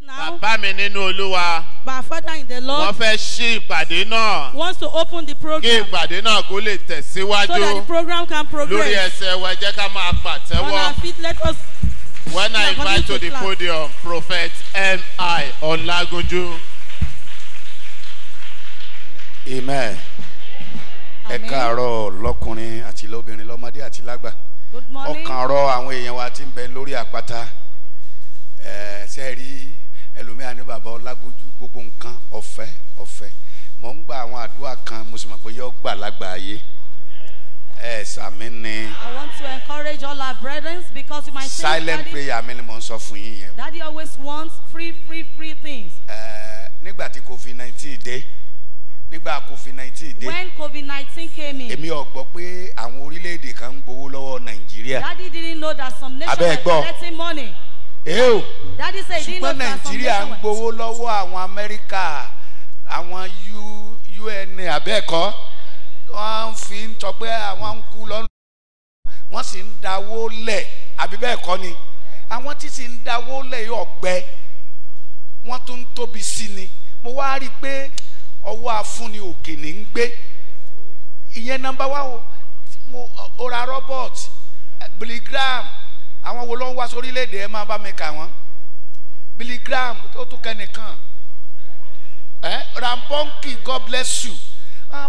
now. Bàbá mi nínú Olúwa. My father in the Lord. Wọ́n fẹ́ ṣí ìpàdé náà. Wants to open the program. Kí ìpàdé náà kó lè tẹ̀síwájú. So that the program can progress. Lórí ẹsẹ̀ wa ẹ jẹ́ ká máa pàtẹ́wọ́. On our feet let us. When I invite to the podium Prophet M.I. Ọlágunjú. Amen. Ẹ káàárọ̀ lọ́kùnrin àti lóbìnrin lọ́mọdé àti lágbà. Good morning. Ọkàn rọ àwọn èèyàn wa ti ń bẹ lórí àpáta ṣe rí ẹlòmíà ní bàbá ọlágójú gbogbo nǹkan ọ̀fẹ́ ọ̀fẹ́ mò ń gba àwọn àdúrà kan mo sì mọ̀ pé yọ gbà lágbàáyé ẹ sàmì ni. I want to encourage all our brethren because you might think silent prayer mi ni mo ń sọ fún yín yẹn. daddy always wants free free free things. nígbà tí covid nineteen dé nígbà covid nineteen dé. when covid nineteen came in. èmi ò gbọ́ pé àwọn orílẹ̀-èdè kan ń gbowó lọ́wọ́ nàìjíríà. daddy didn't know that some nations were collecting money ee eh o ṣùgbọ́n nàìjíríà ń gbowó lọ́wọ́ àwọn amẹ́ríkà àwọn un abẹ́ẹ̀kọ́ wọ́n ń fi ń tọpẹ́ àwọn ń kú lọ́nà wọ́n sì ń dáwó lẹ̀ àbí ni àwọn tí sì ń dáwó lẹ̀ yóò gbẹ wọ́n tún ń tóbi sí ni mo wá rí i pé ọwọ́ afúnni òkè ní ń gbé ìyẹn nọ́mbà wa o mo ora billy graham àwọn wo ló ń wá sórílẹ̀-èdè ẹ máa bá mi kà wọ́n Billy Graham tó tún kẹ́nìkan eh? Rambonki God bless you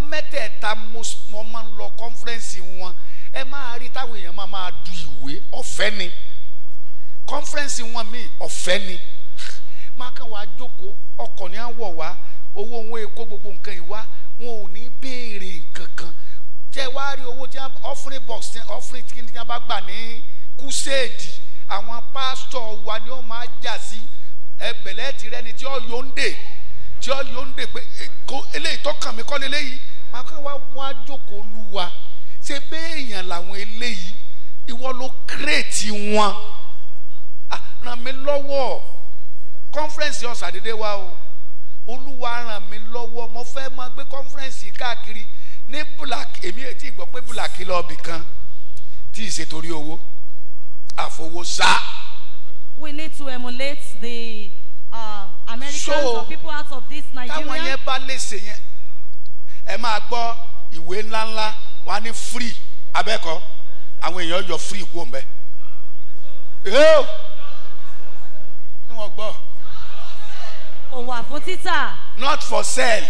mẹ́tẹ̀ẹ̀ta mo máa ń lọ kọ́nfẹ́rẹ́nsì wọn ẹ máa rí táwọn èèyàn máa máa du ìwé ọ̀fẹ́ ni kọ́nfẹ́rẹ́nsì wọn míì ọ̀fẹ́ ni máa kàn wá jókòó ọkọ̀ ní àwọ̀ wá owó wọn èkó gbogbo nǹkan ìwá wọn ò ní béèrè nǹkan kan tẹ wá rí owó tí wọn offering box offering kí ni bá gbà ní kúṣẹ́ẹ̀dì àwọn pásítọ̀ wa ni ó máa jà sí ẹgbẹ̀lẹ́ ti rẹ́ni tí ó yóńdè tí ó yóńdè pé eh, eléyìí tó kàn mí kọ́ ni eléyìí máa kọ́ wá wá jókòó lu wa ṣe béèyàn làwọn eléyìí ìwọ ló kírètì wọn ràn mí lọ́wọ́ kọ́nfẹ́rẹ́nsì ọ̀sàdédé wa o olúwa ràn mí lọ́wọ́ mo fẹ́ máa gbé kọ́nfẹ́rẹ́nsì káàkiri ní bùlàkì èmi ètí ìgbọ́ pé bùlàkì lọ́ọ̀bì kan tí ì ṣe torí owó àfowósá. we need to emulate the uh, Americans so, or people out of this Nigeria. táwọn yẹn bá lè ṣe yẹn ẹ máa gbọ́ ìwé ńláńlá wọn á ní free abẹ́kọ̀ àwọn èèyàn yọ free kú òǹbẹ́. yóò ní wọn gbọ́. òwò àfún títà. not for sale.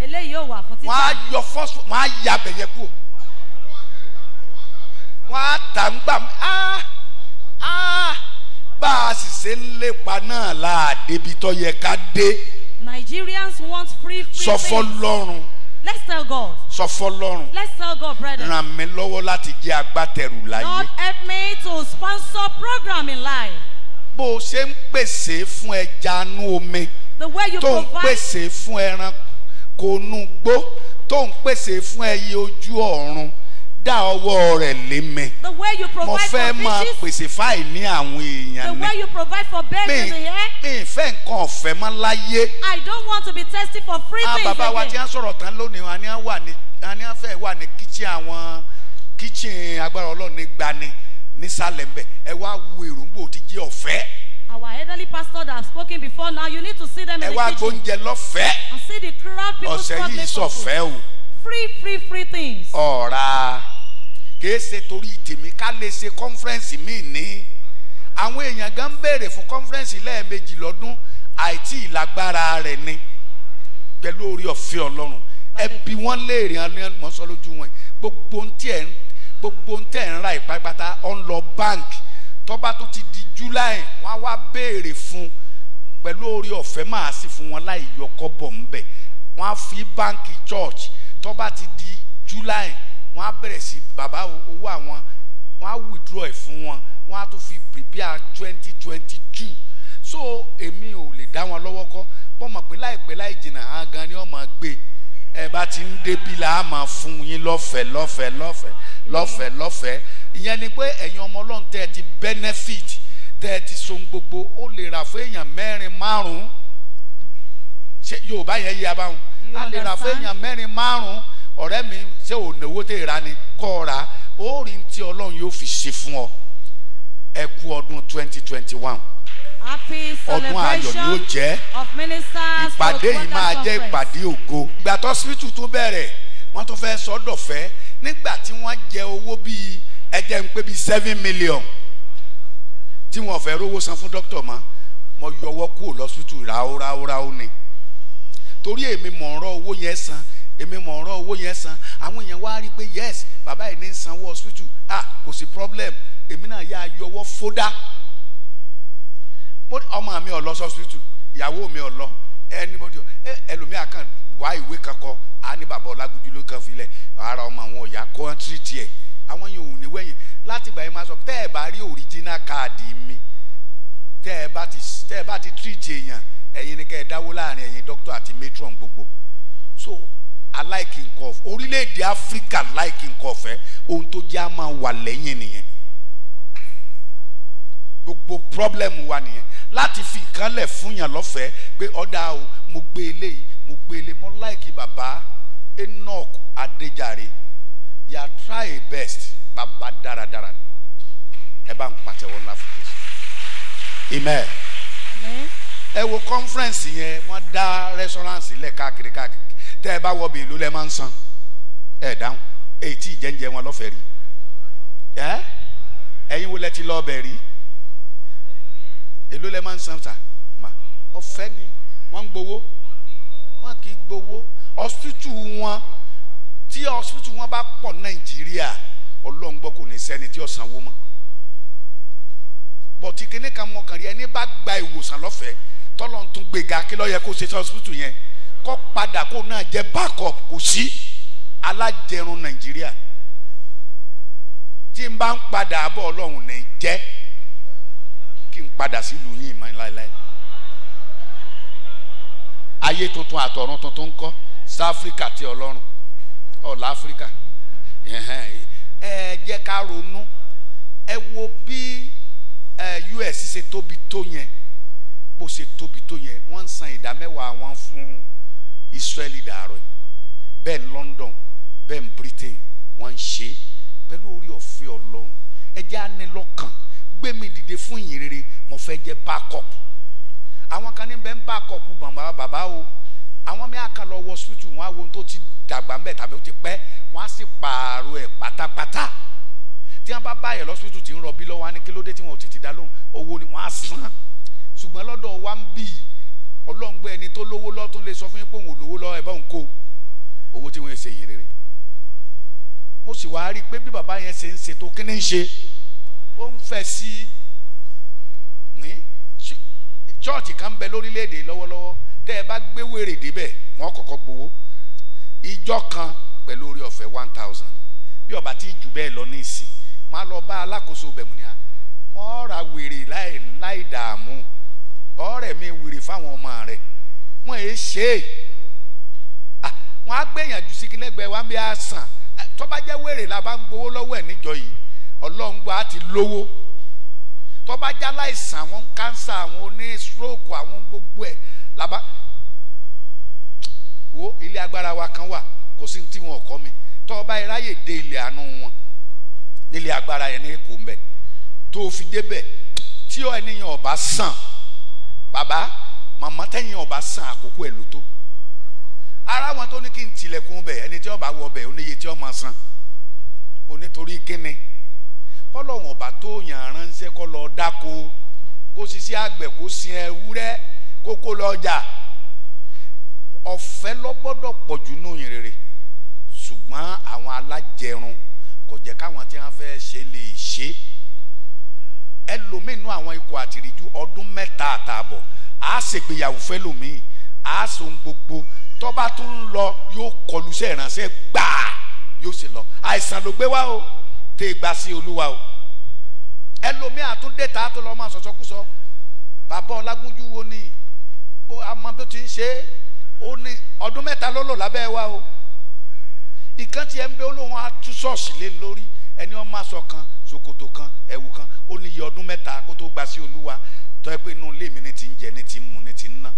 eléyìí ò wà fún títà. wọ́n á yọ first wọ́n á yà bẹ̀yẹ kú. wọ́n á tà ń gbà á. Ah! Ah, bá a sì ṣe ń lépa náà láàdé bí tó yẹ ká dé. Nigerians want free free faith. sọ Let's tell God. Sọ fọlọ́run. Let's tell God, brother. Ràn mí lọ́wọ́ láti jẹ́ agbátẹrù láyé. God help me to sponsor program in life. Bó o ṣe ń pèsè fún ẹja inú omi. The way you provide. Tó ń pèsè fún ẹranko inú gbó. Tó ń pèsè fún ẹyẹ ojú ọ̀run dá ọwọ́ rẹ̀ lé mi. the way you provide for fishes. mo fẹ́ máa pèsè fáì àwọn èèyàn ni. the way you provide for birds in the air. mi ìfẹ́ nǹkan ọ̀fẹ́ mọ́ láyé. I don't want to be tested for free ah, things again. bàbá wa tí wọ́n sọ̀rọ̀ tán lónìí wọn ni wọ́n fẹ́ wà ní kíchìn àwọn kíchìn agbára ọlọ́run gbani nísàlẹ̀ ń bẹ̀ ẹ wá wo èròǹgbò ti jẹ́ ọ̀fẹ́. Our elderly pastor that has spoken before now, you need to see them in the kitchen. Ẹ wá gbóúnjẹ lọ́fẹ̀ẹ́. And see the crowd people struggling for food. Ọ̀sẹ̀ yìí sọ̀fẹ́ o. Free free free things. Ọ̀ra kìí ṣe torí tèmi ká lè ṣe conference mi ní àwọn èèyàn gan béèrè fún conference lẹ́ẹ̀mejì lọ́dún àìtí ìlágbára rẹ̀ ni pẹ̀lú orí ọ̀fẹ́ ọlọ́run ẹbí wọn léèrè wọn sọ lójú wọn gbogbo ohun tí ẹ ń gbogbo ohun tẹ̀ ń ra ìpápátá ọ̀n bank tọ́ba tó ti di july wọn á wá béèrè fún pẹ̀lú orí ọ̀fẹ́ máa sì fún wọn láì yọ kọ́bọ̀ ńbẹ̀ wọn á fi báǹkì church tọ́ba ti di july wọ́n á bẹ̀rẹ̀ sí bàbá owó àwọn wọ́n á withdraw ẹ̀ fún wọn wọ́n á tún fi prepare twenty twenty two so èmi ò lè dá wọn lọ́wọ́ kọ́ wọ́n mọ̀ pé láìpẹ́ láì jìnnà àwọn gan ni wọ́n máa gbé ẹ bá ti ń débi là á máa fún yín lọ́fẹ̀ẹ́ lọ́fẹ̀ẹ́ lọ́fẹ̀ẹ́ lọ́fẹ̀ẹ́ lọ́fẹ̀ẹ́ ìyẹn ni pé ẹ̀yin ọmọ ọlọ́run tẹ́ ẹ ti benefit tẹ́ ẹ ti so gbogbo ó lè rà fún èèyàn mẹ́rin márùn-ún ṣé yorùbá yẹn yí abáhùn á lè rà fún èèyàn mẹ́rin márùn-ún ọ̀rẹ́ mi ṣé ò náwó tè ra ni kọ́ ra ó rí tí ọlọ́run yóò fi ṣe fún ọ ẹ kú ọdún twenty twenty one ọdún ayọ̀ ni ó jẹ́ ìpàdé yìí máa jẹ́ ìpàdé ògo ìgbà síbítù tún bẹ̀rẹ̀ wọ́n tún fẹ́ sọ́dọ̀fẹ́ nígbà tí wọ́n jẹ owó bíi ẹjẹ́ ń pé bíi seven million tí wọ́n fẹ́ rówó san fún dókítà mọ́ mo yọwọ́ kúrò lọ́sítù ráúráúráú ni torí èmi mọ̀ ń rọ owó yẹn san èmi mọ̀ ọ̀rọ̀ owó yẹn san àwọn èèyàn wá rí i pé yes bàbá yìí ní sanwó hospital ah kò sí problem èmi náà yà á yọwọ́ fódà ọmọ mi ò lọ hospital ìyàwó mi ò lọ anybody eh, ẹlòmíà kan wá ìwé kankan á ní bàbá ọlágójú ló kàn filẹ̀ ara ọmọ àwọn ọ̀yà kọ́ńtírì tiẹ̀ àwọn yòówù níwẹ̀yìn láti ìgbà yẹn máa sọ tẹ́ ẹ bá rí original card mi tẹ́ ẹ bá ti tẹ́ ẹ bá ti treat èèyàn ẹ̀yin ni kẹ́ ẹ dáwó láàrin ẹ̀yin doctor àti matron gbogbo so aláìkí nǹkan ọ̀fẹ́ orílẹ̀-èdè áfíríkà like nǹkan ọ̀fẹ́ eh? ohun tó jẹ́ á máa wà lẹ́yìn nìyẹn gbogbo problem wa nìyẹn láti fi nǹkan lẹ̀ fún yàn lọ́fẹ̀ẹ́ pé ọ̀dà o mo gbé eléyìí mo gbé eléyìí mo láìkí bàbá Enoch Adéjàre yà try your best bàbá dáradára ẹ bá ń pàtẹ́wọ́ ńlá fún Jésù amen ẹ wo conference yẹn wọ́n dá restaurant sílẹ̀ káàkiri káàkiri tẹ́ ẹ bá wọ bí ìlú lẹ́ máa ń san ẹ dáhùn èyí tí ìjẹ́njẹ wọn lọ́fẹ̀ẹ́ rí ẹ ẹ̀yin wo lẹ ti lọ ọbẹ̀ rí èló lẹ máa ń san sà mà ọ̀fẹ́ ni wọ́n ń gbowó wọ́n kì í gbowó ọ̀sítù wọn tí ọ̀sítù wọn bá pọ̀ nàìjíríà ọlọ́run gbọ́ kò ní sẹ́ni tí ó sanwó mọ́ bọ̀tí kíní kan mọ̀kànrí ẹni bá gba ìwòsàn lọ́fẹ̀ẹ́ tọ́lọ́run tún gbéga kí ló yẹ kó ṣe sí yẹn kọ́ padà kó náà jẹ backup kò sí alájẹrun nàìjíríà tí n bá ń padà bọ̀ ọlọ́run ní jẹ́ kí n padà sílùú yìí mọ́ láéláé ayé tuntun àtọ̀run tuntun ń kọ́ south africa ti ọlọ́run ọ̀la africa ẹ jẹ́ ká ronú ẹ wo bí us ṣe tóbi tó yẹn bó ṣe tóbi tó yẹn wọ́n ń san ìdá mẹ́wàá wọn fún un. Israeli dàárọ̀ bẹ́ẹ̀ ní London bẹ́ẹ̀ Britain wọ́n ń ṣe pẹ̀lú orí ọ̀fẹ́ Ọlọ́run ẹjẹ́ á ní lọ́kàn gbé mi dìde fún ìyìn rere mo fẹ́ jẹ́ backup àwọn kan ní bẹ́ẹ̀ ń backup bàbá bàbá o àwọn mi àkà lọ wọ hospital wọn á wo ohun tó ti dàgbà ń bẹ̀ tàbí ó ti pẹ́ wọn á sì pààrọ̀ ẹ̀ pátápátá tí wọn bá báyẹ̀ lọ́sítù tí ń rọbí lọ́wọ́ á ní kí ló tí wọn ò tètè dá lóhùn owó ni wọn á san ṣùgbọ́n lọ́dọ̀ wa ń bì ọlọ́ngbọ́ ẹni tó lówó lọ́tún lè sọ fún yín pé òun ò lówó lọ́wọ́ ẹ bá òun kó owó tí wọ́n ṣe yín rere mo sì wá rí i pé bí bàbá yẹn ṣe ń ṣètò kí ni ń ṣe ó ń fẹ́ sí ní chọ́ọ̀chì kan bẹ lórílẹ̀‐èdè lọ́wọ́lọ́wọ́ tẹ́ ẹ bá gbé wèrè débẹ̀ wọ́n kọ́kọ́ gbowó ìjọ kan pẹ̀lú orí ọ̀fẹ́ one thousand bí ọba tí jù bẹ́ẹ̀ lọ ní ìsìn máa lọ bá alákòóso bẹ̀mú ni à wọ́n ra wèrè láì dààmú ọ̀rẹ́ mi wèrè fáwọn ọmọ rẹ̀ wọ́n èé ṣe é ah, wọ́n á gbẹ̀yànjú sí kílẹ̀gbẹ́ wa bí a sàn ah, tó bá jẹ́ wèrè la bá ń gbowó lọ́wọ́ ẹ̀ níjọ yìí ọlọ́run á ti lówó tó bá aláìsàn àwọn kánsà àwọn oní stroke àwọn gbogbo ẹ̀ la bá wo ilé agbára wa kan wà kò sí tí wọn kọ́ mi tó bá iráyè dé ilé àánú wọn nílé agbára yẹn ní kò ń bẹ̀ tó fi débẹ̀ tí ọ ẹnìyàn ọba sàn bàbá màmá tẹ̀yìn ọba san àkókò ẹ̀ ló tó ara wọn tó ní kí n tilẹ̀kùn bẹ̀ ẹni tí ọba wọ bẹ̀ oníye tí ọmọ san mo nítorí kíni bọ́lọ̀wọ̀n ọba tó yàn ránṣẹ́ kọ́ lọ dáko kó ṣiṣẹ́ àgbẹ̀ kó sin ewúrẹ́ kó kó lọ ọjà ọ̀fẹ́ lọ́gbọ́dọ̀ pọ̀jù nù yìn rere ṣùgbọ́n àwọn alájẹrun kò jẹ́ káwọn tí wọ́n fẹ́ ṣe lè ṣe é ẹlòmíì nú àwọn ikọ̀ àtìríjú ọdún mẹ́ta àtààbọ̀ á ṣègbéyàwó fẹ́lòmíì á so gbogbo tó bá tún ń lọ yóò kọlu iṣẹ́ ìránṣẹ́ gbàá yóò sì lọ àìsàn ló gbé wá o tẹ gba sí olúwa o ẹlòmíì àtúndé ta tó lọ máa sọsọkúsọ bàbá ọlágúnjú wo ni bó àmọ́ bó ti ń ṣe ó ní ọdún mẹ́ta ló lábẹ́ wa o ìkan tiẹ̀ ń bẹ olóhùn atú lé lórí ẹni ó máa sọ kan ṣòkòtò kan ẹ̀wù kan ó ní iye ọdún mẹ́ta kó tó gba sí olúwa tọ́ ẹ pé inú ilé mi ní ti ń jẹ ní ti ń mu ní ti ń ná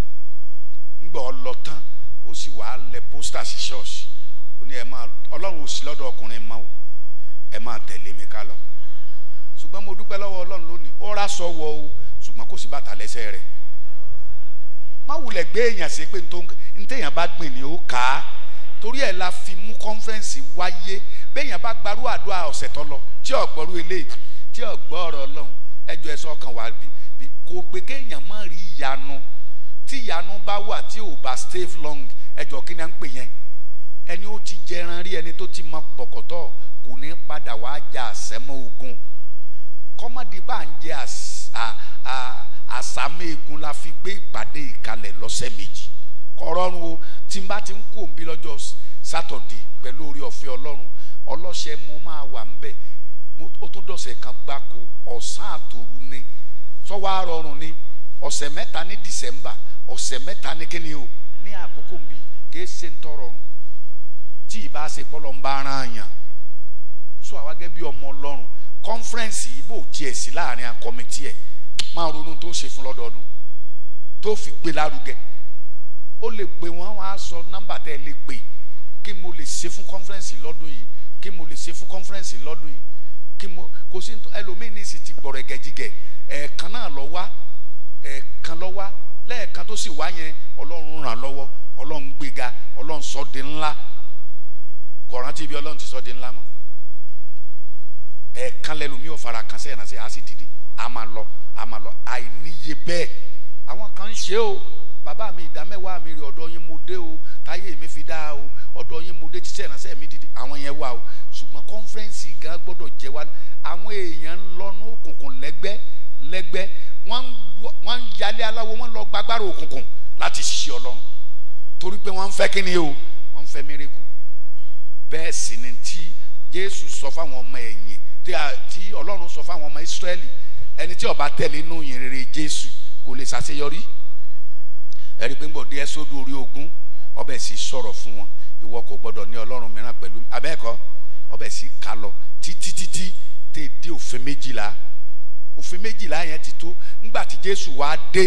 ńgbà ọlọ tán ó sì wàá lẹ pósítà sí ṣọ́ọ̀ṣì ó ní ẹ máa ọlọ́run ò sí lọ́dọ̀ ọkùnrin mọ́ o ẹ máa tẹ̀lé mi ká lọ ṣùgbọ́n mo dúpẹ́ lọ́wọ́ ọlọ́run lónìí ó rà sọ wọ o ṣùgbọ́n kò sí bàtà lẹ́sẹ̀ rẹ̀ má wulẹ̀ gbé èèyàn sí pé ntẹ́yàn bá gbìn ni ó kà á torí ẹ̀ la fi mú kọ́nfẹ́ǹsì wáyé béèyàn bá gbarú àdúrà ọ̀sẹ̀ tó lọ tí ọ̀gbọ́rú eléyìí tí ọ̀gbọ́ ọ̀rọ̀ ọlọ́run ẹjọ́ ẹ̀sọ́ ọkàn wà bí kò pé kéèyàn má rí ìyanu tí ìyanu bá wà tí ò bá stay long ẹjọ́ kí ni à ń pè yẹn ẹni ó ti jẹran rí ẹni tó ti mọ bọ̀kọ̀tọ̀ kò ní padà wá ja àsẹ́mọ́ ogun kọ́mọ́dé bá ń jẹ àsámọ́ egun la fi gbé ìpàdé ìkalẹ̀ lọ́sẹ̀ méjì kọ́rọ́run o tí n bá ti ń kó òǹbí lọ́jọ́ sátọ̀dé pẹ̀lú orí ọ̀fẹ́ ọlọ́run ọlọ́ṣẹ mo máa wà ń bẹ̀ ó tún dọ̀sẹ̀ kan gbáko ọ̀sán àtòru ni sọ́wọ́ àrọ̀rùn ni ọ̀sẹ̀ mẹ́ta ní December ọ̀sẹ̀ mẹ́ta ní kíni o ní àkókò mi kìí ṣe ń tọrọrùn tí ìbá ṣe pọ́lọ́ ń bá ara yàn sọ àwa gẹ́gẹ́ bí ọmọ ọlọ́run kọ́nfẹ́rẹ́nsì yìí bò tiẹ̀ sí láàrin akọ́mẹtì ẹ̀ máa ronú tó ṣe fún lọ́dọọdún tó fi gbé lárugẹ ó lè pè wọ́n wá sọ nọ́mbà tẹ́ ẹ lè pè kí mo lè ṣe fún kọ́nfẹ́rẹ́nsì lọ́dún yìí kí mo lè ṣe fún conference lọ́dún yìí kí mo kò sí ẹlòmíín ní ìsìn ti gbọ̀rọ̀ ẹ̀gẹ̀jìgẹ̀ ẹ̀ẹ̀kan náà lọ wá ẹ̀ẹ̀kan lọ wá lẹ́ẹ̀kan tó sì wá yẹn ọlọ́run ràn lọ́wọ́ ọlọ́run gbéga ọlọ́run sọ ńlá kọ̀ọ̀rán tí ọlọ́run ti sọ ńlá mọ́ ẹ̀ẹ̀kan lẹ́lòmíín ò fara kan sẹ́yìn náà sẹ́yìn á sì dìde á máa lọ á máa lọ bàbá mi ìdá mẹ́wàá mi rè ọ̀dọ̀ yín mo dé o táyé mi fi dá o ọ̀dọ̀ yín mo dé tíṣẹ́ ìránṣẹ́ mi dìde àwọn yẹn wà o ṣùgbọ́n kọ́nfẹ́rẹ́nsì gan gbọ́dọ̀ jẹ́ wa àwọn èèyàn ń lọ́nú òkùnkùn lẹ́gbẹ́ lẹ́gbẹ́ wọ́n ń yalé aláwo wọ́n lọ gbàgbára òkùnkùn láti ṣiṣẹ́ ọlọ́run torí pé wọ́n ń fẹ́ kí ni o wọ́n ń fẹ́ mírèkù bẹ́ẹ̀ sì ni tí Jésù sọ fáwọn ọmọ ẹ̀yìn tí ọlọ́run sọ fáwọn ọmọ Ísírẹ́lì ẹni tí ó bá tẹ̀lé inú ìyìn Jésù kò lè ṣàṣeyọrí ẹ̀rí pé ń bọ̀ dé ẹ́sódù orí ogún ọbẹ̀ sì sọ̀rọ̀ fún wọn ìwọ kò gbọ́dọ̀ ní ọlọ́run mìíràn pẹ̀lú abẹ́ẹ̀kọ́ ọbẹ̀ sì kà lọ títí títí tè dé òfin méjìlá òfin méjìlá yẹn ti tó ńgbà tí Jésù wá dé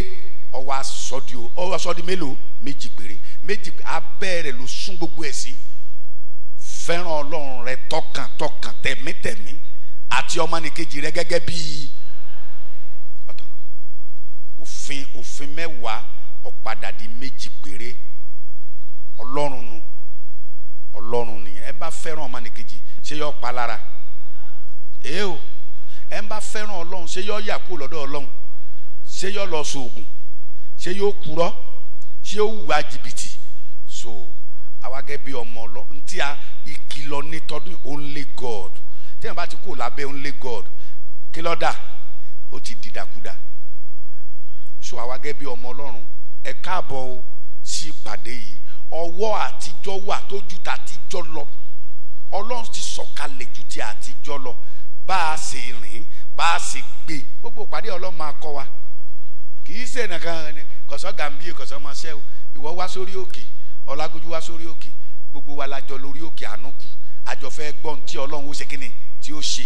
ó wá sọ di ó wá sọ di mélòó méjì péré méjì abẹ́ rẹ̀ ló sún gbogbo ẹ̀ sí fẹ́ràn ọlọ́run rẹ tọkàntọkàn tẹ̀mítẹ̀mí àti ọmọnìkejì rẹ gẹ́gẹ́ bíi òfin òfin mẹ́wàá ó padà di méjì péré ọlọ́run nu ọlọ́run nìyẹn ẹ bá fẹ́ràn ọmọnìkejì ṣé yọ pa lára èé o ẹ bá fẹ́ràn ọlọ́run ṣé yọ yà kúrò lọ́dọ̀ ọlọ́run ṣé yọ lọ sóògùn ṣé yọ kúrọ́ ṣé yọ hùwà jìbìtì so àwa gẹ́gẹ́ bí ọmọ ọlọ́run tí a ìkìlọ̀ ní tọdún only God tí yẹn bá ti kú lábẹ́ only God kí lọ́dà ó ti dìdàkudà so àwa gẹ́gẹ́ bí ọmọ ọlọ́run ẹ káàbọ̀ o sí ìpàdé yìí ọwọ́ àtijọ́ wà tó ju ti àtijọ́ lọ ọlọ́run ti sọ̀kalẹ̀ ju ti àtijọ́ lọ bá a ṣe rìn bá a ṣe gbé gbogbo ìpàdé ọlọ́run máa kọ́ wa kì í ṣe nìkan kọ̀sọ́ gàmbí kọ̀sọ́ mọṣẹ́ o ìwọ wá sórí òkè ọlágójú wá sórí òkè gbogbo wa lájọ lórí òkè àánú kù gbọ́n tí ọlọ́run ó ṣe kí ni tí ó ṣe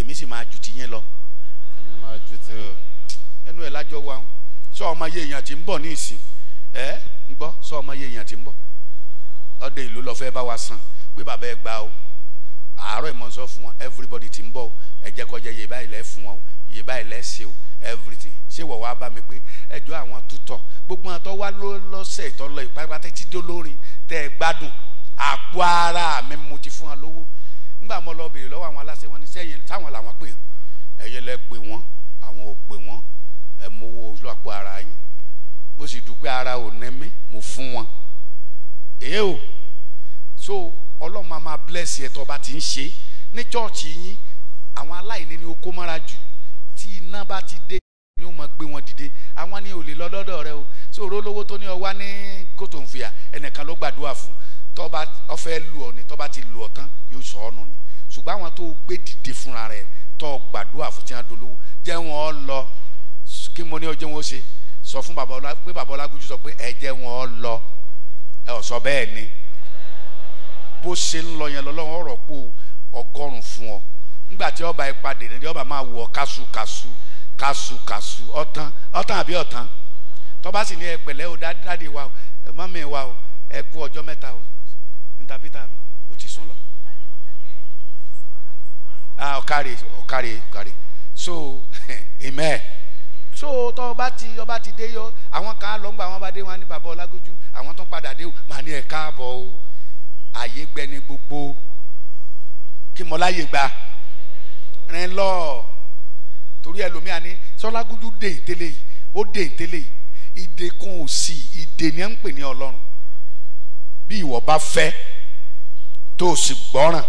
èmi sì máa ju ti yẹn lọ ẹnu ẹ̀ lájọ wa sọ ọmọ yẹ èèyàn tí ń bọ̀ ní ìsìn ẹ ń gbọ́ sọ ọmọ yẹ èèyàn tí ń bọ̀ ọdẹ ìlú lọ fẹ́ bá wa san pé bàbá ẹ gbà o àárọ̀ ìmọ̀ fún wọn everybody tí ń bọ̀ o ẹ jẹ́ kọjá yẹ báyìí lẹ́ fún wọn o yẹ báyìí lẹ́ ṣe o everything ṣé wọ̀ wá bá mi pé ẹjọ́ àwọn tútọ̀ gbogbo àtọ́ wá lọ́sẹ̀ ìtọ́lọ́ ìpápátá títí olórin tẹ́ ẹ gbádùn àpò ara mi mo ti fún wọn lówó nígbà mo lọ béèrè lọ́wọ́ àwọn aláṣẹ wọn ní sẹ́yìn táwọn làwọn pè ẹ̀yẹ lẹ pè wọ́n àwọn ò pè wọ́n ẹ mówó lọ́pọ̀ ara yín mo sì dúpẹ́ ara ò ní mí mo fún wọn èyí o so ọlọ́run máa máa bless ẹ tó bá ti ń ṣe ní chọ́ọ̀chì yín àwọn aláìní ni o kó mọ́ra jù tí iná bá ti dé ni ó máa gbé wọn dìde àwọn ni ò lè lọ lọ́dọ̀ rẹ o so rólówó tó ní ọ wá ní kòtòǹfìyà ẹnìkan ló gbàdúrà fún tó bá ọfẹ́ lù ọ ni tó bá ti lù ọ tán yóò sọ ọ́ nù ni ṣùgbọ́n àwọn tó gbé dìde fúnra rẹ̀ tó gbàdúrà fún tí wọ́n dolówó jẹ́ wọn lọ kí mo ní ọjọ́ wọn ó ṣe sọ fún bàbá ọlá pé bàbá Ọlágúnjú sọ pé ẹ jẹ́ wọn lọ ẹ ò sọ bẹ́ẹ̀ ni bó ṣe ń lọ yẹn lọ́lọ́run ọ̀rọ̀ pò ọgọ́rùn-ún fún ọ nígbà tí ọba ẹ padà ní ọba máa wọ kásùkásù kásùkásù ọ̀tán ọ̀tán àbí ọ̀tán tọ́ba sì ní ẹ o dáadé wa o mọ́mí wa o ẹ kú ọjọ́ mẹ́ta o ntàbítà mi o ti sùn lọ. ọ̀kàrè ọ̀kàrè ọ̀kàrè so amen so tọ́ ọba ti ọba ti dé yọ àwọn kan lọ́ngbà àwọn bá dé wọn ní bàbá ọlágójú àwọn tó padà dé mà ní ẹ̀ káàbọ̀ o àyè gbẹni gbogbo kí mo láyè gbà rìn lọ torí ẹlòmíà ni sọlágójú dé ìtẹ́lẹ̀ yìí ó dé ìtẹ́lẹ̀ yìí ìdè kan ò sí ìdè ni ẹ ń pè ní ọlọ́run bí ìwọ bá fẹ́ tó o sì gbọ́ràn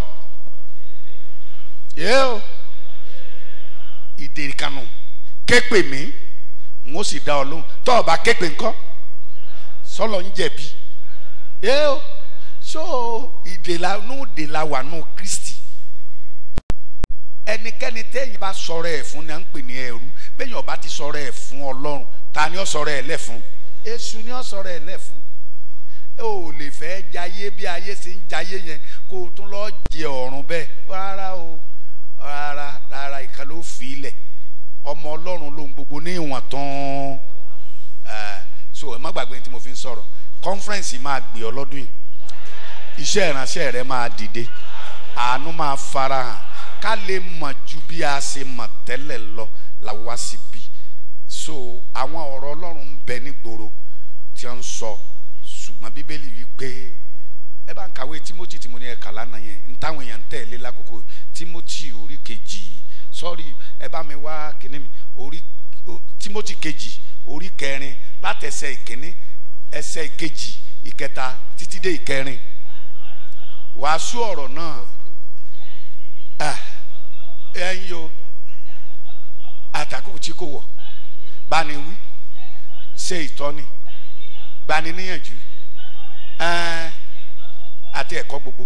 yẹ́ẹ́ o ìdè kanu képe mi n ó sì dá ọ lóhùn tọ́ ọ bá képe ńkọ́ sọlọ ń jẹ̀bi ẹ so ìdèlà nù dèlà wà nù Kristi ẹnikẹ́ni téèyàn bá sọ̀rọ̀ ẹ̀ fún ni à ń pè ní ẹrú béèyàn bá ti sọ̀rọ̀ ẹ̀ fún Ọlọ́run ta ni ó sọ̀rọ̀ ẹ̀ lẹ̀ fún Èṣù ni ó sọ̀rọ̀ ẹ̀ lẹ̀ fún o lè fẹ́ jayé bí ayé ṣe ń jayé yẹn kó o tún lọ́ọ́ jẹ ọ̀run bẹ́ẹ̀ rárá o rárá rárá ìkàlò fi ilẹ̀ ọmọ ọlọ́run lóhun gbogbo ní ìwọ̀n tán so ẹ má gbàgbé tí mo fi ń sọ̀rọ̀ conference máa gbé ọ lọ́dún yìí iṣẹ́ ìránṣẹ́ rẹ máa dìde àánú máa farahàn ká lè mọ̀ ju bí a ṣe mọ̀ tẹ́lẹ̀ lọ la wá síbí so àwọn ọ̀rọ̀ ọlọ́run ń bẹ nígboro tí wọ́n ń sọ ṣùgbọ́n bíbélì wípé ẹ bá ń kàwé Timothy tí mo ní ẹ̀ka lánàá yẹn ń táwọn èèyàn ń tẹ̀lé lákòókò Timothy orí kejì yìí sorry ẹ bá mi wá kíní mi orí Timothy kejì orí kẹrin láti ẹsẹ̀ ìkíní ẹsẹ̀ ìkejì ìkẹta títí dé ìkẹrin wàásù ọ̀rọ̀ náà ah, ẹ̀yin o àtàkùn tí kò wọ̀ báni wí ṣe ìtọ́ni gbani níyànjú eh, àti ẹ̀kọ́ gbogbo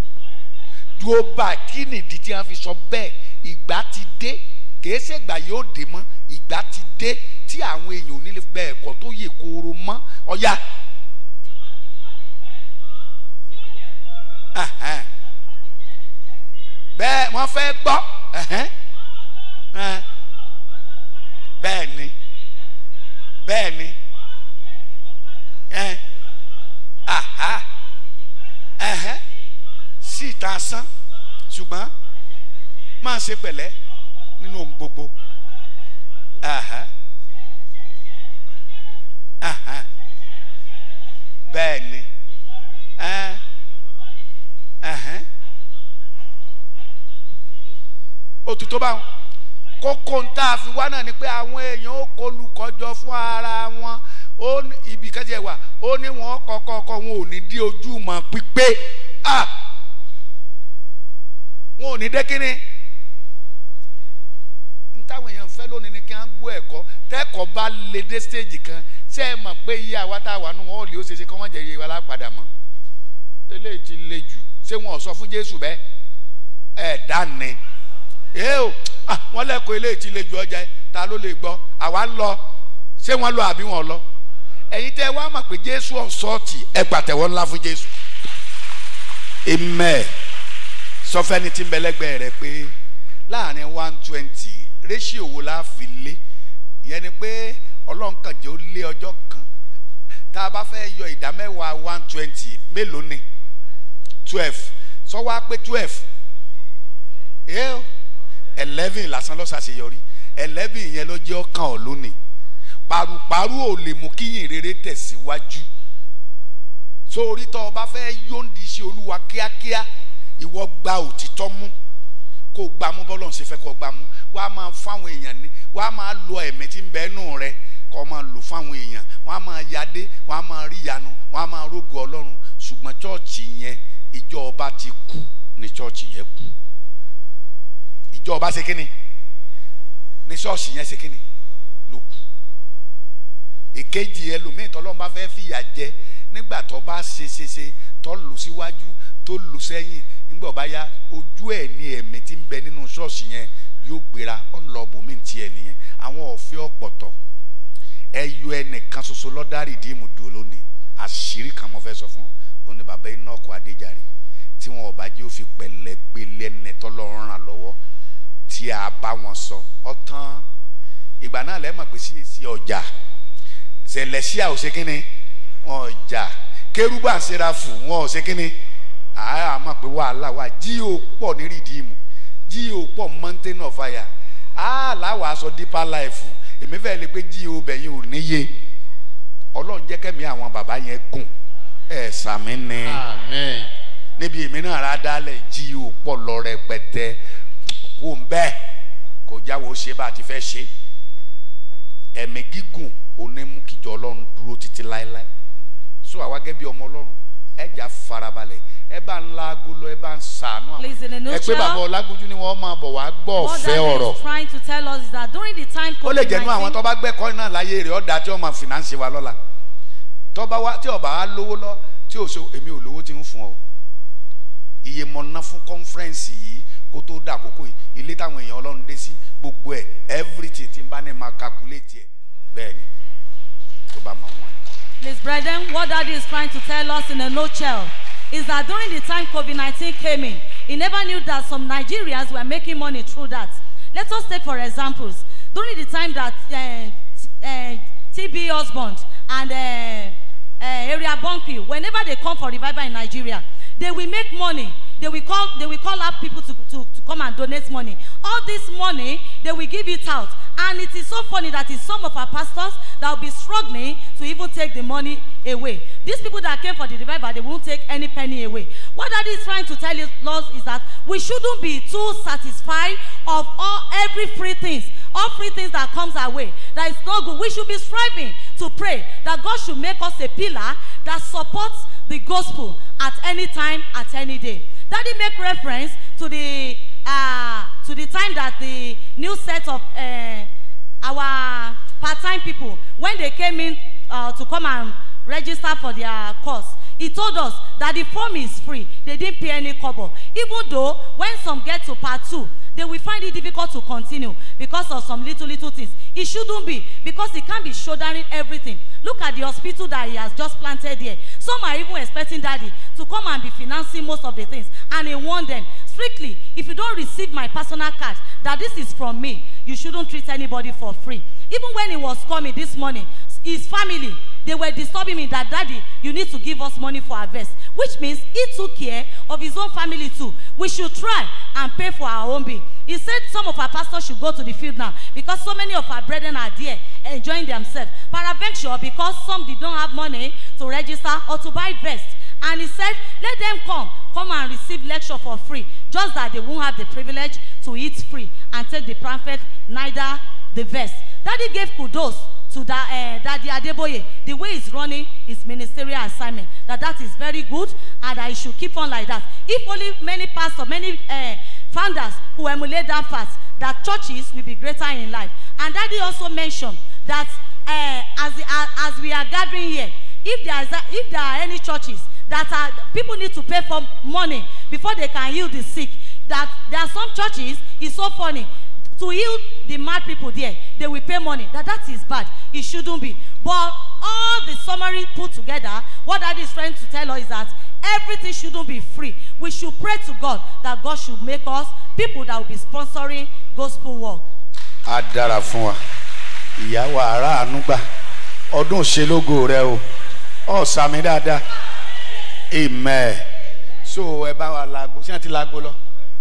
dúró bá kí nìdí tí wọ́n fi sọ bẹ́ẹ̀ ìgbà ti dé kìí ṣègbà yóò dé mọ́ ìgbà ti dé tí àwọn èèyàn ò ní lè gba ẹ̀kọ́ tó yè kooro mọ́ ọ̀yà. bẹ́ẹ̀ wọ́n fẹ́ gbọ́. sepere pẹ̀lẹ́ ohun gbogbo aha aha bẹ́ẹ̀ kókó fi ni pé àwọn èèyàn ó fún ara wọn ó ibì kan jẹ wà ó ní wọn kọkọọkọ wọn ò ní dí ojú pípé wọn ò ẹ̀kọ́ tẹ́kọ̀ọ́ bá lè dé stage kan ṣé ẹ mọ̀ pé iye àwa tá a wà nù wọn ò lè ó ṣeéṣe kọ́ wọ́n jẹ́ iye wa lápadà mọ́ eléyìí ti le jù ṣé wọn ò sọ fún Jésù bẹ́ẹ̀ ẹ̀ dání ee o wọn lẹ́kọ̀ọ́ eléyìí ti le jù ọjà ta ló lè gbọ́ àwa ń lọ ṣé wọ́n lọ àbí wọ́n lọ ẹ̀yin tẹ́ wá mọ̀ pé Jésù ọ̀sọ́ọ̀tì ẹ pàtẹ́wọ́ ńlá fún Jésù amen sọfẹ́ni tí ń bẹ lẹ́gbẹ̀ẹ́ rẹ pé láàrin one twenty ratio wo la fi lé ìyẹn ni pé ọlọ́run kàn jẹ́ ó lé ọjọ́ kan tá a bá fẹ́ yọ ìdá mẹ́wàá one twenty mélòó ni twelve sọ wá pé twelve ẹ eleven lásán lọ́sàṣeyọrí eleven yẹn ló jẹ́ ọkàn ọ̀ lónìí paruparu ò lè mú kíyìn rere tẹ̀síwájú sórí tó o bá fẹ́ yóǹdì sí olúwa kíákíá ìwọ gba òtítọ́ mú kó o gbámú bọ́lọ̀ ń ṣe fẹ́ kó o gbámú wàá máa fáwọn èèyàn ní wọ́n á máa lo ẹ̀mí tí ń bẹ nù rẹ kọ́ máa lò fáwọn èèyàn wọ́n á máa yadé wọ́n á máa rí yanu wọ́n á máa rógo ọlọ́run ṣùgbọ́n chọ́ọ̀chì yẹn ìjọ ọba ti kú ni chọ́ọ̀chì yẹn kú ìjọ ọba ṣe kíni ni ṣọ́ọ̀ṣì yẹn ṣe kíni ló kú èkejì ẹlòmíì tọ́lọ́run bá fẹ́ fìyà jẹ nígbà tó bá ṣe ṣe ṣe tó lù síwájú tó lù sẹ́yìn nígbà ọba ya ojú ẹ̀ ni ẹ̀mí ti ń bẹ nínú ṣọ́ọ̀ṣì yẹn yóò gbéra ọ̀nlọ bòmí ti ẹ̀ nìyẹn àwọn ọ̀fẹ́ ọ̀pọ̀tọ̀ ẹyọ ẹnìkan ṣoṣo lọ́dá rìdíìmù dùn lónìí àṣírí kan mo fẹ́ sọ fún un ó ní bàbá Enoch Adéjàre tí wọn ọba jẹ́ òfin pẹ̀lẹ́ gbé lẹ́nẹ̀ tọ́lọ́run ràn lọ́wọ́ tí a bá wọn sọ ọ̀tán ìgbà náà lẹ́mọ̀ pé sí èsì ọjà sẹlẹ̀síà ò ṣe kínni wọn ọjà kérúbà ń ṣera fún wọn ò ṣe kínni àá mọ̀ pé wàhálà wà jí ò pọ̀ ní GO mountain of fire ah láwa sọ deeper life èmi fẹ́ lè pé GO bẹ̀yìn ò níye ọlọ́run jẹ́ kẹ́mi àwọn bàbá yẹn gùn ẹ̀ sàmì ni níbi èmi náà rà dálẹ̀ GO pọ̀ lọ rẹpẹtẹ kó ń bẹ́ẹ̀ kò jáwọ́ ṣe bá a ti fẹ́ ṣe ẹ̀mí gígùn onímú ọlọ́run dúró títí láéláé so àwa gẹ́gẹ́ bí ọmọ ọlọ́run ẹ jà farabalẹ̀ ẹ bá ń agolo ẹ ń sàánú àwọn ẹ bàbá ọlágúnjú ni wọn máa bọ̀ wá gbọ́ ọ̀fẹ́ ọ̀rọ̀ ó lè jẹ́ àwọn tó bá gbẹ́kọ́ náà láyé rẹ̀ ọ̀dà tí wọ́n máa fìnánsì wa lọ́la tó bá wá tí ọba á lówó lọ tí òṣò èmi ò lówó ti ń fún ọ iye mọ̀nà fún kọ́nfẹ́rẹ́nsì yìí kó tó dà àkókò yìí ilé táwọn èèyàn ọlọ́run gbogbo ẹ̀ everything ti bá ní calculate bẹ́ẹ̀ ni tó bá mọ̀ wọ́n. Please, brethren, what daddy is trying to tell us in a nutshell. is that during the time COVID-19 came in, he never knew that some Nigerians were making money through that. Let us take for examples. During the time that uh, eh, uh, eh, TB Osborne and uh, uh, Area Bumpy, whenever they come for revival in Nigeria, they will make money They will call, they will call up people to, to, to come and donate money. All this money, they will give it out. And it is so funny that it's some of our pastors that will be struggling to even take the money away. These people that came for the revival, they won't take any penny away. What that is trying to tell us, Lord, is that we shouldn't be too satisfied of all every free things, all free things that comes our way. That is not good. We should be striving to pray that God should make us a pillar that supports the gospel at any time, at any day. Daddy make reference to the uh, to the time that the new set of uh, our part-time people when they came in uh, to come and register for their course He told us that the form is free. They didn't pay any cobble. Even though when some get to part two, they will find it difficult to continue because of some little, little things. It shouldn't be because it can't be shouldering everything. Look at the hospital that he has just planted here. Some are even expecting daddy to come and be financing most of the things. And he warned them, strictly, if you don't receive my personal card, that this is from me, you shouldn't treat anybody for free. Even when he was coming this morning, his family, They were disturbing me that, Daddy, you need to give us money for our vest, Which means he took care of his own family too. We should try and pay for our own bill. He said some of our pastors should go to the field now because so many of our brethren are there enjoying themselves. Paraventure because some did not have money to register or to buy vest. And he said, let them come, come and receive lecture for free, just that they won't have the privilege to eat free and take the prophet neither the vest. Daddy gave kudos to that uh, eh, Daddy Adeboye. The way he's running his ministerial assignment, that that is very good and I should keep on like that. If only many pastors, many uh, founders who emulate that fast, that churches will be greater in life. And Daddy also mentioned that uh, as, uh, as we are gathering here, if there, is a, if there are any churches that are, people need to pay for money before they can heal the sick, that there are some churches, it's so funny, to heal the mad people there, they will pay money. That that is bad. It shouldn't be. But all the summary put together, what that is trying to tell us is that everything shouldn't be free. We should pray to God that God should make us people that will be sponsoring gospel work. Adara dára fún wa. Ìyá wa ará àánú gbà. Ọdún ṣe lógo rẹ o. Ọ sàmì dáadáa. Amen. So ẹ bá wa laago. Ṣé ẹ ti laago lọ?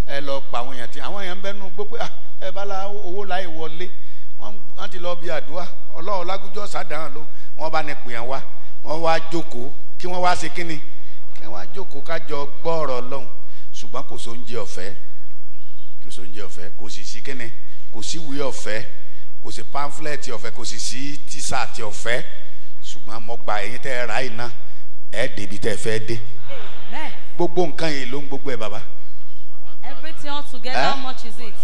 Ẹ lọ pa àwọn èèyàn tí àwọn èèyàn ń bẹ́nu gbogbo. Ah, ẹ bá la owó láì wọlé wọ́n ti lọ bí àdúrà ọlọ́run lágúnjọ́ sàdáhàn ló wọ́n bá ní pè án wá wọ́n wá jókòó kí wọ́n wá ṣe kínni kí wọ́n wá jókòó kájọ gbọ́ ọ̀rọ̀ ṣùgbọ́n kò sóúnjẹ ọ̀fẹ́ kò sóúnjẹ ọ̀fẹ́ kò sì sí kínni kò sí ìwé ọ̀fẹ́ kò sí pamphlet ọ̀fẹ́ kò sì sí tíṣàtì ọ̀fẹ́ ṣùgbọ́n mo gba ẹ̀yin tẹ́ ẹ ra iná ẹ̀ débi tẹ́ ẹ fẹ́ dé gbogbo nǹkan yìí ló ń gbogbo ẹ̀ bàbá. everything all together eh? how much is it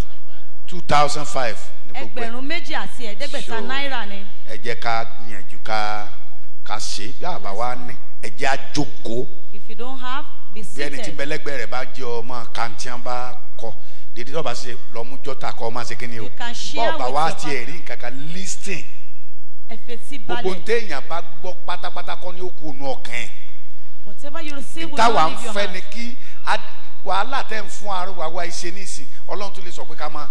two thousand five. ẹgbẹ̀rún méjì àti ẹ̀ẹ́dẹ́gbẹ̀ta náírà ni. ẹ jẹ́ ká gbìyànjú ká ká ṣe bí àbá wa ní ẹ jẹ́ á jókòó. if you don't have be seated. bí ẹni tí bẹlẹ́gbẹ́ rẹ̀ bá jẹ́ ọmọ kantian bá kọ dédé tó bá ṣe lọ mú jọ́tà kọ́ ọmọ ṣe kíni o bọ́ọ̀bà wa ti ẹ̀ rí nǹkan kan listing gbogbo téèyàn bá gbọ́ pátápátá kọ́ ní ó kú ònú ọ̀kan ẹ̀ whatever you receive will not leave your hand wàhálà tẹ́ ń fún àárọ̀ wá wá iṣẹ́ nísìn ọlọ́run tún lè sọ pé ká máa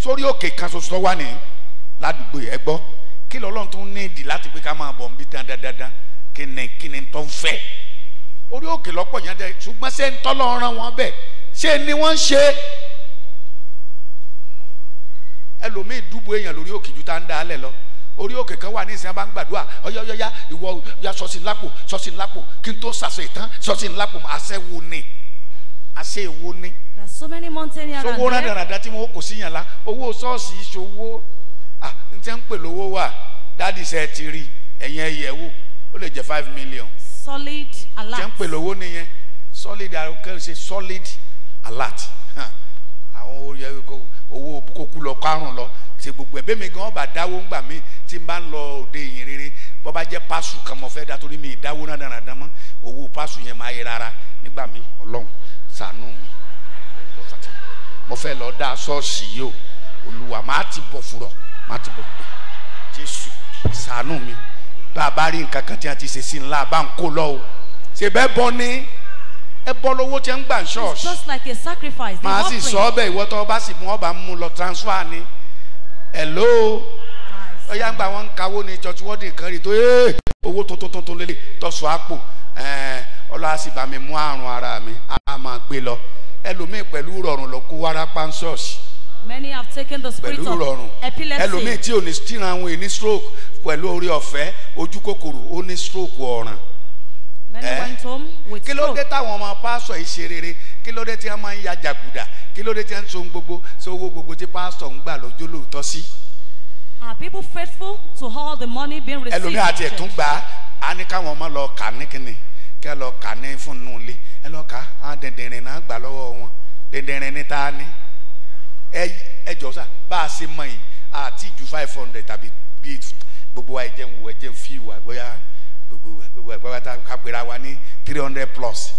sórí òkè kan ṣoṣo tó wà ní ládùúgbò ẹ gbọ́ kí lọ́lọ́run tún ní ìdí láti pé ká máa bọ̀ nbí dandan dandan kí ni kí ni tó ń fẹ́ orí òkè lọ́pọ̀ yẹn dẹ ṣùgbọ́n ṣé ń tọ́lọ́ ran wọn bẹ́ẹ̀ ṣé ni wọ́n ń ṣe ẹlòmíì dúbò èèyàn lórí òkè ju tá ń dalẹ̀ lọ orí òkè kan wà ní ìsìn abá ń gbàdúrà ọyọyọyá ìwọ ya sọsìn lápò sọsìn lápò kí n tó sàṣẹ ìtàn sọsìn lápò àṣẹ wo ni ase ewo ni. so many mountaineers and tí wọn kò la owó ṣọ́ọ̀ṣì ah n tẹ́ ń pè lówó wà ti rí ẹ̀yìn ẹ̀yẹ̀ ó lè jẹ́ five million. solid alert. tẹ́ ń pè lówó solid àròkẹ́ ṣe solid alert àwọn owó kókó lọ kárùn lọ ṣe gbogbo ẹ̀ bẹ́ẹ̀ mi gan ọba dáwó ń gbà mí tí n bá ń lọ òde rere pásù dá torí mi ìdáwó ṣàánú mo fẹ́ lọ dá ṣọ́ọ̀ṣì yìí o olúwa máa ti bọ̀ fúrọ̀ máa ti bọ̀ pé jésù ṣàánú mi bá rí nǹkan kan tí a ti ṣe sí ńlá bá ń kó lọ o ṣe bẹ́ẹ̀ bọ́ ni ẹ bọ́ lọ́wọ́ tí ẹ ń gbà ń ṣọ́ọ̀ṣì just like a sacrifice the offering màá sì sọ ọ́ ìwọ tó bá sì mú ọba mú lọ transfer ni hello ọyá ń gba àwọn ń kawó ní church wọ́ọ̀dì kan rí tó owó tuntun tuntun lélẹ̀ tọ́sọ̀ àpò ẹ̀ẹ́ ọlọ́wà sì bá mi mú àrùn ara mi á máa gbé lọ ẹlòmíì pẹ̀lú rọrùn ló kó wárápá sọ́ọ̀sì. many have taken the spirit ẹlòmíì tí ò ní tíra àwọn èní stroke pẹ̀lú orí ọ̀fẹ́ ojú kòkòrò ó ní stroke ọ̀ràn. many went home with stroke. kí ló dé táwọn ọmọ pásọ yìí ṣe rere kí ló dé tí wọ́n máa ń ya jàgùdà kí ló dé tí wọ́n ń so gbogbo so owó gbogbo tí pásọ ń gbà lójó lóòótọ́ sí. are people faithful to all the money being received. ẹlòmíì àti ẹ̀tún gbà á ní káwọn ọmọ lọ kà ní kíni kí ẹ lọ kà ní fún nù lé ẹ lọ kà á dẹ̀dẹ̀rìn náà gbà lọ́wọ́ wọn dẹ̀dẹ̀rìn ní ta ẹ ẹ jọ sá bá a ṣe mọ yìí àti ju five hundred tàbí bíi gbogbo wa ẹ̀jẹ̀ wo ẹ̀jẹ̀ fi wa bóyá gbogbo wa gbogbo wa gbogbo wa ta ká pera wa ní three hundred plus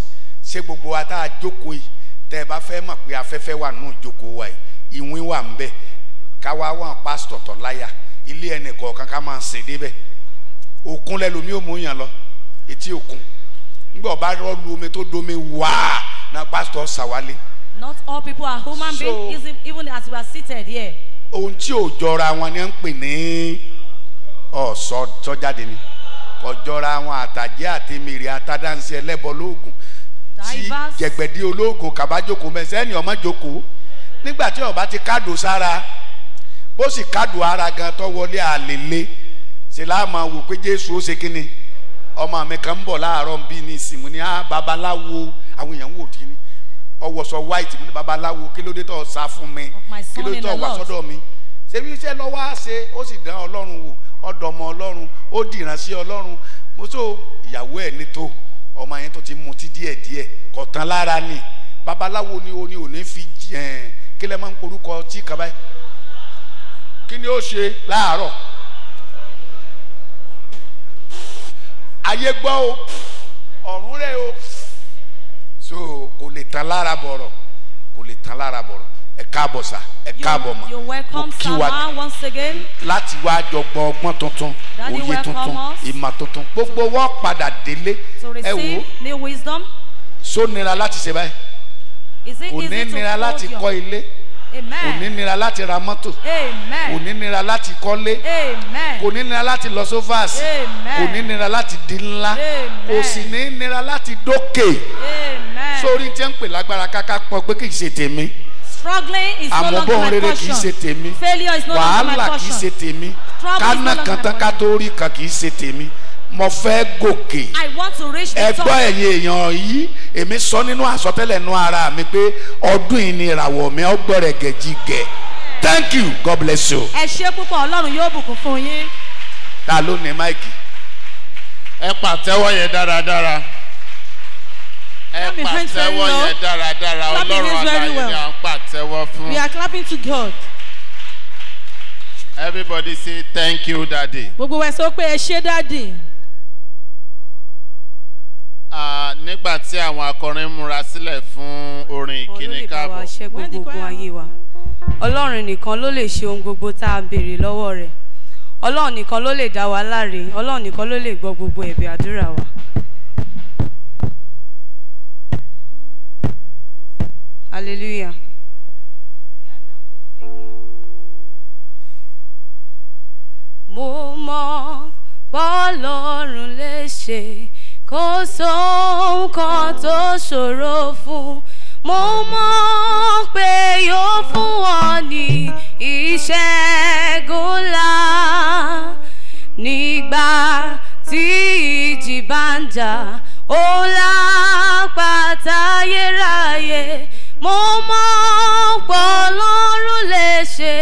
ṣé gbogbo wa tá a jókòó yìí tẹ́ ẹ bá fẹ́ mọ̀ pé afẹ́fẹ́ wà nù jókòó wa yìí ìwín wà ń bẹ ká wá wà pásítọ̀ tọ̀ láyà ilé ẹnì kọ̀ọ̀kan ká máa sìn débẹ̀ òkun lẹ́lòmí ò mú yàn lọ etí òkun ngbẹ ọba rọlu omi tó domi wá na pastor sawale. not all people are human so, beings even as we are seated here. ohun tí ò jọra wọn ni ń pè ní ọ̀sọ́ sọ́jáde ni kò jọra wọn àtàjẹ́ àti mìrì àtàdánsẹ́ ẹlẹ́bọ lóògùn tí jẹ̀gbẹ̀dì olóògùn kàbájókòó mẹ́sẹ̀ ẹni ọmọ jókòó nígbà tí ọba ti kádò sára bó sì kádò ara gan tó wọlé àlèlé ṣe láàmú wò ó ṣe kínni ọmọ mi kan ń bọ̀ láàárọ̀ bí ní ìsìn mo ní á ah, babaláwo àwọn èèyàn wò dín ní ọwọ́ sọ white mo ní babaláwo kí ló dé tọ̀ sá fún mi kí ló dé tọ̀ wá sọ́dọ̀ mi ṣebí iṣẹ́ lọ́wọ́ á ṣe ó sì dán ọlọ́run wò ọdọmọ ọlọ́run ó dìran sí ọlọ́run mo tó ìyàwó ẹ̀ ní tó ọmọ yẹn tó ti mutí díẹ̀díẹ̀ kọ̀tán lára ni babaláwo ni o ni ò ní fi kílẹ̀ máa ń korúkọ tí kaba kí ni ó ṣe láàárọ̀ ayé gbọ́ o ọ̀run rẹ̀ o so kò lè tán lára bọ̀rọ̀ kò lè tán lára bọ̀rọ̀ ẹ káàbọ̀ sà ẹ káàbọ̀ mà mo kí wa láti wá jọ gbọ́ ọgbọ́n tuntun òye tuntun ìmọ̀ tuntun gbogbo wọn padà délé ẹ wò ó so láti ṣe báyìí kò ní nira láti kọ́ ilé kò láti ra mọ́tò kò láti kọ́lé kò láti lọ sófàs kò láti di ńlá kò sì ní nira láti dókè sórí tí ń pè lágbára káká pọ̀ pé kì í ṣe tèmi struggling is no longer my portion failure is no my portion wàhálà kì í ṣe tèmi kánà kan tán ká kan kì í ṣe tèmi mo fẹ́ gòkè. I want to reach the top. èèyàn yìí èmi sọ nínú àsọtẹ́lẹ̀ nínú ara mi pé ọdún yìí ni ìràwọ̀ mi ọgbọ̀rẹ̀ gẹ̀jigẹ̀ thank you God bless you. ẹ ṣe púpọ̀ ọlọ́run yóò bùkún fún yín. ta ló ní máìkì. ẹ pàtẹ́wọ́ yẹn dáradára ẹ pàtẹ́wọ́ yẹn dáradára ọlọ́run aláyé à ń pàtẹ́wọ́ fún. we are clapping to God. everybody say thank you daddy. gbogbo ẹ̀ sọ pé ẹ ṣé daddy nígbà tí àwọn akọrin múra sílẹ̀ fún orin ìkíni káàbọ̀. ọlọ́run lè bá wa ayé wa ọlọ́run nìkan ló lè ṣe ohun gbogbo tá a béèrè lọ́wọ́ rẹ̀ ọlọ́run nìkan ló lè dá wa láre ọlọ́run nìkan ló lè gbọ́ gbogbo ẹ̀bẹ̀ àdúrà wa. hallelujah. mo mọ bọ́ọ̀lù ọ̀run lè ṣe kò sóhun kan tó ṣòro fún mo mọ̀ pé yóò fún ọ ní ìṣẹ́gun ńlá nígbà tí ìjì bá ń jà ó lápáta ayérayé mo mọ̀ pé Ọlọ́run lè ṣe.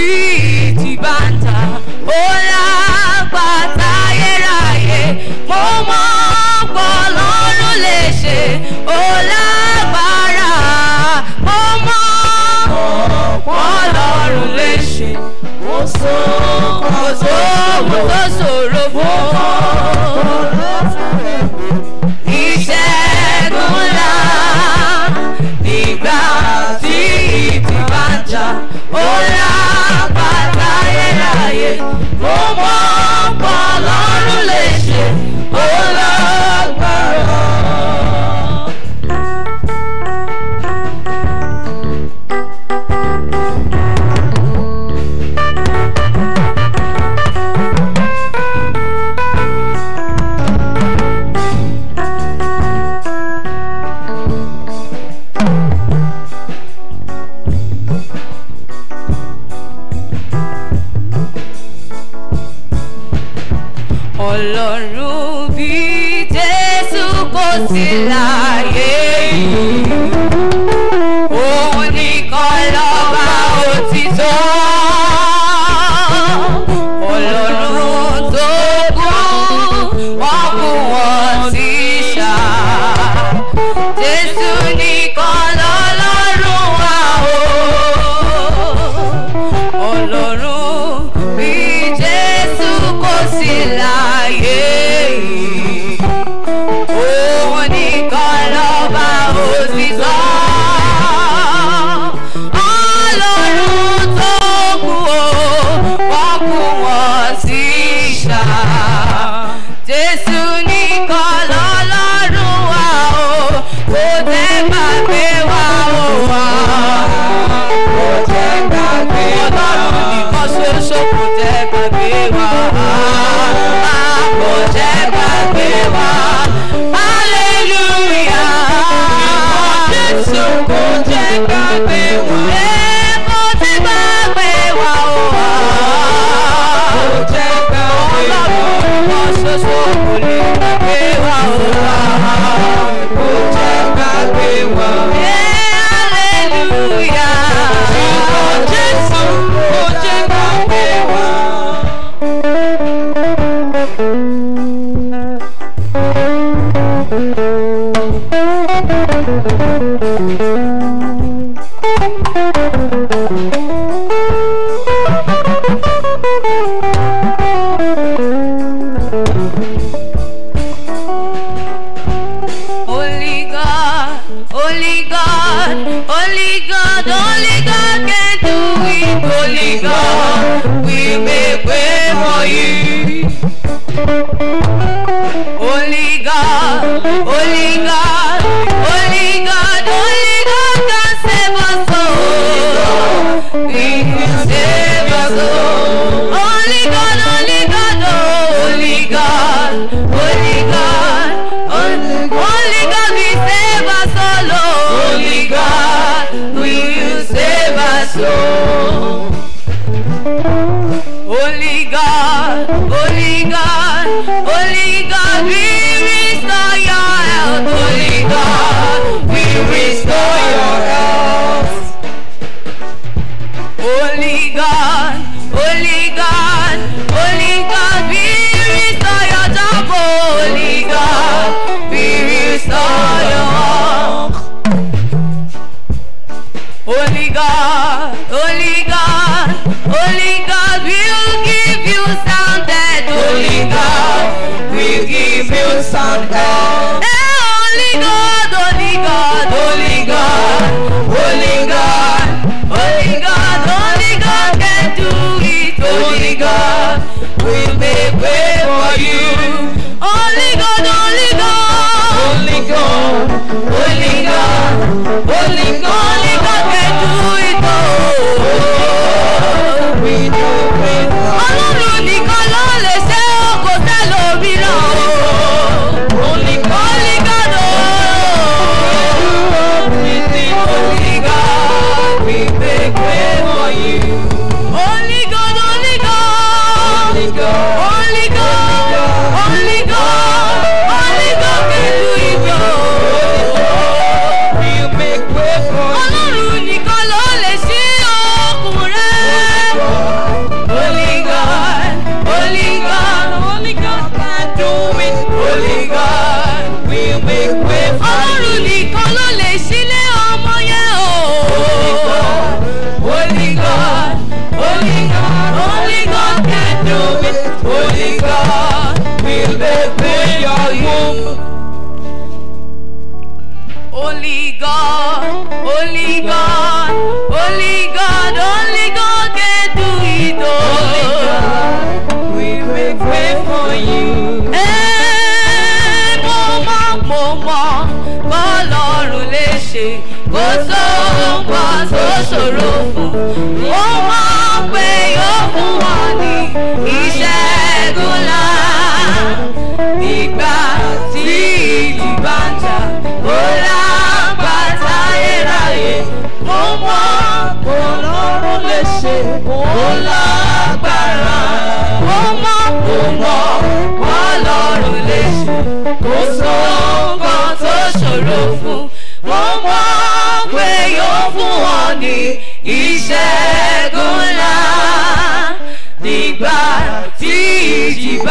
bí ìtìbàtà ó lágbàtà ayérayé mo mọ ọ̀pọ̀ lọ́rùn lè ṣe ó lágbára mo mọ ọ̀pọ̀ lọ́rùn lè ṣe mo sọ kò tó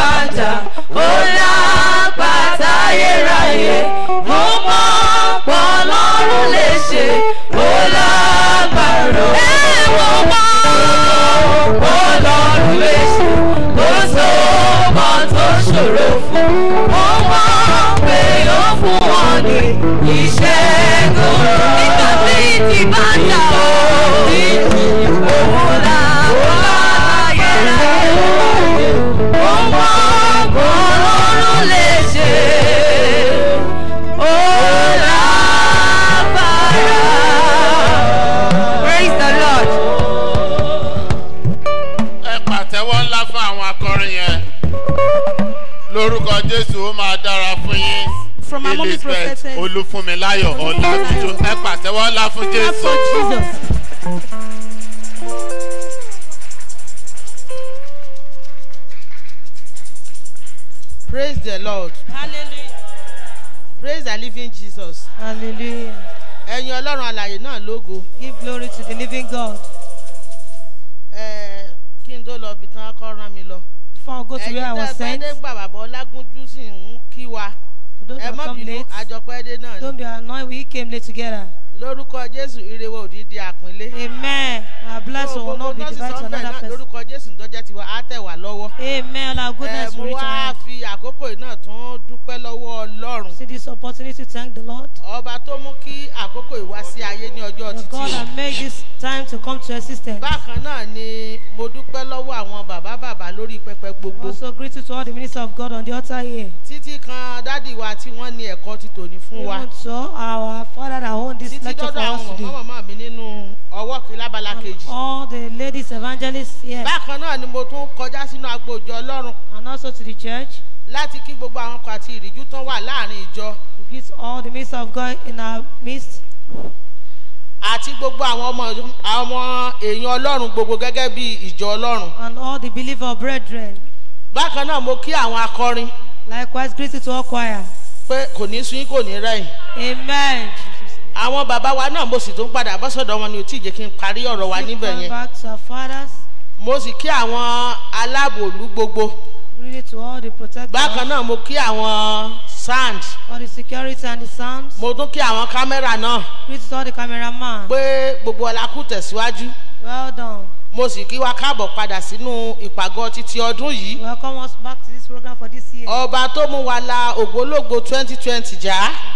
Bye. olúfúnmiláyọ̀ ọ̀làdújọ́ gbogbo gẹ́gẹ́ bí ìjọ Ọlọ́run. and all the believer brethren. bákan náà mo kí àwọn akọrin. likewise greeting to all choir. pé kò ní sún kò ní rẹ̀yìn. amen. àwọn bàbá wa náà mo sì tún padà bọ́ sọ́dọ̀ wọn ni ò tí ì jẹ́ kí n parí ọ̀rọ̀ wa níbẹ̀ yẹn. back to our fathers. mo sì kí àwọn aláàbòlú gbogbo. greeting to all the protectors. bákan náà mo kí àwọn sand. all the security and the sounds. mo tún kí àwọn kámẹ́rà náà. greeting to all the cameraman. pé gbogbo ọlá kù tẹ̀síwájú. Well done. Mo sì kí wa káàbọ̀ padà sínú ìpàgọ́ títí ọdún yìí. Welcome us back to this program for this year. Ọba tó mú wa la ògbólógbò twenty twenty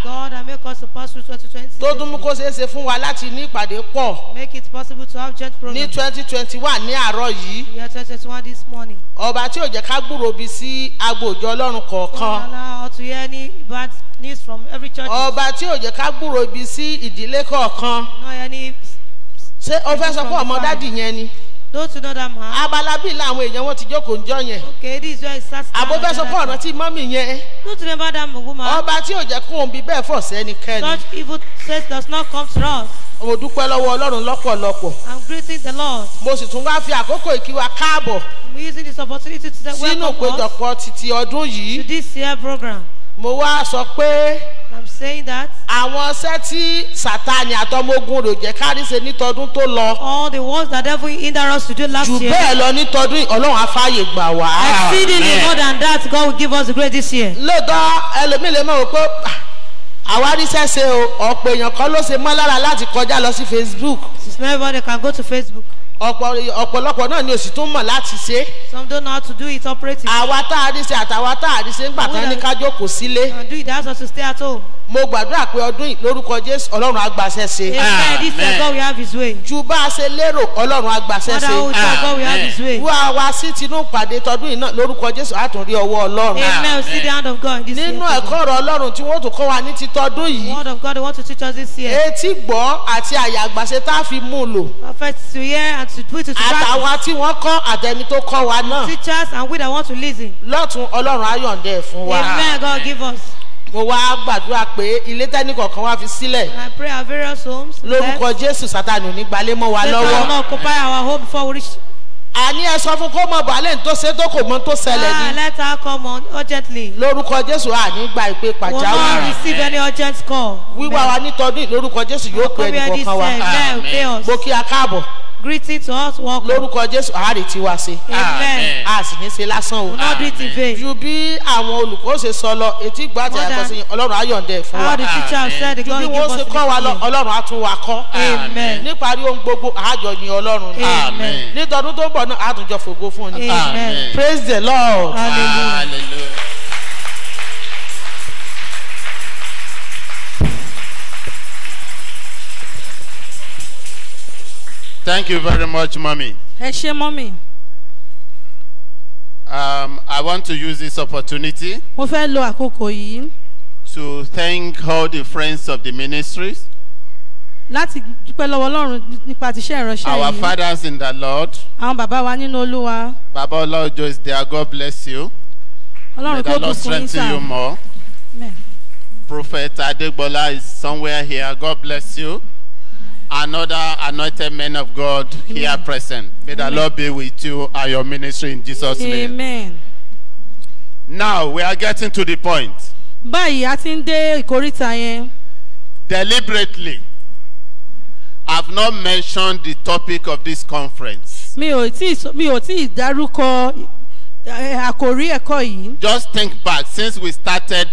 God I make us to pass through 2020. twenty. Tó tún mú kó ṣeé ṣe fún wa láti ní ìpàdé pọ̀. Make it possible to have joint program. Ní 2021. twenty one ní àárọ̀ yìí. Year twenty this morning. Ọba tí ò jẹ́ ká gbúròó bí sí agbòjọ́ Ọlọ́run kọ̀ọ̀kan. God allow us to hear any bad news from every church. Ọba tí ò jẹ́ ká gbúròó bí sí ìdílé kọ̀ọ̀kan. No any ṣé o fẹ́ sọ pé ọmọ dádì yẹn ni. those another man. abala bíi làwọn èèyàn wọn ti jókòó njọ yẹn. okay this is where it starts. àbò fẹ́ sọ pé ọ̀nà tí mọ́mì yẹn. woman. ọba tí ò jẹ́ kóun bí bẹ́ẹ̀ fọ̀ sẹ́nikẹ́ni. such does not come to mo dúpẹ́ lọ́wọ́ ọlọ́run lọ́pọ̀lọpọ̀. i'm greeting the lord. mo sì tún wá fi àkókò ìkíwa káàbọ̀. using this opportunity to welcome sínú ìpéjọpọ̀ títí ọdún yìí. to this year program mo wá sọ pé. i'm saying that. àwọn iṣẹ́ tí sàtáni àtọmọ́gun rò jẹ́ káríṣe nítọdún tó lọ. all the ones that devil hinder us to do last year. jù bẹ́ẹ̀ lọ nítọdún ọlọ́run afáàyè gbà wá. exceedingly more than that God will give us the grace this year. lóòótọ́ ẹlòmíì lè mọ̀ wò pé ah, àwa ríṣẹ́ ṣe ọ̀pọ̀ èèyàn kan ló ṣe mọ́ lára láti kọjá lọ sí facebook. since everybody can go to facebook ọ̀pọ̀lọpọ̀ náà ni òsì tún mọ̀ láti ṣe. some don't know how to do it operating. àwa tá a rí ṣe àtàwa tá a rí ṣe ń gbà tán ní ká jókòó sílé. do it that's how to stay at home mo gbàdúrà pé ọdún yìí lórúkọ jésù ọlọ́run á gbàṣẹ́ ṣe. amen this year God will have his way. ju bá a ṣe lérò ọlọ́run á gbàṣẹ́ ṣe. father oh, God will have his way. wá wa sí tinú pàdé tọdún yìí náà lórúkọ jésù á tún rí ọwọ́ ọlọ́run. amen see the hand of God this year. nínú ẹ̀kọ́ ọ̀rọ̀ ọlọ́run tí wọ́n tún kọ́ wa ní ti tọdún yìí. word of God they want to teach us this year. etí gbọ́ àti àyà àgbàṣe tá a fi mú un lò. to hear and to put it to practice. àtàwa tí wọ́n kọ́ àtẹni tó kọ́ wa náà. teachers and we that want to lis ten. lọ́tún ọlọ́run á yọ̀ǹda ẹ̀ fún wa. amen God give us mo wá gbàdúrà pé ilé tẹ́ni wá fi sílẹ̀. I pray our various homes. lórúkọ Jésù sátánù ní mọ́ wa lọ́wọ́. occupy our home before we reach àní ẹ sọ fún kó mọ bàálẹ̀ tó ṣe tó kò mọ tó ṣẹlẹ̀ ah, ni. ah let her come on urgently. lórúkọ jésù àní gba ìpè pàjáwìrì. we will receive any urgent call. wíwá wa nítọ́dún lórúkọ jésù yóò pè ẹnì kọ̀ọ̀kan wa. mo kí a káàbọ̀ greeting to us welcome. lórúkọ jésù àárẹ̀ tí wá sí. amen As sì ní ṣe lásán o. not do it in vain. ju bí àwọn olùkọ́ ṣe sọ lọ etí ìgbà àti àgbà sí ọlọ́run ayọ̀ǹdẹ̀ fún wa. how the teacher said the God give us the gift. ju bí wọ́n ṣe kọ́ wa lọ ọlọ́run á tún wa kọ́. amen níparí ohun gbogbo àjọ ni ọlọ́run ni. amen nítorí tó ń bọ̀ náà àtúnjọ fògo fún ni. amen praise the lord. hallelujah. hallelujah. Thank you very much, Mommy. Ẹ ṣe mọ́mì. Um, I want to use this opportunity. Mo fẹ́ lo àkókò yìí. To thank all the friends of the ministries. Láti dúpẹ́ lọ́wọ́ Ọlọ́run nípa àtiṣe ìránṣẹ́ yìí. Our fathers in the Lord. Àwọn bàbá wa nínú Olúwa. Bàbá Ọlọ́jọ́ is there, God bless you. Ọlọ́run kó bùkún yín sá. May the strengthen you more. Prophet Adegbola is somewhere here, God bless you another anointed man of God here present. May the Lord be with you and your ministry in Jesus' name. Amen. Now we are getting to the point. Báyìí a Deliberately, I've not mentioned the topic of this conference. Mi ò tí mi ò tí dárúkọ eh, àkòrí ẹ̀kọ́ yìí. Just think back since we started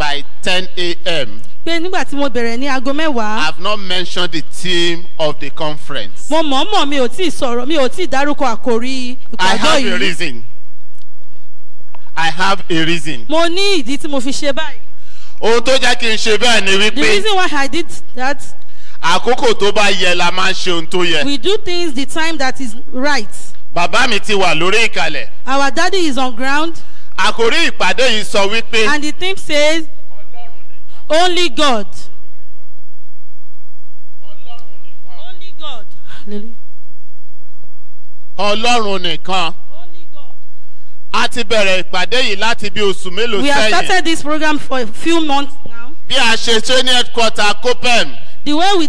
by ten a.m. pé nígbà tí mo bẹ̀rẹ̀ ní aago mẹ́wàá. I have not mentioned the theme of the conference. mo mọ̀ọ́mọ̀ mi ò tí sọ̀rọ̀ mi ò tí dárúkọ àkòrí ìpàdé yìí. I have a reason. I have a reason. mo ní ìdí tí mo fi ṣe báyìí. ohun tó jẹ́ kí n ṣe bẹ́ẹ̀ ni wípé. the reason why I did that. àkókò tó bá yẹ la máa ń ṣe ohun tó yẹ. we do things the time that is right. bàbá mi ti wà lórí ìkàlẹ̀. our daddy is on ground àkórí ìpàdé yìí sọ wípé. and the theme says only God. ọlọ́run nìkan. a ti bẹ̀rẹ̀ ìpàdé yìí láti bí oṣù mélòó sẹ́yìn. we have started this program for a few months now. bí a ṣe ṣe ní headquarter copem. the way we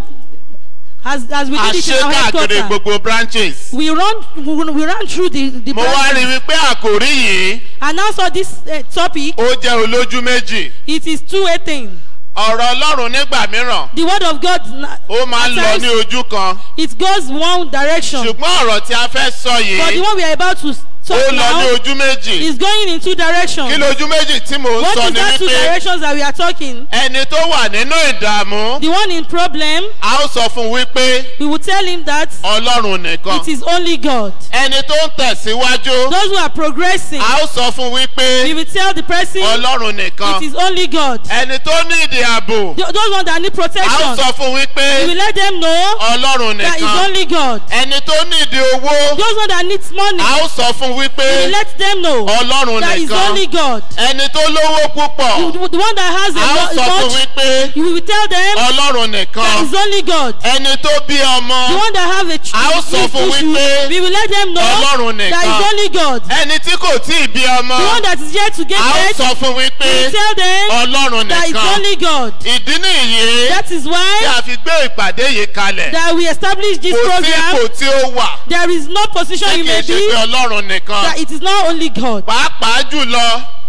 as as we did it in our headquarters. we run we run through the the branches. mo wá rí i wípé àkòrí yìí. and now so this uh, topic. ó jẹ́ olójú méjì. it is two eighteen. ọ̀rọ̀ ọlọ́run nígbà mìíràn. the word of God. ó máa ń lọ ní ojú kan. it goes one direction. ṣùgbọ́n ọ̀rọ̀ tí a fẹ́ sọ yìí. but the one we are about to so now ó lọ ní ojú méjì. is going in two directions. kí lójú méjì tí mò ń sọ ni wípé. what is that two directions that we are talking. ẹni tó wà nínú ìdààmú. the one in problem. a ó sọ fún wípé. we will tell him that. ọlọ́run nìkan. it is only God. ẹni tó ń tẹ̀síwájú. those who are progressing. a ó sọ fún wípé. we will tell the person. ọlọ́run nìkan. it is only God. ẹni tó ní ìdí those ones that need protection. a ó sọ fún wípé. we will let them know. ọlọ́run nìkan. that is only God. ẹni tó ní ìdí owó. those ones that need money. a ó sọ fún wọn wípé. you let them know. ọlọ́run nìkan. that is only God. ẹni tó lówó púpọ̀. the one that has a lot. a sọ fún wípé. you will tell them. ọlọ́run nìkan. that is only God. ẹni tó bí ọmọ. the one that have a child. a sọ fún wípé. we will let them know. ọlọ́run nìkan. that is only God. ẹni tí kò tí ì bí ọmọ. the one that is yet to get married. a sọ fún wípé. we will tell them. ọlọ́run nìkan. that is only God. ìdí nìyí. that is why. tí a fi gbé ìpàdé yìí kalẹ̀. that we establish this program. kò sí ipò tí ó wà. there is no position you may be. ṣé kìí ṣe pé ọlọ́run nìkan nìkan. that it is not only God. pàápàá jùlọ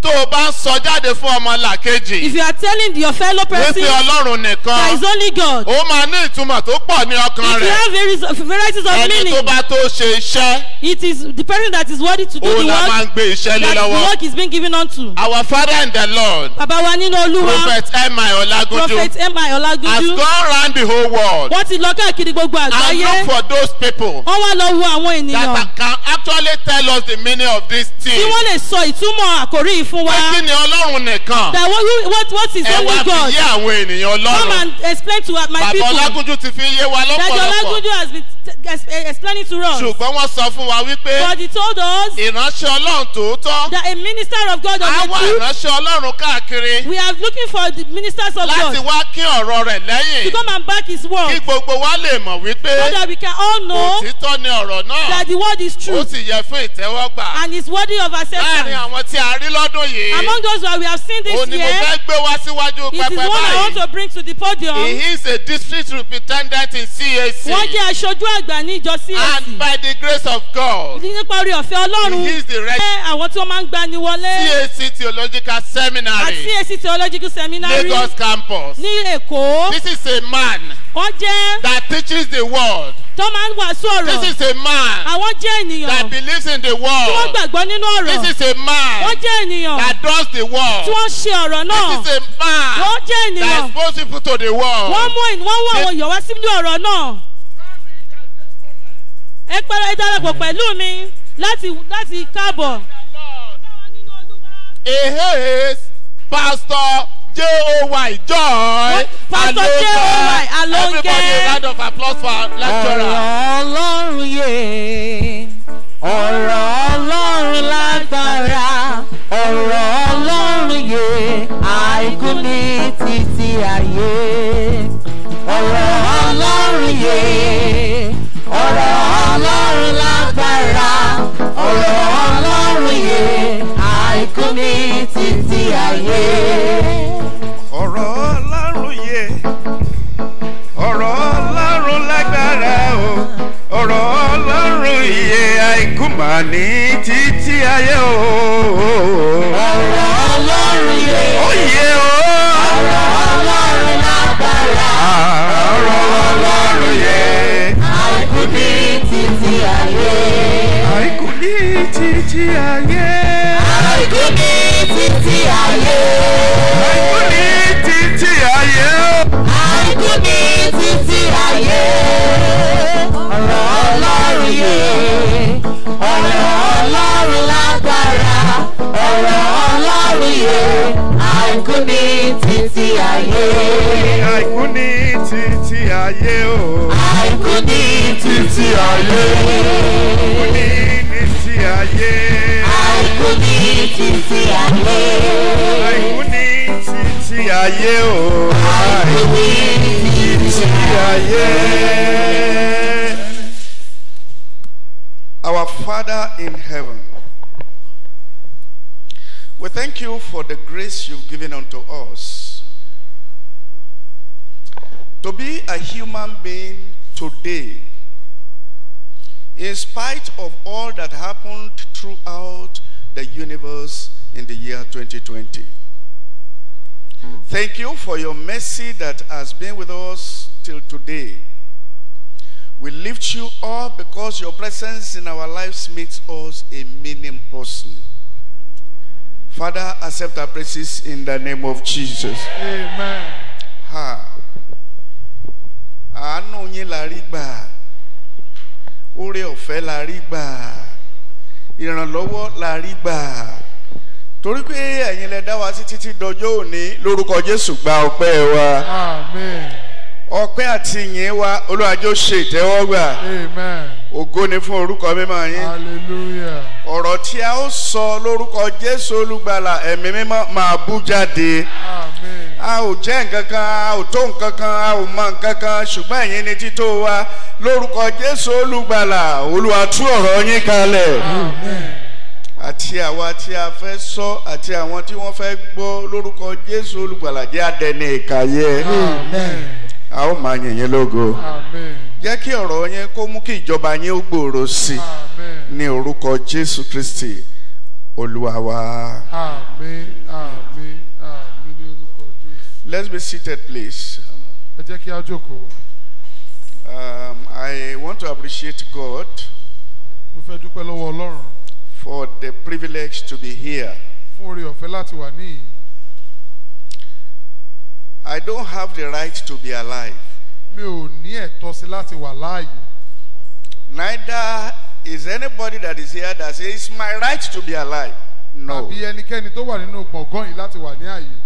tó o bá ń sọ jáde fún ọmọ làkejì. if you are telling your fellow person. wípé ọlọ́run nìkan. that is only God. ó máa ní ìtumọ̀ tó pọ̀ ní ọkàn rẹ̀. if you have various varieties of meaning. ẹni tó bá tó ṣe iṣẹ́. it is the person that is worthy to do o the work. òun la máa ń gbé iṣẹ́ lé lọ́wọ́. that the work is being given unto. our father in the lord. bàbá wa nínú olúwa. prophet Emma olagunju. prophet emi olagunju. has gone round the whole world. wọ́n ti lọ káàkiri gbogbo àgbáyé. and look for those people. wọ́n wá lọ wo àwọn ènìyàn. that can actually tell us the meaning of this thing. tí wọ́n lè sọ ìtumọ̀ àkòrí ìf fún wa. pé kí ni ọlọ́run nìkan. that what you what what is only God. ẹ wá fi yé àwọn ènìyàn ọlọ́run. come and explain to my people. bàbá ọlágúnjú ti fi yé wa lọ́pọ̀lọpọ̀. dájọ́ ọlágúnjú has been explaining to us. ṣùgbọ́n wọ́n sọ fún wa wípé. but told us. ìránṣẹ́ Ọlọ́run tòótọ́. that a minister of God of the truth. àwọn ìránṣẹ́ Ọlọ́run káàkiri. we are looking for the ministers of God. láti wá kí ọ̀rọ̀ rẹ̀ lẹ́yìn. to come and back his word. kí gbogbo wa lè mọ̀ wípé. so that we can all know. òtítọ́ ni ọ̀rọ̀ náà. that the word is true. ó sì yẹ fún ìtẹ́wọ́gbà. and is worthy of acceptance. láàrin àwọn tí a rí lọ́dún yìí. among those who we have seen this year. òní fẹ́ gbé wá síwájú pẹpẹ báyìí. it is one I want to bring to the podium. he is a district representative in CAC. wọ́n jẹ́ aṣojú àgbà ní ìjọ CAC. and by the grace of God. nípa orí ọ̀fẹ́ ọlọ́run. he is the rest. àwọn tí wọ́n máa ń gbani wọlé. CAC theological seminary. at CAC theological seminary. Lagos campus. ní Èkó. this is a man. kan jẹ́. that teaches the world tó máa ń wàásù ọ̀rọ̀. this is a man. àwọn jẹ́ ènìyàn. that believes in the world. tí wọ́n gbàgbọ́ nínú ọ̀rọ̀. this is a man. wọ́n jẹ́ ènìyàn. that does the world. tí wọ́n ṣe ọ̀rọ̀ náà. this is a man. wọ́n jẹ́ ènìyàn. that expose people to the world. wọ́n mú wọ́n wọ àwọn èèyàn wá ọ̀rọ̀ náà ẹ pẹ́rọ ẹ darapọ̀ pẹ̀lú mi láti láti káàbọ̀. ehe pastor joy joy pastor joy alonge everybody round of applause for lecturer. ọ̀rọ̀ ọlọ́run yé ọ̀rọ̀ ọlọ́run lágbára ọ̀rọ̀ ọlọ́run yé àìkú ní títí ayé ọ̀rọ̀ ọlọ́run yé ọ̀rọ̀ ọlọ́run lágbára ọ̀rọ̀ ọlọ́run yé àìkú mi títí ayé. ọ̀rọ̀ ọlọ́run o ọ̀rọ̀ ọlọ́run yé àìkú mà ní o. ọ̀rọ̀ ọlọ́run yé oyè o. ọ̀rọ̀ ọlọ́run lágbára ọ̀rọ̀ ọlọ́run yé àìkú ní títí ayé. àìkú ní títí ayé. àìkú ní títí ayé. àìkú ní títí ayé. ọ̀rọ̀ ọlọ́run yé ọ̀rọ̀ ọlọ́run lágbára ọ̀rọ̀ ọlọ́run yé àìkú ní títí ayé. àìkú ní títí ayé. ayé o. àìkú ní títí ayé. àìkú ní títí ayé. àìkú ní títí ayé. àìkú ní títí ayé o. àìkú ní títí ayé. Our Father in heaven, we thank you for the grace you've given unto us to be a human being today, in spite of all that happened throughout the universe in the year 2020. Thank you for your mercy that has been with us till today. We lift you up because your presence in our lives makes us a meaning person. Father, accept our praises in the name of Jesus. Amen. Ha. àánú yín la rí gbà oore ọ̀fẹ́ la rí gbà ìrànlọ́wọ́ la rí gbà torí pé ẹ̀yin lẹ dá wa sí títí dọjọ́ òní lórúkọ Jésù gba ọpẹ́ wa àmín ọpẹ́ àti ìyìn wa Olúwa jọ̀ọ́ ṣe ìtẹ́wọ́gbà. Amen ògo ni fún orúkọ mímọ́ yín. hallelujah. ọ̀rọ̀ tí a ó sọ lórúkọ jésù olùgbàlà ẹ̀mí mímọ́ máa bú jáde. amen. a ò jẹ́ nǹkan kan a ò tó nǹkan kan a ò mọ nǹkan kan ṣùgbọ́n ẹ̀yin ni tító wa lórúkọ jésù olùgbàlà olúwa tú ọ̀rọ̀ yín kalẹ̀. amen. àti àwa tí a fẹ́ sọ àti àwọn tí wọ́n fẹ́ gbọ́ lórúkọ jésù olùgbàlà jẹ́ adẹni ìkàyẹ. amen. a ó máa yìnyín lógo. amen. jẹ́ kí ọ̀rọ̀ yẹn kó mú kí ìjọba yẹn ó gbòòrò sí i ní orúkọ Jésù Kristi Olúwa wa. Àmín àmín àmín ní orúkọ Jésù. Let's be seated please. Ẹ jẹ́ kí a jókòó. Um, I want to appreciate God. Mo fẹ́ dúpẹ́ lọ́wọ́ Ọlọ́run. For the privilege to be here. Fún ọ̀fẹ́ láti wà níyì. I don't have the right to be alive. mi ò ní ẹ̀tọ́ sí láti wà láàyè. neither is anybody that is here that says it's my right to be alive. no. àbí ẹnikẹ́ni tó wà nínú gbọ̀ngàn yìí láti wà ní àyè.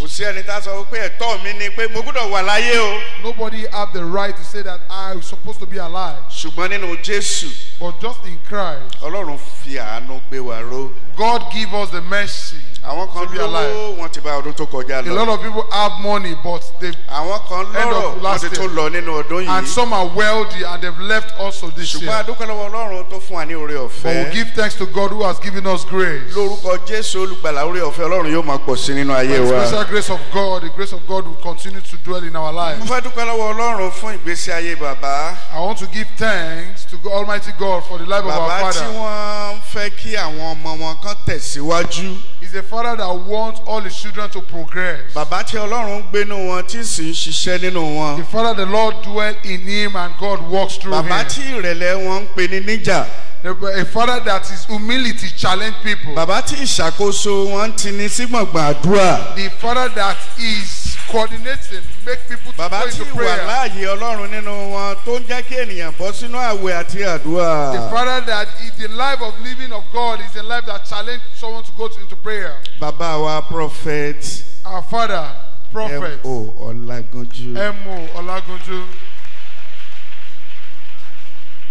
kò sí ẹni tá a sọ pé ẹ̀tọ́ mi ni pé mo gbọ́dọ̀ wà láyé o. nobody have the right to say that I was supposed to be alive. ṣùgbọ́n nínú Jésù. but just in Christ. Ọlọ́run fi àánú gbé wa ró. God give us the mercy àwọn kan lówó wọn ti bá ọdún tó kọjá lọ. a lot of people have money but they. àwọn kan lọ́rọ̀ wọn ti tún lọ nínú ọdún yìí. and some are wealthy and they have left also this year. ṣùgbọ́n adúgbòlọ́wọ́ ọlọ́run tó fún wa ní oore ọ̀fẹ́. but we give thanks to God who has given us grace. lórúkọ jésù olùgbàlà oore ọ̀fẹ́ ọlọ́run yóò máa pọ̀ sí nínú ayé wa. the special grace of God the grace of God will continue to dwell in our lives. mo fẹ́ dúpẹ́lọ́wọ́ ọlọ́run fún ìgbésí ayé bàbá. I want to give thanks to Almighty God for the life of our father. bàbá tí wọ́n fẹ́ kí àwọn ọmọ wọn kan tẹ̀síwájú. is a father that wants all his children to progress. Bàbá tí Ọlọ́run gbénu wọn tí sì ń ṣiṣẹ́ nínú wọn. The father the Lord dwell in him and God works through Bàbá him. Bàbá tí ìrẹ̀lẹ̀ wọn ń pè ní níjà. A father that is humility challenge people. Bàbá tí ìṣàkóso wọn ti ní sígbọ̀ngbọ̀n àdúrà. The father that is coordinating make people to go into prayer. Bàbá tí wà láàyè Ọlọ́run nínú wọn tó ń jẹ́ kí ènìyàn bọ́ sínú àwẹ̀ àti àdúrà. The father that is the life of living of God is a life that challenge someone to go into prayer bàbá wa prophet. our father prophet. M.O. Ọlágunjú. M.O. Ọlágunjú.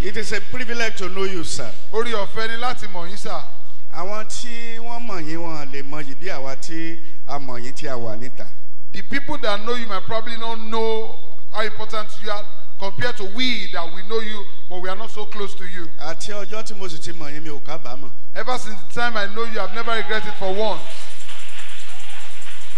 It is a privilege to know you, sir. Orí ọ̀fẹ́ ni láti mọ̀ yín, sir. Àwọn tí wọ́n mọ̀ yín wọn lè mọ yìí bí àwa tí a mọ̀ yín tí a wà níta. The people that know you might probably not know how important you are compared to we that we know you but we are not so close to you. Àti ọjọ́ tí mo sì ti mọ̀ yín mi ò kábàámọ̀. Ever since the time I know you, I've never regretted for once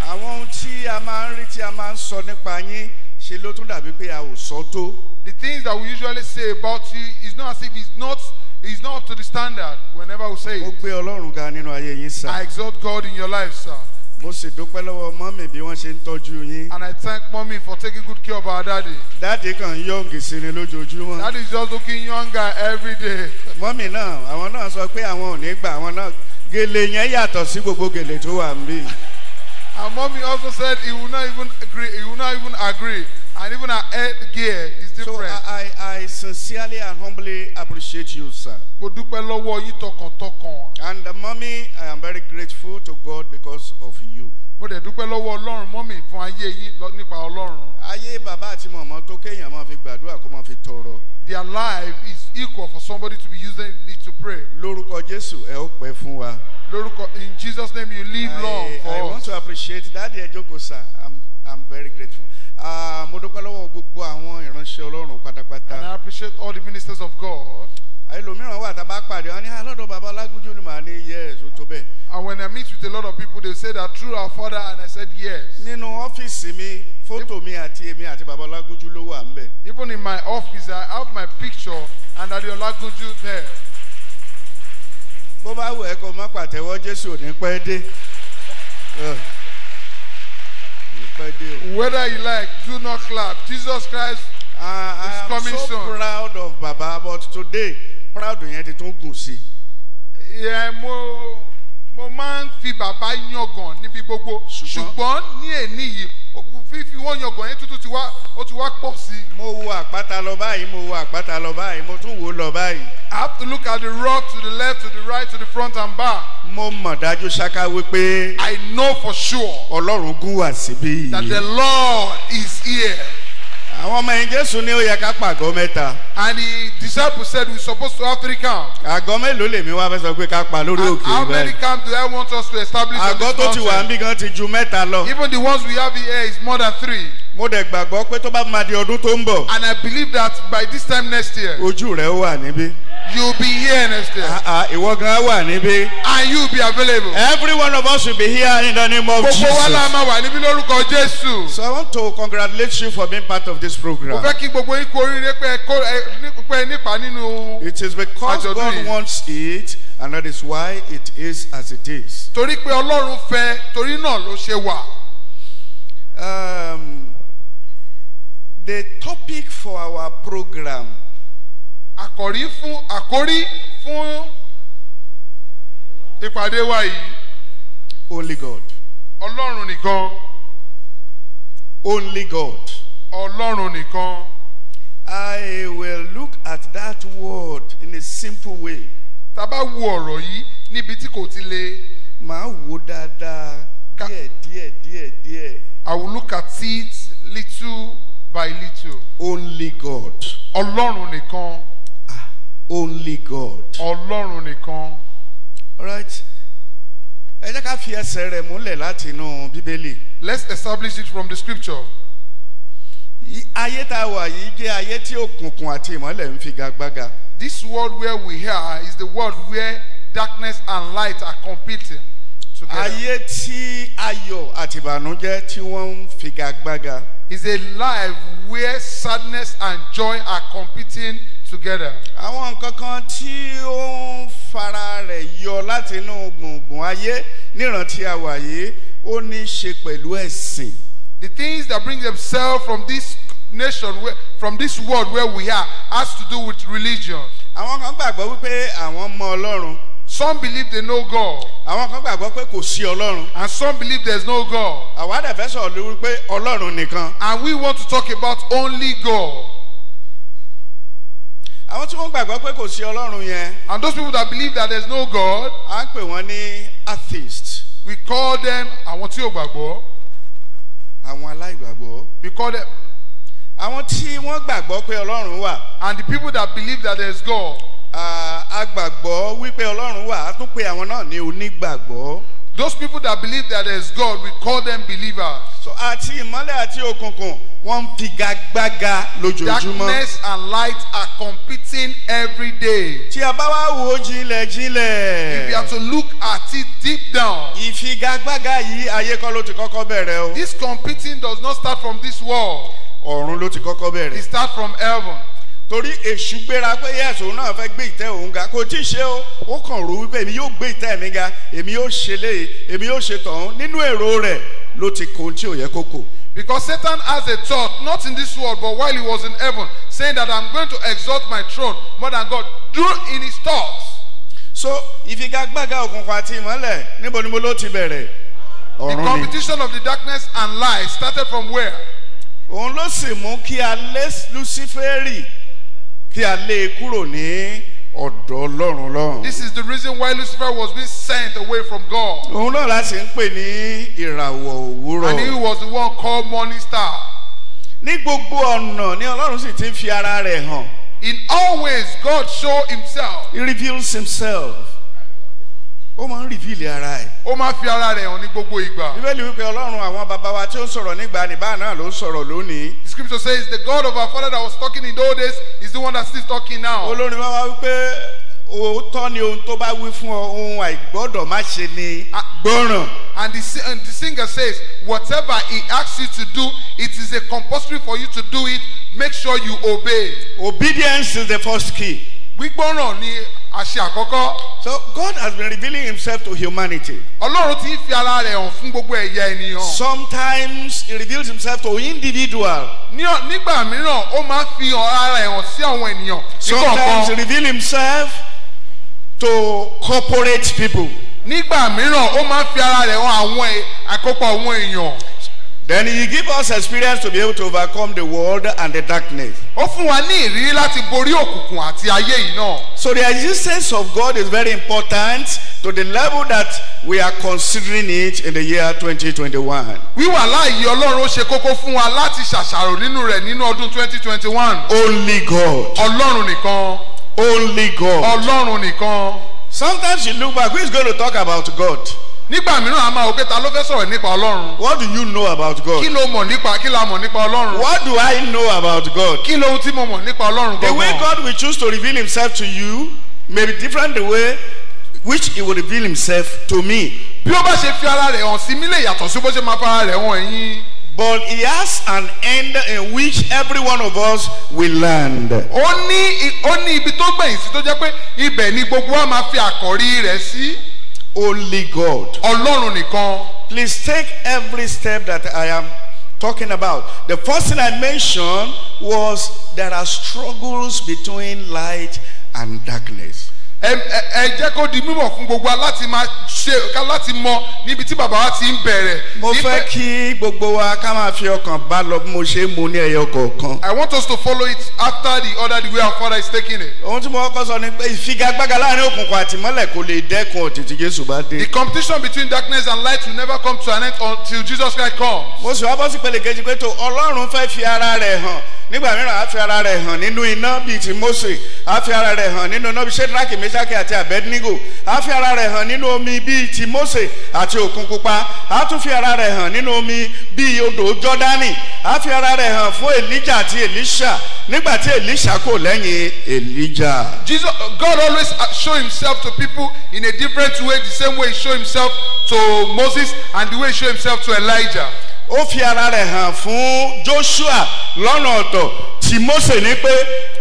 àwọn ohun tí a máa ń rí tí a máa ń sọ nípa yín ṣe ló tún dàbí pé a ò sọ tó. the things that we usually say about you is not as if it's not it's not to the standard whenever we say it. mo gbé ọlọ́run ga nínú ayé yín sir. I exalt God in your life sir. mo sì dúpẹ́ lọ́wọ́ mọ́mì bí wọ́n ṣe ń tọ́jú yín. and I thank mommy for taking good care of our daddy. dáàdì kan yọ̀ǹgì sí ni lójoojúmọ́. daddy is just looking younger every day. mọ́mì náà àwọn náà sọ pé àwọn ò ní gbà àwọn náà gèlè yẹn yàtọ̀ sí gbogbo gèlè tó wà níbí. And mommy also said he will not even agree. He will not even agree. And even our head gear is different. So I, I, I sincerely and humbly appreciate you, sir. And uh, mommy, I am very grateful to God because of you. But dẹ̀ dúpẹ́ lọ́wọ́ ọlọ́run mọ́ mi fún ayé yín nípa ọlọ́run. ayé bàbá àti mọ̀mọ́ tó kéèyàn máa fi gbàdúrà kó máa fi tọrọ. their life is equal for somebody to be using it to pray. lórúkọ jésù ẹ ó pẹ́ fún wa in Jesus name you live I, long for I us. want to appreciate that. sir I'm I'm very grateful. Ah, and I appreciate all the ministers of God. I ah, wà what a back wọn ní alọ́dọ̀ ah, bàbá Ọlágúnjú ni màá yes And when I meet with a lot of people they say that through our father and I said yes. In ọ́fíìsì mi Even in my office I have my picture and Daddy Ọlágúnjú there. bó bá wù ẹ́ kó má pàtẹ́wọ́ Jésù ní pẹ́ dé. Whether you like, do not clap. Jesus Christ uh, is coming soon. I am so proud of Baba, but today proud yẹn ti tún gùn sí. Ìyá mo mo máa ń fi bàbá yangàn níbi gbogbo ṣùgbọ́n ní èní yìí fífi wọ́n yangàn yẹn tuntun ti wá ó ti wá pọ̀ sí i. mo wo àpáta lọ báyìí mo wo àpáta lọ báyìí mo tún wò lọ báyìí. I have to look at the rock to the left to the right to the front and back. mo mọ̀ dájú ṣáká wípé. I know for sure. Ọlọ́run gún wá síbí. that the Lord is here àwọn ọmọ ẹ̀yìn jésù ní ó yẹ ká pàgọ́ mẹ́ta. and the disciples said we suppose to Africa." àgọ́ mélòó lèmi wá fẹ́ sọ pé ká pa lórí òkè bẹ́ẹ̀. and how many camps do I want us to establish on this mountain. àgọ́ tó ti wà ń gan ti ju mẹ́ta lọ. even the ones we have here is more than three. mo dẹ̀ gbàgbọ́ pé tó bá máa di ọdún tó ń bọ̀. and I believe that by this time next year. ojú rẹ̀ wà níbí you be here next year. Ah, ah, ìwọ gan wà níbí. and you be available. every one of us will be here in the name of Gbogbo jesus. gbogbo wa la ma wà níbí lórúkọ Jésù. so i want to congratulate you for being part of this program. mo fẹ́ kí gbogbo yín kú oríire pé pé nípa nínú. it is because God wants it and that is why it is as it is. torí pé ọlọ́run fẹ́ torí náà ló ṣe wà. Um, the topic for our program àkòrí fún àkórí fún ìpàdé wa yìí. only God. ọlọ́run nìkan. only God. ọlọ́run nìkan. I will look at that word in a simple way. tá wo ọ̀rọ̀ yìí níbi tí kò ti le. màá wò dáadáa díẹ̀ díẹ̀ díẹ̀ díẹ̀. I will look at it little by little. only God. ọlọ́run nìkan. Only God. Ọlọ́run nìkan. Alright. Ẹ jẹ́ ká fi ẹsẹ̀ rẹ̀ múlẹ̀ láti inú Bíbélì. Let's establish it from the scripture. Ayé tá a wà yìí jẹ́ ayé tí òkùnkùn àti ìmọ́lẹ̀ ń figagbága. This world where we are is the world where darkness and light are competing together. Ayé tí ayọ̀ àti ìbànújẹ́ tí wọ́n ń figagbága. Is a life where sadness and joy are competing together together. àwọn nǹkan kan tí ó ń fara rẹ̀ yọ láti inú gbùngbùn ayé níran tí ó ní ṣe pẹ̀lú ẹ̀sìn. the things that bring themselves from this nation where, from this world where we are has to do with religion. àwọn kan gbàgbọ́ wípé àwọn mọ ọlọ́run. Some believe they know God. Àwọn kan gbàgbọ́ pé kò sí Ọlọ́run. And some believe there is no God. Àwa dẹ̀ fẹ́ sọ̀rọ̀ lórí pé Ọlọ́run nìkan. And we want to talk about only God àwọn tí wọ́n gbàgbọ́ pé kò sí ọlọ́run yẹn. and those people that believe that there is no God. à ń pè wọ́n ní atheist. we call them àwọn tí ò gbàgbọ́. àwọn aláìgbàgbọ́. we call them. àwọn tí wọ́n gbàgbọ́ pé ọlọ́run wà. and the people that believe that there is God. a gbàgbọ́ wípé ọlọ́run wà á tún pè àwọn náà ní onígbàgbọ́. Those people that believe that there is God, we call them believers. So àti ìmọ́lẹ̀ àti òkùnkùn wọ́n ń figagbága Darkness and light are competing every day. Tí a wo jinlẹ̀ jinlẹ̀. If you have to look at it deep down. Ìfigagbága yìí ayé kọ́ ló ti kọ́kọ́ bẹ̀rẹ̀ o. This competing does not start from this world. Ọ̀run ló ti kọ́kọ́ bẹ̀rẹ̀. It starts from heaven torí èṣù gbéra pé yẹ́sì òun náà fẹ́ gbé ìtẹ́ òun ga kò tí ì ṣe o ó kàn rò wípé èmi yóò gbé ìtẹ́ mi ga èmi yóò ṣe léyìí èmi yóò ṣe tọ̀hún nínú èrò rẹ̀ ló ti kó tí ò yẹ kó Because Satan has a thought, not in this world, but while he was in heaven, saying that I'm going to exalt my throne more than God, do in his thoughts. So, ìfigagbága òkùnkùn àti ìmọ́lẹ̀ níbo ni mo ló ti bẹ̀rẹ̀? Ọ̀run ni. The competition of the darkness and lies started from where? Òun ló sì mú kí a lé Luciferi kí a lé e kúrò ní ọ̀dọ̀ ọlọ́run lọ́run. this is the reason why Lucifer was being sent away from God. òun náà la sì ń pè ní ìràwọ̀ òwúrọ̀. and he was the one called morning star. ní gbogbo ọ̀nà ni ọlọ́run sì ti ń fi ara rẹ̀ hàn. in all ways God show himself. he reveals himself ó máa ń rìfíìlì ara ẹ̀. ó máa ń fi ara rẹ̀ hàn ní gbogbo ìgbà. bíbélì wípé ọlọ́run àwọn bàbá wa tí ó ń sọ̀rọ̀ nígbà nígbà náà ló ń sọ̀rọ̀ lónìí. scripture says the God of our father that was talking in those days is the one that still talking now. olórin wa wá wípé òótọ́ ni ohun tó bá wí fún ọ ohun àìgbọ́dọ̀ má ṣe ni gbọ́ràn. and the and the singer says whatever he asks you to do it is a compulsory for you to do it make sure you obey. obedience is the first key. gbígbọ́ràn ni àṣẹ àkọ́kọ́. So God has been revealing himself to humanity. Ọlọ́run ti fi ara rẹ̀ hàn fún gbogbo ẹ̀yà ènìyàn. Sometimes he reveals himself to individual. Nígbà mìíràn, ó máa fi ara rẹ̀ hàn sí àwọn ènìyàn. Sometimes he reveals himself to corporate people. Nígbà mìíràn, ó máa fi ara rẹ̀ hàn àwọn àkópọ̀ àwọn èèyàn. Then he give us experience to be able to overcome the world and the darkness. Ó fún wa ní ìrírí láti borí òkùnkùn àti ayé yìí náà. So the existence of God is very important to the level that we are considering it in the year 2021. Wíwà láàyè Ọlọ́run ó ṣe kókó fún wa láti ṣàṣàrò nínú rẹ̀ nínú ọdún 2021. Only God. Ọlọ́run nìkan. Only God. Ọlọ́run nìkan. Sometimes you look back, who is going to talk about God? nígbà mìíràn a máa wò pé ta ló fẹ́ sọ̀rọ̀ nípa ọlọ́run. what do you know about God. kí ló mọ̀ nípa kí la mọ̀ nípa ọlọ́run. what do I know about God. kí lohun tí mo mọ̀ nípa ọlọ́run gbọ́dọ̀. the way God will choose to reveal himself to you may be different the way which he will reveal himself to me. bí ó bá ṣe fi ara rẹ̀ hàn sí mi lè yàtọ̀ sí bó ṣe máa fara rẹ̀ hàn ẹ̀yin. But he has an end in which every one of us will land. Ó ní ó ní ibi tó gbẹ̀yìn sí tó jẹ́ pé ibẹ̀ ni gbogbo wa máa fi àkọ́rí rẹ̀ sí. Only God. Please take every step that I am talking about. The first thing I mentioned was there are struggles between light and darkness. ẹ jẹ́ kó di mímọ̀ fún gbogbo wa máa ṣe ká láti mọ níbi tí bàbá wa ti ń bẹ̀rẹ̀. mo fẹ́ kí gbogbo wa ká máa fi ọkàn bá lọ bí mo ṣe ń mu ní ẹyọ kọ̀ọ̀kan. I want us to follow it after the order the way our father is taking it. ohun tí mo kọ́kọ́ sọ ni pé ìfigagbága láàrin òkùnkùn àti mọ́lẹ̀ kò lè dẹ́kun ọ̀tún Jésù bá dé. the competition between darkness and light will never come to an end until Jesus Christ comes. mo sì wá bọ́ sí pele kejì pé tó Ọlọ́run fẹ́ fi ara rẹ̀ hàn nígbà mìíràn á ara rẹ̀ hàn nínú iná bíi ti Mósè á ara rẹ̀ hàn nínú iná bíi Ṣédírákì Méṣákì àti Abednego á ara rẹ̀ hàn nínú omi bíi ti Mósè àti Òkun Pupa á ara rẹ̀ hàn nínú omi bíi odò Jọ́dánì á ara rẹ̀ hàn fún Elijah àti Elisha nígbà tí Elisha kò lẹ́yìn Elijah. Jesus, God always show himself to people in a different way the same way he show himself to Moses and the way he show himself to Elijah ó fi ara rẹ̀ hàn fún Joshua lọ́nà ọ̀tọ̀ tí Mósè ní pé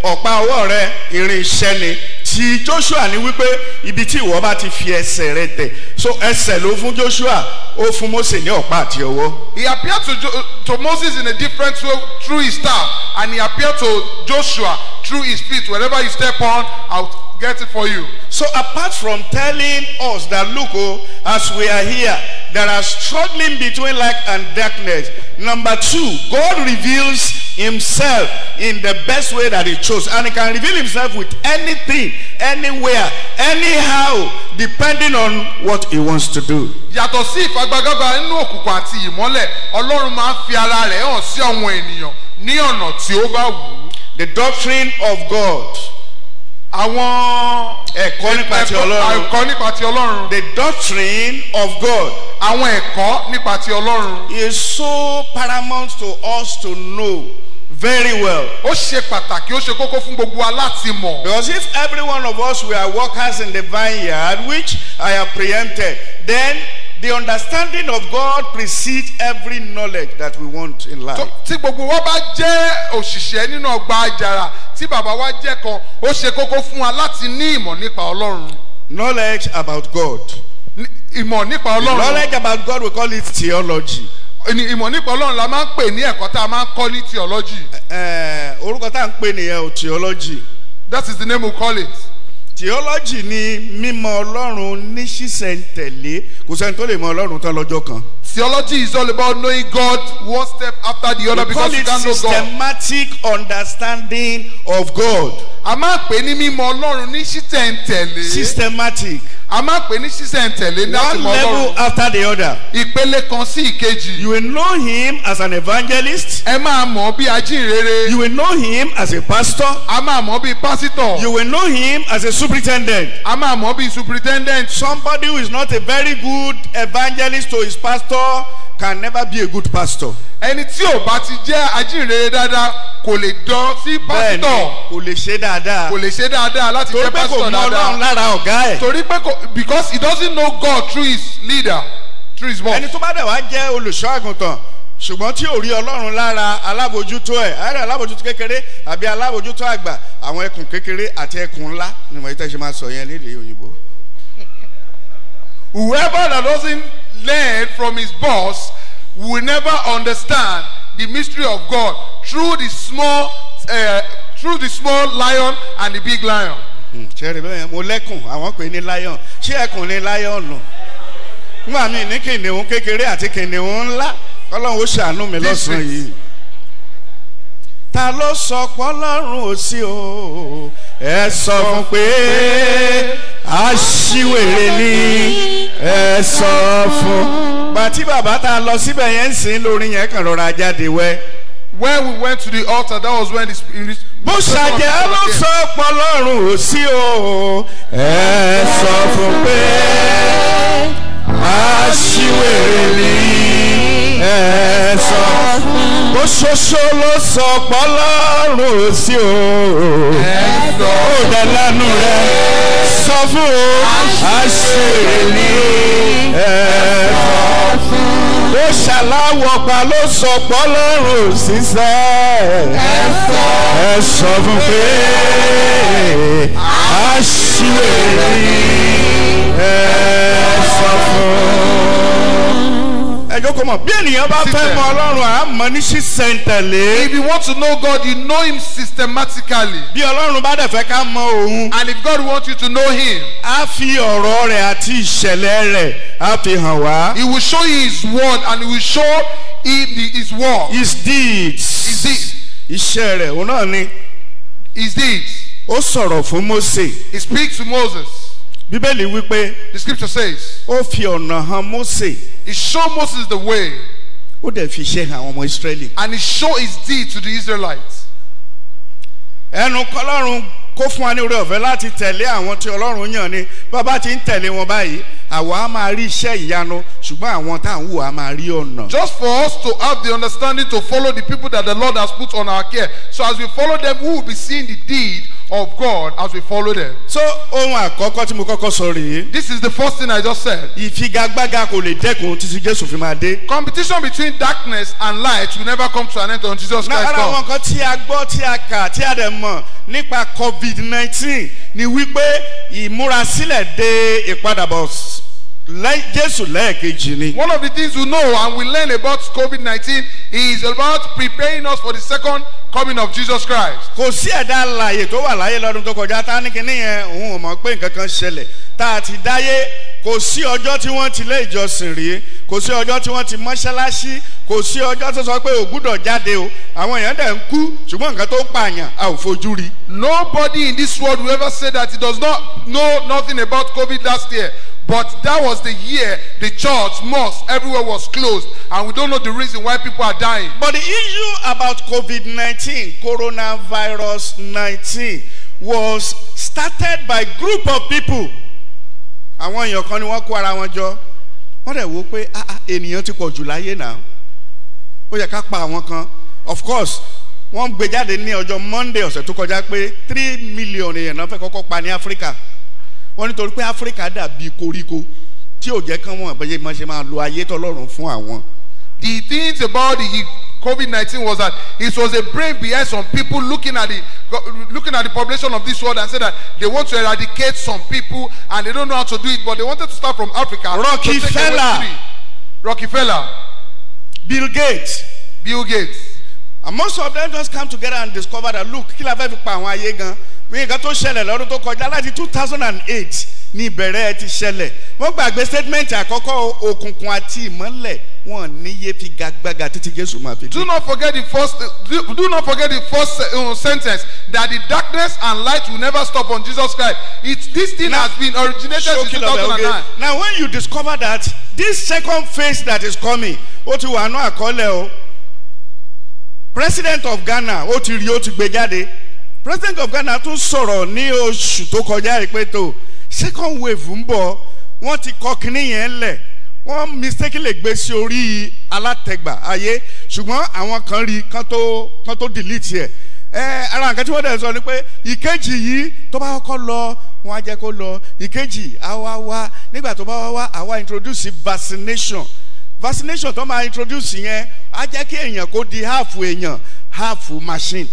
ọ̀pá ọwọ́ rẹ irinṣẹ́ ni tí Joshua ní wípé ibi tí ìwọ bá ti fi ẹsẹ̀ rẹ tẹ̀ so ẹsẹ̀ ló fún Joshua ó fún Mósè ní ọ̀pá àti ọwọ́. He appeared to, to Moses in a different way through his staff and he appeared to Joshua through his feet wherever you step on out get it for you. So apart from telling us that look, oh, as we are here, there are struggling between light and darkness. Number two, God reveals himself in the best way that he chose and he can reveal himself with anything anywhere anyhow depending on what he wants to do. yàtọ̀ sí ìfagbágágbá nínú òkùnkùn àti ìmọ́lẹ̀ ọlọ́run máa ń fi ara rẹ̀ hàn sí àwọn ènìyàn ní ọ̀nà tí ó bá wù ú. the doctrine of God àwọn ẹ̀kọ́ nípa ti ọlọ́run ẹ̀kọ́ nípa ti ọlọ́run the doctrine of God àwọn ẹ̀kọ́ nípa ti ọlọ́run is so paramount to us to know very well. ó ṣe pàtàkì ó ṣe kókó fún gbogbo wa láti mọ̀. because if every one of us were workers in the vineyard which I have preempted then the understanding of God precedes every knowledge that we want in life. tí gbogbo wa bá jẹ́ òṣìṣẹ́ nínú ọgbà àjàrà tí bàbá wa jẹ́ kan ó ṣe kókó fún wa láti ní ìmọ̀ nípa ọlọ́run. knowledge about God. ìmọ̀ nípa ọlọ́run. knowledge about God we call it theology. ìmọ̀ nípa ọlọ́run la máa ń pè ní ẹ̀kọ́ tá a máa ń kọ́ ní theology. Eh, eh, orúkọ tá à ń pè nìyẹn o theology. that is the name we call it. theology ni mímọ̀ ọlọ́run ní ṣísẹ̀ntẹ̀lé kò sẹ́ni tó lè mọ̀ ọlọ́run tán lọ́jọ́ kan. Theology is all about knowing God one step after the other we because you can't know God. Systematic understanding of God. Systematic a máa pè ní sísẹ̀ntẹ̀lé láti mọ ọlọ́run. one level after the other. ìpele kan sí ìkejì. you will know him as an evangelist. ẹ máa mọ̀ bí ajínrere. you will know him as a pastor. a máa mọ̀ bí pásítọ̀. you will know him as a superintendent. a máa mọ̀ bí superintendent. somebody who is not a very good evangelist to his pastor can never be a good pastor. ẹni tí ò bá ti jẹ́ ajínrere dáadáa kò lè dán sí pásítọ̀. kò lè ṣe dáadáa. kò lè ṣe dáadáa láti jẹ́ pásítọ̀ dáadáa. torí pé kò mọ ọlọ́run lára ọ̀gá ẹ̀. torí pé kò because he doesn't know God through his leader through his boss. ẹni tó bá dẹ̀ wá jẹ́ olùṣọ́ àgùntàn ṣùgbọ́n tí ò rí ọlọ́run lára alábòjútó ẹ̀ ara alábòjútó kékeré àbí alábòjútó àgbà àwọn ẹkùn kékeré àti ẹkùn ńlá ni mo yẹ tẹ́ ṣe máa sọ yẹn lédè òyìnbó. Whoever that doesn't learn from his boss will never understand the mystery of God through the small uh, through the small lion and the big lion. Hmm, ṣẹ́ẹ̀rì bẹ́ẹ̀ mo lẹ́kùn àwọn pè ní lion ṣé ẹkùn ní lion nù. nígbà míì ní kìnìún kékeré àti kìnìún ńlá ọlọ́run ó ṣàánú mi lọ́sàn-án yìí. ta ló sọ pé ọlọ́run ò sí ẹ sọ fún pé aṣíwèrè ni ẹ sọ fún. gbàtí bàbá tá a lọ síbẹ̀ yẹn ń sìn lórí yẹn kàn rọra jáde wẹ́. when we went to the altar that was when the spirit. bó ṣàjẹ́ ló sọ pọlọ́run ò sí o ẹ sọ fún pé aṣíwèrè ni ẹ̀san ó ṣoṣo ló sọ pọ́lọ́rùn sí o ó dẹ̀ lẹ́nu rẹ̀ sọ fún o àṣírí ni ẹ̀san ó ṣàláwọ̀ pa ló sọ pọ́lọ́rùn sísẹ́ ẹ̀san fún pé àṣírí ni ẹ̀san fún ìdókòmọ̀ bí ènìyàn bá fẹ́ mọ ọlọ́run àmọ́ ní sísẹ̀ntẹ̀lé. if you want to know God you know him systematically. bí ọlọ́run bá dẹ̀ fẹ́ ká mọ òun. and if God wants you to know him. á fi ọ̀rọ̀ rẹ̀ àti ìṣẹ̀lẹ̀ rẹ̀ á fi hàn wá. he will show you his word and he will show you his word. his deeds. iṣẹ́ rẹ̀ òun náà ni. his deeds. ó sọ̀rọ̀ fún Mósè. he speaks to Moses bíbélì wípé. the scripture says. ó fi ọ̀nà hàn Mósè. he show Moses the way. ó dẹ̀ fi iṣẹ́ hàn àwọn ọmọ Ísírẹ́lì. and he show his deed to the Israelites. ẹnu kọlọ́run kó fún wa ní orí ọ̀fẹ́ láti tẹ̀lé àwọn tí Ọlọ́run yàn ni bàbá ti ń tẹ̀lé wọn báyìí àwa á máa rí iṣẹ́ ìyanu ṣùgbọ́n àwọn tá à ń wò á máa rí ọ̀nà. just for us to have the understanding to follow the people that the Lord has put on our care so as we follow them we will be seeing the deed of God as we follow them. So ohun àkọ́kọ́ tí mo kọ́kọ́ sọ rèé. This is the first thing I just said. Ìfigagbága kò lè dẹ́kun títí Jésù fi máa dé. Competition between darkness and light will never come to an end on Jesus Christ Lára àwọn nǹkan tí a gbọ́ tí a kà tí a dẹ̀ mọ̀ nípa COVID-19 ni wípé ìmúrasílẹ̀ de ìpadàbọ̀ Jésù lẹ́ẹ̀kejì ni. One of the things we know and we learn about COVID-19 is about preparing us for the second coming of Jesus Christ. kò sí ẹ̀dá alàyè tó wà láyé lọ́dún tó kọjá tá ní kíní yẹn òun ò mọ̀ pé nǹkan kan ṣẹlẹ̀ tá a ti dáyé kò sí ọjọ́ tí wọ́n ti lé ìjọsìn rí kò sí ọjọ́ tí wọ́n ti mọ́ṣáláṣí kò sí ọjọ́ tó sọ pé ò gbúdọ̀ jáde o àwọn èèyàn dẹ̀ ń kú ṣùgbọ́n nǹkan tó ń pààyàn a ò fojú rí. nobody in this world will ever say that he does not know nothing about COVID last year But that was the year the church, mosque, everywhere was closed. And we don't know the reason why people are dying. But the issue about COVID 19, coronavirus 19, was started by a group of people. Àwọn èèyàn kan ni wọ́n kó ara wọn jọ. Wọ́n dẹ̀ wo pé ah, ah, ènìyàn ti pọ̀ jù láyé náà. Ó yẹ ká pa àwọn kan. Of course, wọ́n gbé jáde ní ọjọ́ Monday ọ̀sẹ̀ tó kọjá pé three million èèyàn náà fẹ́ kọ́kọ́ pa ní Áfíríkà wọ́n nítorí pé áfíríkà dàbí koríko tí ò jẹ́ kán wọ́n àbẹ̀yẹ máa máa lo ayé tọ́lọ́run fún àwọn. The things about the COVID-19 was that it was a brain behind some people looking at the looking at the population of this world and say that they want to eradicate some people and they don't know how to do it but they wanted to start from Africa. Rockefeller Rockefeller. Bill Gates. Bill Gates and most of them just come together and discover that look kí la fẹ́ fi pa àwọn ayé gan pé nǹkan tó ṣẹlẹ̀ lọ́dún tó kọjá láti two thousand and eight ní ìbẹ̀rẹ̀ ẹ ti ṣẹlẹ̀ wọ́n gbàgbé statement àkọ́kọ́ òkùnkùn àti ìmọ́lẹ̀ wọn níye fi gagbága títí jésù máa fi dé. do not forget the first do, do not forget the first uh, sentence that the darkness and light will never stop on jesus christ it this thing now, has been originated in two thousand and nine. now when you discover that this second phase that is coming ó ti wà ní àkọọ́lẹ̀ o president of Ghana ó ti rí ó ti gbé jáde president of Ghana tún sọ̀rọ̀ ní oṣù tó kọjá yìí tó second wave ń bọ̀ wọ́n ti kọ́ kínní yẹn lẹ̀ wọ́n mistakenly gbé sí orí alátẹ̀gbà ayé ṣùgbọ́n àwọn kan rí kan tó delete ẹ̀ ẹ ara nǹkan tí wọ́n dẹ̀ sọ ni pé ìkejì yìí tó bá kọ́ lọ wọ́n á jẹ́ kó lọ ìkejì àwa wá nígbà tó bá wá wá àwa introduce vaccination vaccination tó máa introduce yẹn á jẹ́ kí èèyàn kó di half èèyàn half machine.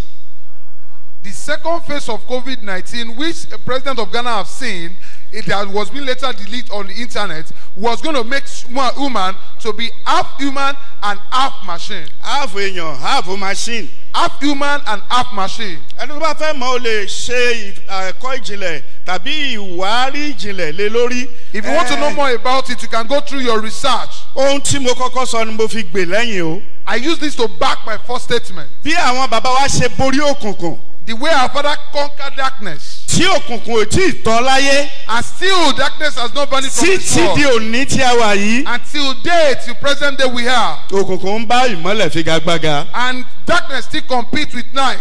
The second phase of COVID-19, which the president of Ghana have seen, it that was being later deleted on the internet, was going to make one woman to be half human and half machine. Half èèyàn, half machine. Half human and half machine. Ẹni tó bá fẹ́ mọ̀ ó lè ṣe ẹ̀kọ́ eh, ìjìnlẹ̀ tàbí ìwárí ìjìnlẹ̀ lé lórí. If you want to know eh. more about it, you can go through your research ohun tí mo kọ́kọ́ sọ ni mo fi gbè lẹ́yìn o. I use this to back my first statement. Bí àwọn bàbá wa ṣe borí òkùnkùn. The way our father conquered darkness. Tí òkùnkùn ò tí ì tán láyé. And still darkness has not vanished from this world. Títí di òní tí a wà yìí. Until day till present day we are. Òkùnkùn ń bá ìmọ́lẹ̀ figagbága. And darkness still compete with night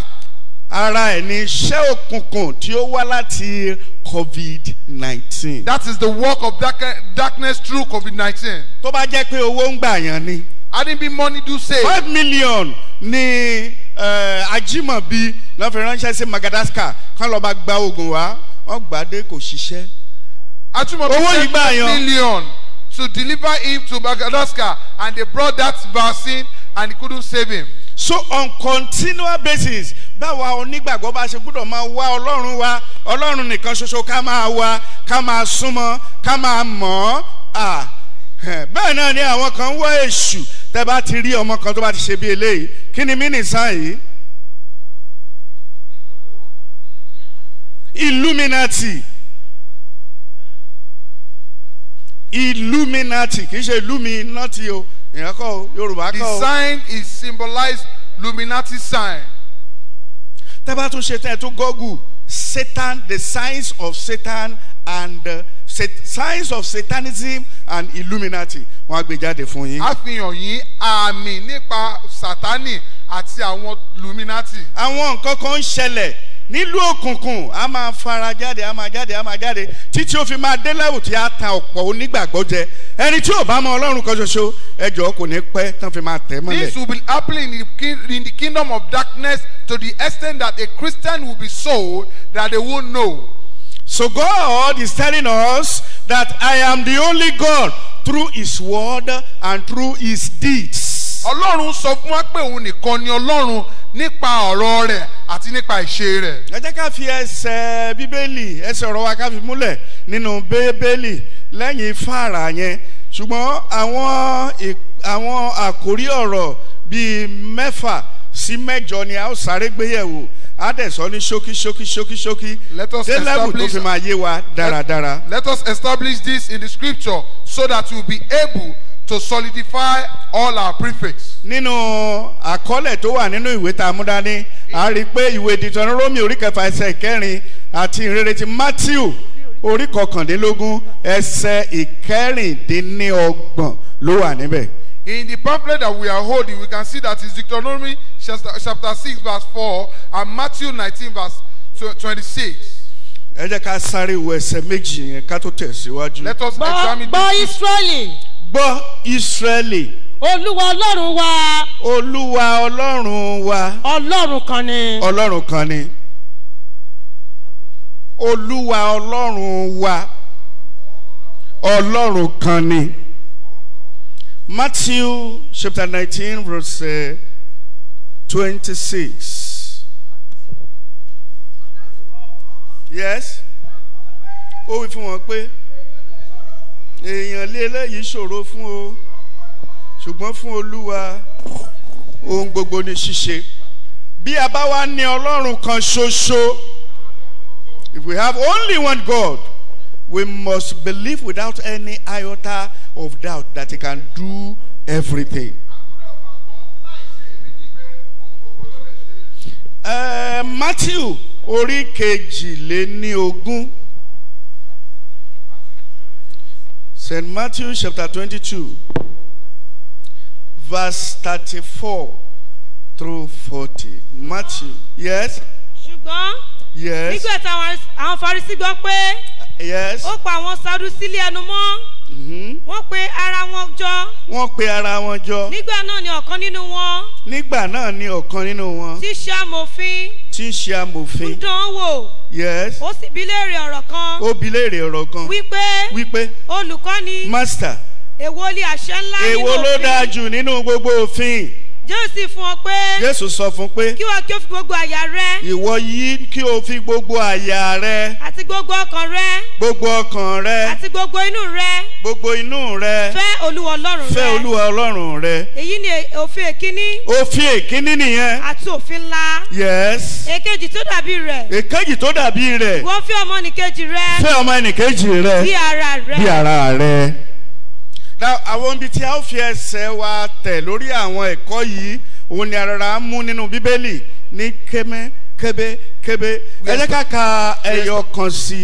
ara ẹ̀ iṣẹ́ òkùnkùn tí ó wá láti covid nineteen. that is the work of dark darkness through covid nineteen. tó bá jẹ́ pé owó ń gbà yàn ni. hadn't money do save. five million ni uh, Ajímọ̀bí lọ́ọ́ fi ránṣẹ́ sí Madagascar kán lọ́ọ́ bá gba oògùn wá wọ́n gbàdé kò ṣiṣẹ́. Ajímọ̀bí sent five million to deliver him to Madagascar and they brought that vaccine and he couldn't save him. So on continual basis báwa onígbàgbọ́ bá ṣe gbọ́dọ̀ máa wá ọlọ́run wa ọlọ́run nìkan ṣoṣo ká máa wá ká máa súnmọ́ ká máa mọ̀ ọ́ bẹ́ẹ̀ náà ni àwọn kan ń wá èṣù tẹ́ bá ti rí ọmọ kan tó bá ti ṣe bí eléyìí kí ni mínísà yìí illuminati illuminati kì í ṣe illuminati o ìyẹn kọ́ o yorùbá kọ́ o. the sign is symbolized luminati sign tábà tún ṣe tẹ́ satan the signs of satan and uh, signs of satanism and illuminati wọ́n á gbé jáde fún yín. a fi àmì nípa sátánì àti àwọn illuminati. àwọn nǹkan kan ń ṣẹlẹ̀ nílùú òkùnkùn a máa fara jáde a máa jáde a máa jáde títí ó fi máa dé lẹ́wù tí a ta ọ̀pọ̀ onígbàgbọ́ jẹ ẹni tí ò bá mọ ọlọ́run kan ṣoṣo ẹjọ́ kò ní pẹ́ tán fi máa tẹ̀ mọ́lẹ̀. this will be happening in the kingdom of darkness to the extent that a Christian will be sold that they won't know. So God is telling us that I am the only God through his word and through his deeds. ọlọ́run sọ fún wa pé òun nìkan ni ọlọ́run nípa ọ̀rọ̀ rẹ̀ àti nípa ìṣe rẹ̀. ẹ jẹ́ ká fi ẹsẹ̀ bíbélì ẹsẹ̀ ọ̀rọ̀ wa ká fi múlẹ̀ nínú bíbélì lẹ́yìn fàrà yẹn ṣùgbọ́n àwọn àwọn àkórí ọ̀rọ̀ bíi mẹ́fà sí mẹ́jọ ni a ó sáré gbéyẹ̀wò a dẹ̀ sọ ní ṣókí ṣókí ṣókí ṣókí délẹ́bù tó fi máa yé wa dáradára. Let us establish this in the scripture so that we will be able to solidify all our prefects. nínú àkọọ́lẹ̀ tó wà nínú ìwé tá a mú dání a rí i pé ìwé Deuteronomy orí kẹfà ẹsẹ̀ ìkẹrin àti ìrere ti Matthew orí kọkàndínlógún ẹsẹ̀ ìkẹrìndínlọ́gbọ̀n ló wà níbẹ̀. In the pamphlet that we are holding, we can see that it's Deuteronomy chapter six verse four and Matthew nineteen verse twenty-six. ẹ jẹ́ ká sáré wo ẹsẹ̀ méjì yẹn ká tó tẹ̀síwájú. Let us examine this. Gbọ́ Israẹli gbọ́ Ísírẹ́lì. Olúwa Ọlọ́run wa. Olúwa Ọlọ́run wa. Ọlọ́run kan ni. Ọlọ́run kan ni. Olúwa Ọlọ́run wa. Ọlọ́run kan ni. Matthew chapter nineteen verse eh, twenty-six. Yes. Ó wí fún wọn pé èèyàn lé eléyìí ṣòro fún o ṣùgbọ́n fún olúwa ohun gbogbo ni ṣíṣe bí a bá wá ní ọlọ́run kan ṣoṣo if we have only one God we must believe without any iota of doubt that he can do everything. Uh, Matthew orí kejìléní ogún. St. Matthew chapter 22, verse 34 through 40. Matthew, yes? Ṣùgbọ́n. Yes. Nígbà táwọn àwọn Farisí gbọ́ pé. Yes. Ó pa àwọn Sadusí lé ẹnu mọ́. Mm-hmm. Wọ́n pe ara wọn jọ. Wọ́n pe ara wọn jọ. Nígbà náà ni ọ̀kan nínú wọn. Nígbà náà ni ọ̀kan nínú wọn. Tí ṣe tí ń ṣe amòfin. ń yes. ó sì bi léèrè ọ̀rọ̀ kan. ó bi léèrè ọ̀rọ̀ kan. wípé. wípé. olùkọ́ni. master. èwo ni àṣẹ ńlá nínú òfin. èwo ló dáa jù nínú gbogbo òfin. Jésù fún ọ pé. Jésù sọ fún pé. Kí wọ́n kí o fi gbogbo àyà rẹ. Ìwọ yìí kí o fi gbogbo àyà rẹ. Àti gbogbo ọkàn rẹ. Gbogbo ọkàn rẹ. Àti gbogbo inú rẹ. Gbogbo inú rẹ. Fẹ́ Olúwa Ọlọ́run rẹ. Fẹ́ Olúwa Ọlọ́run rẹ. Èyí ni òfin èkíní. Òfin èkíní nìyẹn. Àti òfin ńlá. Yes. Èkejì tó dàbí rẹ̀. Èkejì tó dàbí rẹ̀. Wọ́n fẹ́ ọmọ nìkejì rẹ. Fẹ́ ọmọ nìkejì rẹ. Bí ara rẹ. Bí ara rẹ àwọn ibi tí a ó fi ẹsẹ̀ wa tẹ̀ lórí àwọn ẹ̀kọ́ yìí òun ni arara mú nínú bíbélì ní kémé kébé kébé ẹ jẹ́ ká ka ẹyọ kan sí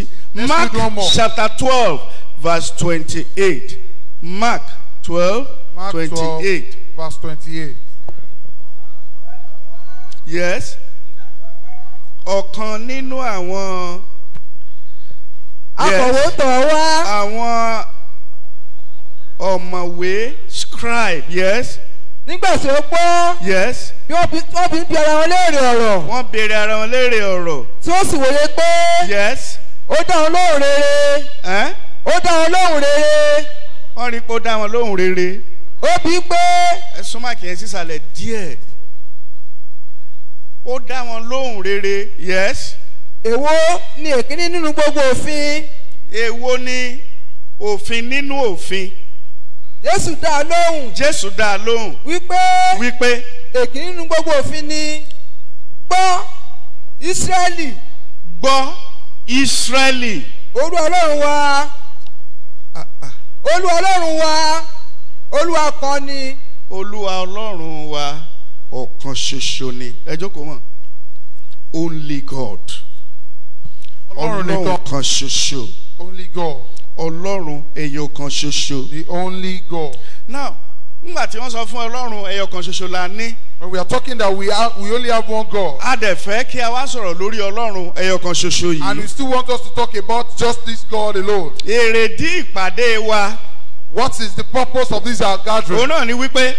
mark chapter twelve verse twenty-eight mark twelve twenty-eight. verse twenty-eight. yes ọ̀kan nínú àwọn. akọ̀wé tọ̀ wá. àwọn ọ̀mọ̀wé scribe yes. nígbà tí ó gbọ́. yes. bí wọ́n fi wọ́n fi ń bi ara wọn léèrè ọ̀rọ̀. wọ́n béèrè ara wọn léèrè ọ̀rọ̀. tí ó sì wòye pé. yes. ó dá wọn lóhùn rere. ẹ́n. ó dá wọn lóhùn rere. wọ́n rí i pé ó dá wọn lóhùn rere. ó bí pé. ẹ súnmọ́ kìí sísàlẹ̀ díẹ̀. ó dá wọn lóhùn rere yes. èwo ni èkíní nínú gbogbo òfin. èwo ni òfin nínú òfin. Jésù dá a lóhùn. Jésù dá a lóhùn. Wípé. Wípé. Èkì nínú gbogbo òfin ni gbọ́ Ísírẹ́lì. Gbọ́ Ísírẹ́lì. Olú Ọlọ́run wa. Olú Ọlọ́run wa. Olúwa kan ni. Olúwa Ọlọ́run wa ọ̀kan ṣoṣo ni. Ẹ jókòó mọ̀. Only God. Ọlọ́run nìkan. Ọlọ́run kan ṣoṣo. Only God ọlọ́run ẹyọ kan ṣoṣo. the only God. now nígbà tí wọ́n sọ fún ọlọ́run ẹyọ kan ṣoṣo la ní. when we are talking that we are we only have one God. a dẹ̀ fẹ́ kí a wá sọ̀rọ̀ lórí ọlọ́run ẹyọ kan ṣoṣo yìí. and we still want us to talk about just this God alone. èrèdí ìpàdé wa. what is the purpose of this our gathering. òun náà ni wípé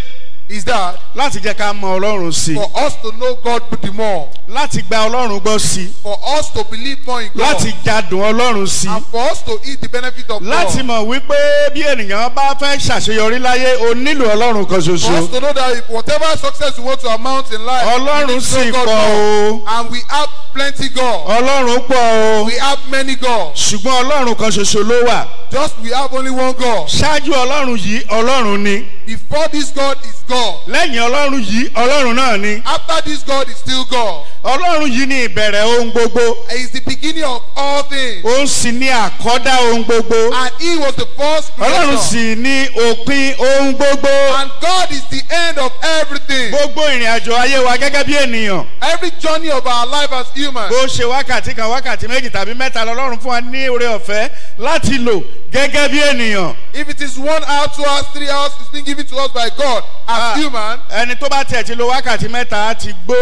is that. láti jẹ́ ká mọ ọlọ́run sí. for us to know God the more. láti gba ọlọ́run gbọ́ sí. for us to believe more in God. láti jadùn ọlọ́run sí. and for us to eat the benefit of God. láti mọ̀ wípé bí ènìyàn bá fẹ́ ṣàṣeyọrí láyé o nílò ọlọ́run kan ṣoṣo. for us to know that if whatever success you want to amount in life. ọlọ́run sì pọ̀ o. and we have plenty God. ọlọ́run pọ̀ o. we have many God. ṣùgbọ́n ọlọ́run kan ṣoṣo ló wà. Just we have only one God. Ṣáájú Ọlọ́run yìí Ọlọ́run ni. Before this God is God. Lẹ́yìn Ọlọ́run yìí Ọlọ́run náà ni. After this God is still God ọlọ́run yìí ni ìbẹ̀rẹ̀ ohun gbogbo. he is the beginning of all things. ó sì ní àkọ́dá ohun gbogbo. and he was the first creator. ọlọ́run sì ní òpin ohun gbogbo. and God is the end of everything. gbogbo ìrìn àjò ayé wa gẹ́gẹ́ bí ènìyàn. every journey of our life as humans. bó ṣe wákàtí kan wákàtí méjì tàbí mẹ́ta lọ́lọ́run fún wa ní oore ọ̀fẹ́ láti lò gẹ́gẹ́ bí ènìyàn. if it is one hour two hours three hours it's been given to us by God as ah, human. ẹni tó bá tiẹ̀ ti lo wákàtí mẹ́ta ti gbó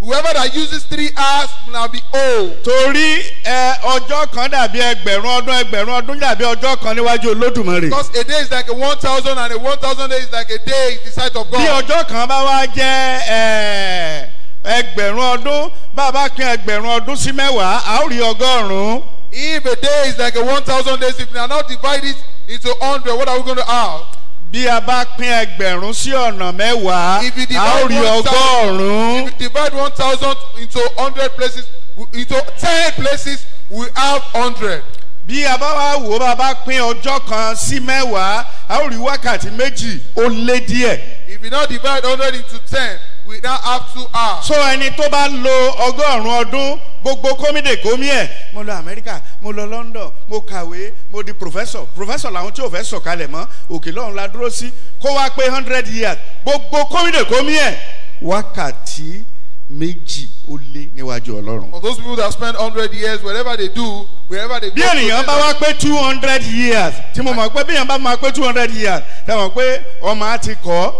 whoever that uses three hours will be old. torí ẹ ọjọ́ kan dàbí ẹgbẹ̀rún ọdún ẹgbẹ̀rún ọdún dàbí ọjọ́ kan níwájú olódùmarè. because a day is like a one thousand and a one thousand days is like a day in the sight of God. bí ọjọ́ kan bá wá jẹ́ ẹgbẹ̀rún ọdún bá a ẹgbẹ̀rún ọdún sí mẹ́wàá a ó rí ọgọ́rùn-ún. if a day is like a one thousand days if we are not divide it into hundred what are we going to have bí a bá pín ẹgbẹ̀rún sí ọ̀nà mẹ́wàá a ó rí ọgọ́rùn-ún. if you divide one thousand into hundred places into ten places we have hundred. bí a bá wá wò ó bá bá pín ọjọ́ kan sí mẹ́wàá a ó rí wákàtí méjì ó lé díẹ̀. if you now divide hundred into ten we now have two hours. so ẹni tó bá lo ọgọ́rùn-ún ọdún gbogbo kómìdè kómì ẹ̀ mo lọ amẹ́ríkà mo lọ london mo kàwé mo di professor professor làwọn tí ò fẹ́ sọ̀kalẹ̀ mọ́ òkè lọ́run la dúró sí kó wá pé hundred years gbogbo kómìdè kómì ẹ̀ wákàtí méjì ó lé níwájú ọlọ́run. for those people that spend hundred years wherever they do wherever they go. bí ènìyàn bá wá pé two hundred years tí mo mọ̀ pé bí ènìyàn bá máa pé two hundred years ẹ mọ̀ pé ọmọ á ti kọ́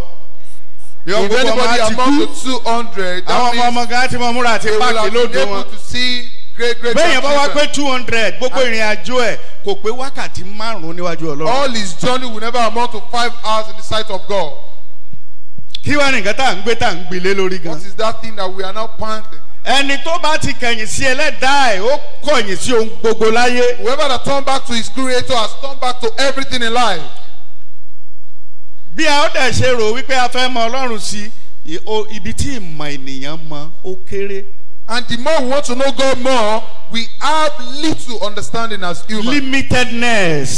if anybody among the two hundred that means àwọn ọmọ gan ti mọ múra àti páàkì lóde wọn bẹ́ẹ̀yàn bá wá pé two hundred gbogbo ìrìn àjò ẹ̀ kò pé wákàtí márùn-ún níwájú ọlọ́run. all his journey will never amount to five hours in the sight of God. kí wàá nìkan tá à ń gbé tá à ń gbilé lórí gan. what is that thing that we are now panting ẹni tó bá ti kẹ̀yìn sí ẹlẹ́dàá ẹ̀ ó kọ̀yìn sí ohun gbogbo láyé. whoever that turn back to his creator has turned back to everything in life bí a ó dẹ̀ ṣe rò wípé a fẹ́ mọ ọlọ́run sí ibi tí ìmọ̀ ènìyàn mọ ó kéré. And the more we want to know God more, we have little understanding as humans. Limitedness.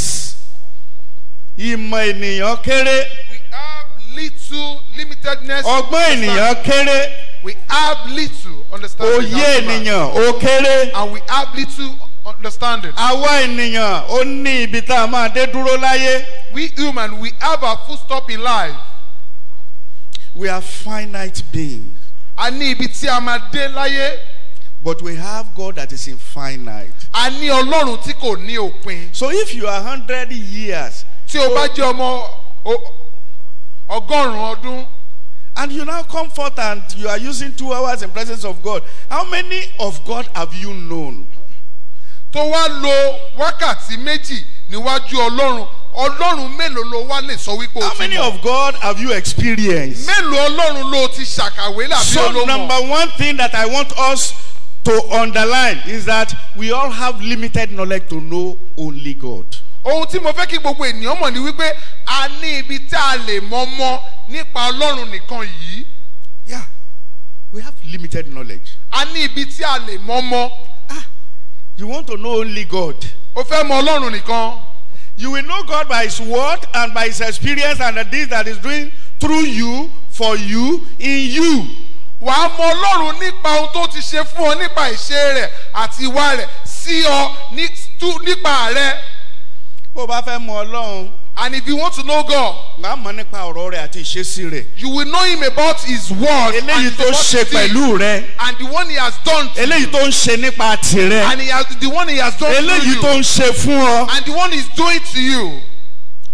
Ìmọ̀ ènìyàn kéré. We have little limitedness. Ọgbọ́n ènìyàn kéré. We have little understanding. as Òye ènìyàn ó kéré. And we have little understanding. àwa ènìyàn ó ní ibi tá a máa dé dúró láyé. we human we have our full stop in life. we are finite beings. a ní ibi tí a máa dé láyé. But we have God that is infinite. A ní Ọlọ́run tí kò ní òpin. So if you are hundred years. Tí o bá jẹ́ ọmọ ọgọ́rùn-ún ọdún. And you now come forth and you are using two hours in presence of God. How many of God have you known? tó wá lo wákàtí méjì níwájú ọlọ́run ọlọ́run mélòó ló wá lè sọ wípé o ti mọ̀. how many of God have you experienced. mélòó ọlọ́run ló ti ṣàkàwé làbí olómọ. so number one thing that I want us to underline is that we all have limited knowledge to know only God. ohun tí mo fẹ́ kí gbogbo ènìyàn mọ̀ ni wípé a ní ibi tá a lè mọ mọ́ nípa ọlọ́run nìkan yìí. yeah we have limited knowledge. a ní ibi tí a lè mọ mọ́. You want to know only God. O fẹ́ mọ Ọlọ́run nìkan. You will know God by his word and by his experience and the things that he is doing through you, for you, in you. Wà á mọ Ọlọ́run nípa ohun tó ti ṣe fún ọ nípa ìṣe rẹ̀ àti ìwà rẹ̀ sí ọ nípa rẹ̀. Bó o bá fẹ́ mọ Ọlọ́run. And if you want to know God, wàá mọ̀ nípa ọ̀rọ̀ rẹ̀ àti ìṣesí rẹ̀. you will know him about his word and the one he did and the one he has done to you. eléyìí tó ń ṣe nípa tirẹ̀. and he has, the one he has done to you. eléyìí tó ń ṣe fún ọ. and the one he is doing to you.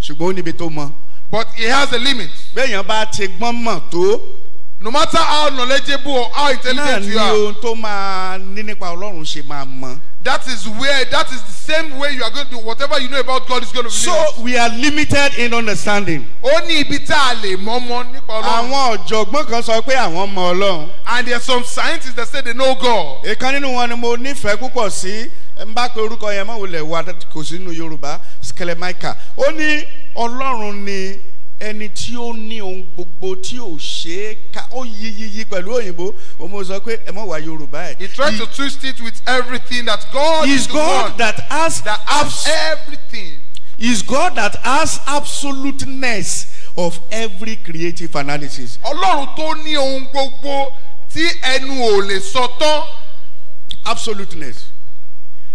ṣùgbọ́n ó níbi tó mọ. but he has a limit. béèyàn bá ti gbọ́n mọ̀ tó. no matter how knowledgeable or how intelligent you are. náà ni ohun tó máa ní nípa ọlọ́run ṣe máa mọ̀. That is where, that is the same way you are going to do whatever you know about God is going to be. So we are limited in understanding. Only ní ibi tá a lè mọ ọmọ nípa Ọlọ́run. Àwọn ọ̀jọ̀gbọ́n kan sọ pé àwọn mọ Ọlọ́run. And there are some scientists that say they know God. Ìkan nínú wọn ni mo nífẹ̀ẹ́ púpọ̀ sí n bá pe orúkọ yẹn mọ̀ wọlé wa kò sínú Yorùbá Skelemaika. Ó ní Ọlọ́run ni ẹni tí ó ní ohun gbogbo tí ò ṣe é ká ó yí yíyí pẹ̀lú òyìnbó òun mo sọ pé ẹ mọ̀ wá yorùbá ẹ̀. he tried to twist it with everything that God is, is the God one that has that has everything. is God that has absoluteness of every creative analysis. ọlọ́run tó ní ohun gbogbo tí ẹnu ò lè sọ tán. absoluteness.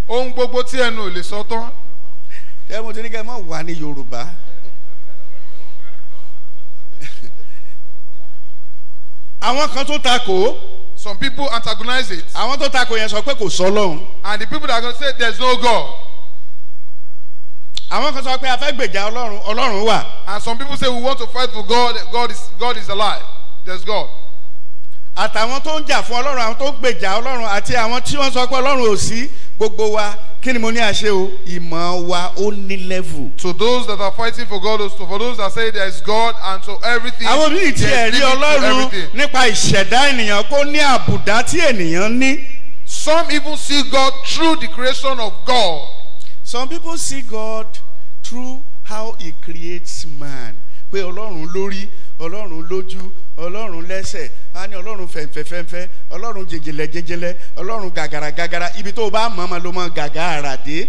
ohun gbogbo tí ẹnu ò lè sọ tán. ṣé mo ti ní kẹ́ ẹ mọ̀ wá ní yorùbá. àwọn kan tó takò. some people antagonize it. àwọn tó takò yẹn sọ pé kò sọ lọ́hùn. and the people that go say there is no God. àwọn kan sọ pé a fẹ́ gbèjà ọlọ́run ọlọ́run wà. and some people say we want to fight for God God is God is alive there is God. àtàwọn tó ń jà fún ọlọ́run àwọn tó ń gbèjà ọlọ́run àti àwọn tí wọ́n sọ pé ọlọ́run ò sí gbogbo wa kí ni mo ní àṣẹ o ìmọ̀ wa ó ní level. to those that are fighting for God to for those that say there is God and so everything. àwọn bíi ti ẹ̀rí ọlọ́run nípa ìṣẹ̀dá ènìyàn kó ní àbùdá tí ènìyàn ní. some even see God through the creation of God. some people see God through how he creates man pé ọlọ́run lórí ọlọ́run lójú ọlọ́run lẹ́sẹ̀ á ní ọlọ́run fẹ̀fẹ̀fẹ̀fẹ̀ ọlọ́run jẹjẹlẹ jẹjẹlẹ ọlọ́run gàgàrà gàgàrà ibi tó o bá mọ̀ ọmọ ló mọ gàgàrà dé.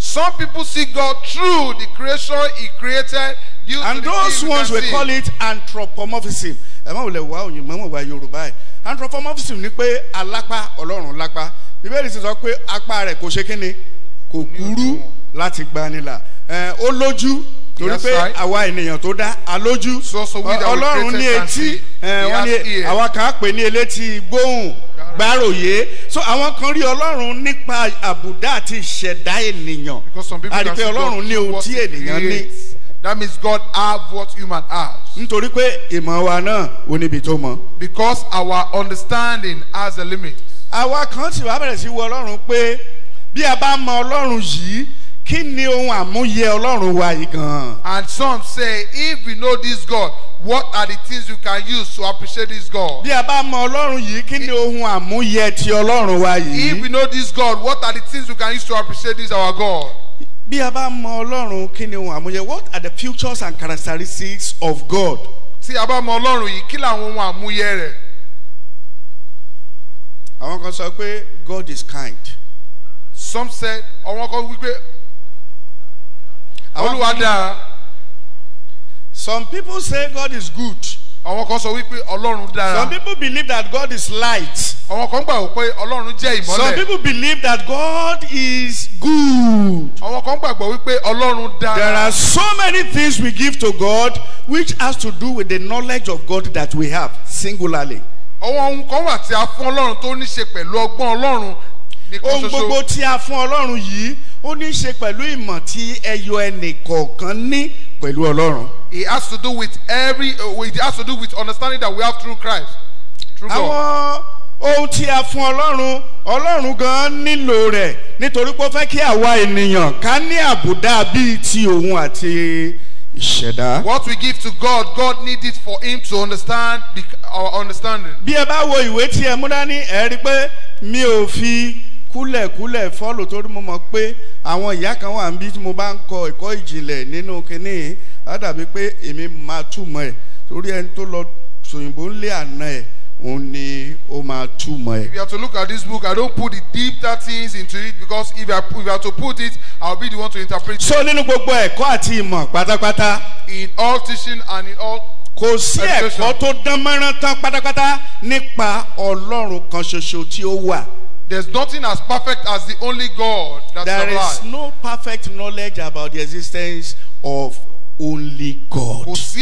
Some people see God through the creation He created. Due and those ones we call it anthropomorphism. ẹ má wulẹ̀ wá òyìnbó mọ̀ wá Yorùbá ẹ̀ anthropomorphism ni pé alápá ọlọ́run lápá bíbélì ti sọ pé apá rẹ̀ kò ṣe kí ni kò kúrú láti gbanilà ó lójú torí pé àwa ènìyàn tó dá alójú ọlọ́run ní etí eh, wọ́n ní àwa kan á pè ní elétí gbóhùn gbàròyé so àwọn kan rí ọlọ́run nípa àbùdá àti ìṣẹ̀dá ènìyàn àdìpé ọlọ́run ní ohun tí ènìyàn ní. That means God have what human has. Nítorí pé ìmọ̀ wa náà ò níbi tó mọ. Because our understanding has a limit. Àwa kan ti wá bẹ̀rẹ̀ sí wo ọlọ́run pé bí a bá mọ ọlọ́run yìí kí ni ohun àmúyẹ ọlọ́run wa yìí gan-an. and some say if we know this God what are the things you can use to appreciate this God. bí a bá mọ ọlọ́run yìí kí ni ohun àmúyẹ ti ọlọ́run wa yìí. if we know this God what are the things you can use to appreciate this our God. bí a bá mọ ọlọ́run kí ni ohun àmúyẹ what are the features and characteristics of God. tí a bá mọ ọlọ́run yìí kí làwọn ohun àmúyẹ rẹ̀. àwọn kan sọ pé God is kind. some said àwọn kan wí pé olúwa some people say God is good. àwọn kan sọ wípé ọlọ́run dára. some people believe that God is light. àwọn kan gbà wípé ọlọ́run jẹ́ ìmọ́lẹ̀. some people believe that God is good. àwọn kan gbàgbọ́ wípé ọlọ́run dára. there are so many things we give to God which has to do with the knowledge of God that we have singularly. àwọn ohun kan wà tí a fún ọlọ́run tó ní ṣe pẹ̀lú ọgbọ́n ọlọ́run ohun gbogbo tí a fún ọlọ́run yìí ó ní í ṣe pẹ̀lú ìmọ̀ tí ẹyọ ẹnì kọ̀ọ̀kan ní pẹ̀lú ọlọ́run. it has to do with every uh, it has to do with understanding that we have through Christ through àwọn ohun tí a fún ọlọ́run ọlọ́run gan-an nílò rẹ̀ nítorí pé ó fẹ́ kí àwa ènìyàn ká ní àbùdá bíi ti òun àti ìṣẹ̀dá. what we give to God God need it for him to understand our uh, understanding. bí ẹ bá wo ìwé tí ẹ mú dání ẹ rí i pé mi ò fi kúlẹ̀kúlẹ̀ fọ́lò torí mo mọ̀ pé àwọn ìyá kan wà níbi tí mo bá ń kọ ẹ̀kọ́ ìjìnlẹ̀ nínú kínní á pé èmi máa túmọ̀ ẹ̀ torí ẹni tó lọ sòyìnbó ń lé àná ẹ̀ òun ni ó máa túmọ̀ ẹ̀. if you are to look at this book i don't put the deeper things into it because if I, if you are to put it i will be the one to interpret so nínú gbogbo ẹ̀kọ́ àti ìmọ̀ pátápátá. in all teaching and in all kò sí ẹ̀kọ́ tó dán mọ́rán tán pátápátá nípa ọlọ́run kan ṣoṣo tí ó wà. There's nothing as perfect as the only God that There survives. is no perfect knowledge about the existence of only God. So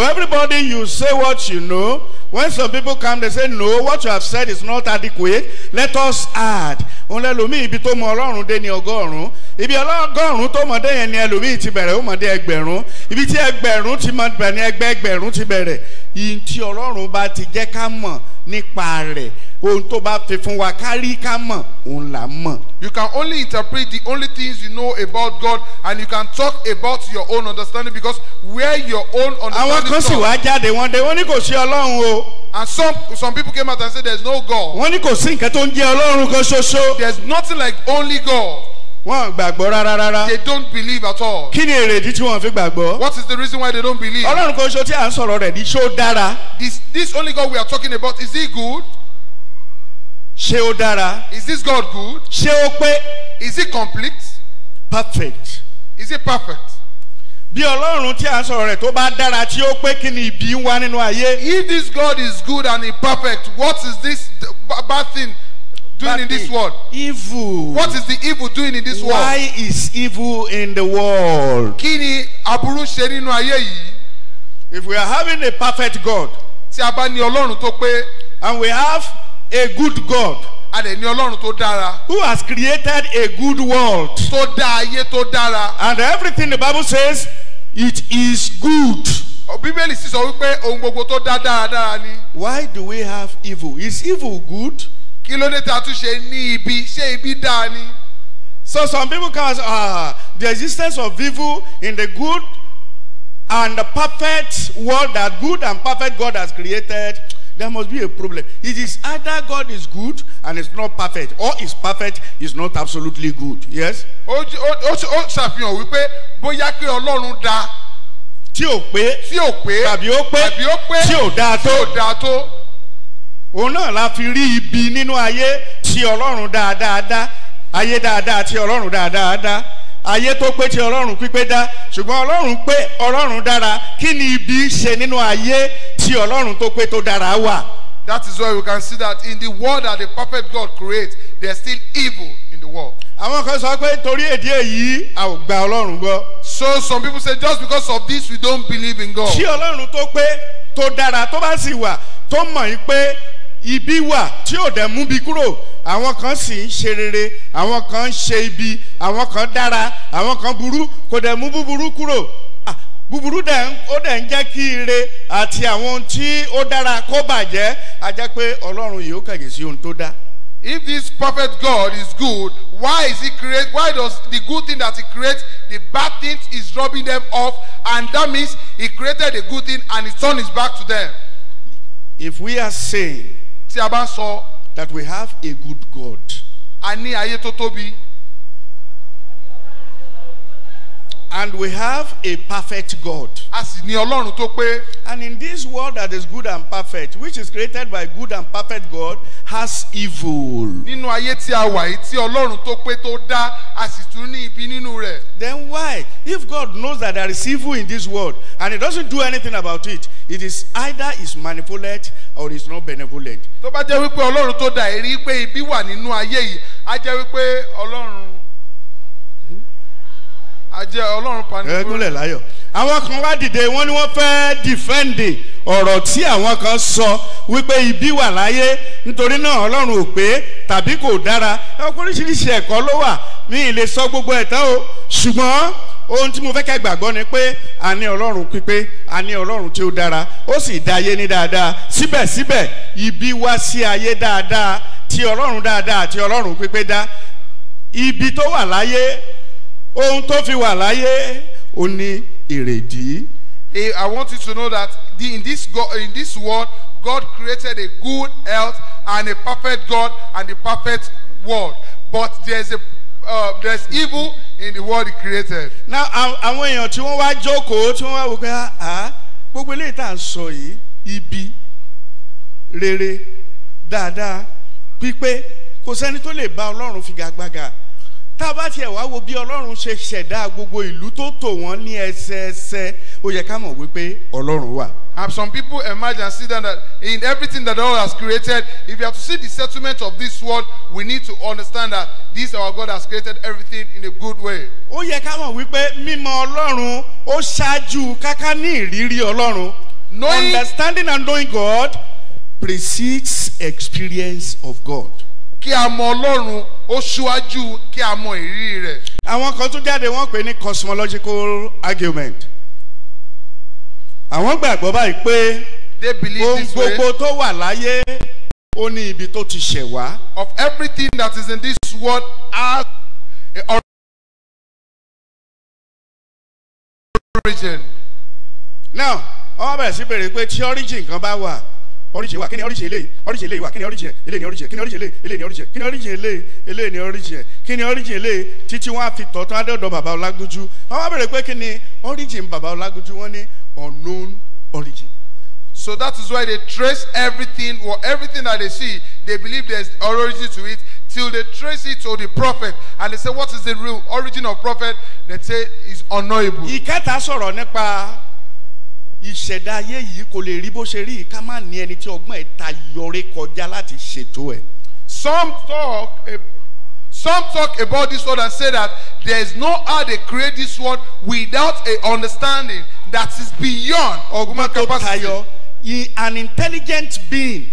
everybody you say what you know when some people come they say no what you have said is not adequate let us add. Òun lẹ́lòmíì ibi tó mọ Ọlọ́run dé ní ọgọ́rùn-ún ibi ọlọ́gọ́rùn-ún tó mọ̀ dé yẹn ni ẹlòmíì ti bẹ̀rẹ̀ ó mọ̀ dé ẹgbẹ̀rún ibi tí ẹgbẹ̀rún ti mọ̀ bẹ̀rẹ̀ ti bẹ̀rẹ̀. Ìyìn tí Ọlọ́run bá ti jẹ́ ká mọ̀ nípa rẹ̀ ohun tó bá fi fún wa kárí ká mọ̀ òun là mọ̀. you can only interpret the only things you know about God and you can talk about your own understanding because where your own understanding. àwọn kan sì wá jáde wọn dé wọn ní kò sí ọlọ́run o. and some some people came out and said there is no God. wọ́n ní kò sí nǹkan tó ń jẹ́ ọlọ́run kan ṣoṣo. there is nothing like only God wọn gbàgbọ́ rárá rárá. they don't believe at all. kí ni èrèdí tí wọn fi gbàgbọ́. what is the reason why they don't believe. ọlọ́run kan ṣo tí à ń sọ̀rọ̀ rẹ̀ ní ṣó dára. this this only God we are talking about is he good. ṣé ó dára. is this God good. ṣé ó pé. is he complete. perfect. is he perfect. bí ọlọ́run tí à ń sọ̀rọ̀ rẹ̀ tó bá dára tí ó pé kí ni ìbí wá nínú ayé. if this God is good and he perfect what is this bad thing doing in this world? Evil. What is the evil doing in this Why world? Why is evil in the world? Kí ni aburú ṣe nínú ayé yìí? If we are having a perfect God. Tí a bá ní Ọlọ́run tó pé. And we have a good God. A lè ní Ọlọ́run tó dára. Who has created a good world. Tó dá ayé tó dára. And everything the bible says it is good. Bíbélì sì sọ wípé ohun gbogbo tó dá dáradára ni. Why do we have evil? Is evil good? kí ló dé ta tún ṣe ní ibi ṣé ibi dáa ni. so some people can ah uh, the existence of evil in the good and the perfect world that good and perfect God has created there must be a problem it is either God is good and is not perfect or is perfect is not absolutely good yes. ó ó ó ṣàfihàn wípé bóyá pé Ọlọ́run dáa. tí ò pé tí ò pé tàbí ó pé tàbí ó pé tí ò dáa tó tí ò dáa tó òun náà la fi rí ibi nínú ayé tí ọlọ́run dáadáa ayé dáadáa tí ọlọ́run dáadáa ayé tó pé tí ọlọ́run pípé dá ṣùgbọ́n ọlọ́run pé ọlọ́run dára kí ni ibi ṣe nínú ayé tí ọlọ́run tó pé tó dára wà. That is why we can see that in the world that the perfect God creates there is still evil in the world. àwọn kan sọ pé torí èdè èyí a ò gba ọlọ́run gbọ́. So some people say just because of this we don't believe in God. tí ọlọ́run tó pé tó dára tó bá sì wà tó mọ̀ yín pé ibi wà tí ò dẹ̀ mú bi kúrò àwọn kan sì ń ṣe rere àwọn kan ń ṣe ibi àwọn kan dára àwọn kan burú kò dẹ̀ mú búburú kúrò ah, búburú dẹ̀ ó dẹ̀ ń jẹ́ kí ire àti àwọn ohun tí ó dára kó bàjẹ́ a pé ọlọ́run yìí ó kàyè sí ohun tó dá. If this perfect God is good, why is he create? Why does the good thing that he creates, the bad things is robbing them of? And that means he created a good thing and he turn his back to them. If we are saying tí a bá ń sọ. that we have a good God. a ní ayé tó tóbi. And we have a perfect God. A sì ní Ọlọ́run tó pé. And in this world that is good and perfect, which is created by good and perfect God, has evil. Nínú ayé tí a wà yìí tí Ọlọ́run tó pé tó dá, a sì tún ní ibi nínú rẹ̀. Then why? If God knows that there is evil in this world and he doesn't do anything about it, it is either is manifold or is not benevolent. Tó bá jẹ́ wípé Ọlọ́run tó dá èrí pé ibi wà nínú ayé yìí, á jẹ́ wípé Ọlọ́run ajẹ́ ọlọ́run pani. ẹgúnlẹ̀ láyọ̀ àwọn kan wá dìde wọ́n ní wọ́n fẹ́ dìfẹ́ǹdì ọ̀rọ̀ tí àwọn kan sọ wípé ibi wà láyé nítorí náà ọlọ́run ò pé tàbí kò dára oríṣiríṣi ẹ̀kọ́ ló wà mi ì lè sọ gbogbo ẹ̀ tán o ṣùgbọ́n ohun tí mo fẹ́ kẹ́ gbàgbọ́ ni pé a ní ọlọ́run pípé a ní ọlọ́run tí ó dára ó sì dá ayé ní dáadáa síbẹ̀síbẹ̀ ibi wá sí ayé dáadáa tí ọlọ́run dáadáa àti ọlọ́run pípé dá ibi tó wà láyé ohun tó fi wà láyé ó ní èrèdí. Eh, I want you to know that the, in this God, in this world God created a good health and a perfect God and a perfect world but there's a uh, there's evil in the world he created. Now àwọn èèyàn tí wọ́n wá jókòó tí wọ́n wá wò pé ah, ah gbogbo eléyìí tá à ń sọ yìí ibi rere dáadáa pípé kò sẹ́ni tó lè bá Ọlọ́run figagbága. tá bá tiẹ̀ wá wo bí ọlọ́run ṣe ṣẹ̀dá gbogbo ìlú tó tò wọ́n ní ẹsẹẹsẹ ó yẹ ká mọ̀ wípé ọlọ́run wà. have some people imagine and see that, that in everything that God has created if you have to see the settlement of this world we need to understand that this our God has created everything in a good way. ó yẹ ká mọ̀ wípé mímọ̀ ọlọ́run ó ṣáájú káká ní ìrírí ọlọ́run. knowing understanding and knowing God precedes experience of God. kí a mọ ọlọ́run ó ṣíwájú kí a mọ ìrírí rẹ̀. àwọn kan tún jáde wọ́n pè ní cosmological argument àwọn gbàgbọ́ báyìí pé ohun gbogbo tó wà láyé ó ní ibi tó ti ṣẹ̀ wá. of everything that is in this world has a origin. now wọ́n bẹ̀rẹ̀ sí béèrè pé tí origin kan bá wà oríṣi wa kí ni oríṣi eléyìí oríṣi eléyìí wa kí ni oríṣi eléyìí ni oríṣi kí ni oríṣi eléyìí ni oríṣi kí ni oríṣi eléyìí eléyìí ni oríṣi kí ni oríṣi eléyìí títí wọn á fi tọ̀tún adọ́dọ̀ bàbá Ọlágúnjú wọn wá bèrè pé kí ni origin bàbá Ọlágúnjú wọn ní unknown origin. So that is why they trace everything or everything that they see they believe there is origin to it till they trace it to the prophet and they say what is the real origin of prophet they say is unknowable. ìkẹta sọ̀rọ̀ nípa ìṣẹ̀dá ayé yìí kò lè rí bó ṣe rí ká má ní ẹni tí ọgbọ́n ẹ̀ ta yọrí kọjá láti ṣètò ẹ̀. some talk some talk about this word and say that there is no how they create this word without a understanding that is beyond our capacity. tayo an intelligent being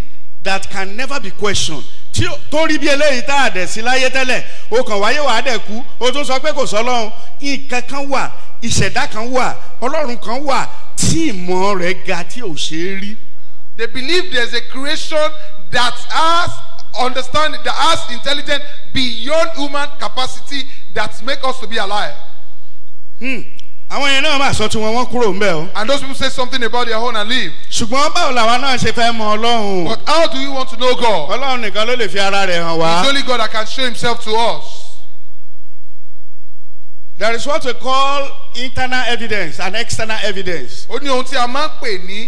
that can never be questioned tí tó rí bí eléyìí tá a dẹ̀ sí láyé tẹ́lẹ̀ o kàn wáyé wàá dẹ̀ kú o tún sọ pé kò sọ lọ́hùn nǹkan kan wà ìṣẹ̀dá kan wà ọlọ́run kan wà tí ìmọ̀ rẹ̀ ga tí ò ṣe é rí. They believe there is a creation that has understanding that has intelligence beyond human capacity that make us to be alive. Hmm. àwọn yẹn náà máa sọ tiwọn wọn kúrò ńbẹ o. and those people say something about their own and leave. ṣùgbọ́n báwo làwa náà ṣe fẹ́ mọ ọlọ́run. but how do you want to know God. ọlọ́run nìkan ló lè fi ara rẹ̀ hàn wá. it's only God that can show himself to us. There is what we call internal evidence and external evidence. Ó ní ohun tí a máa ń pè ní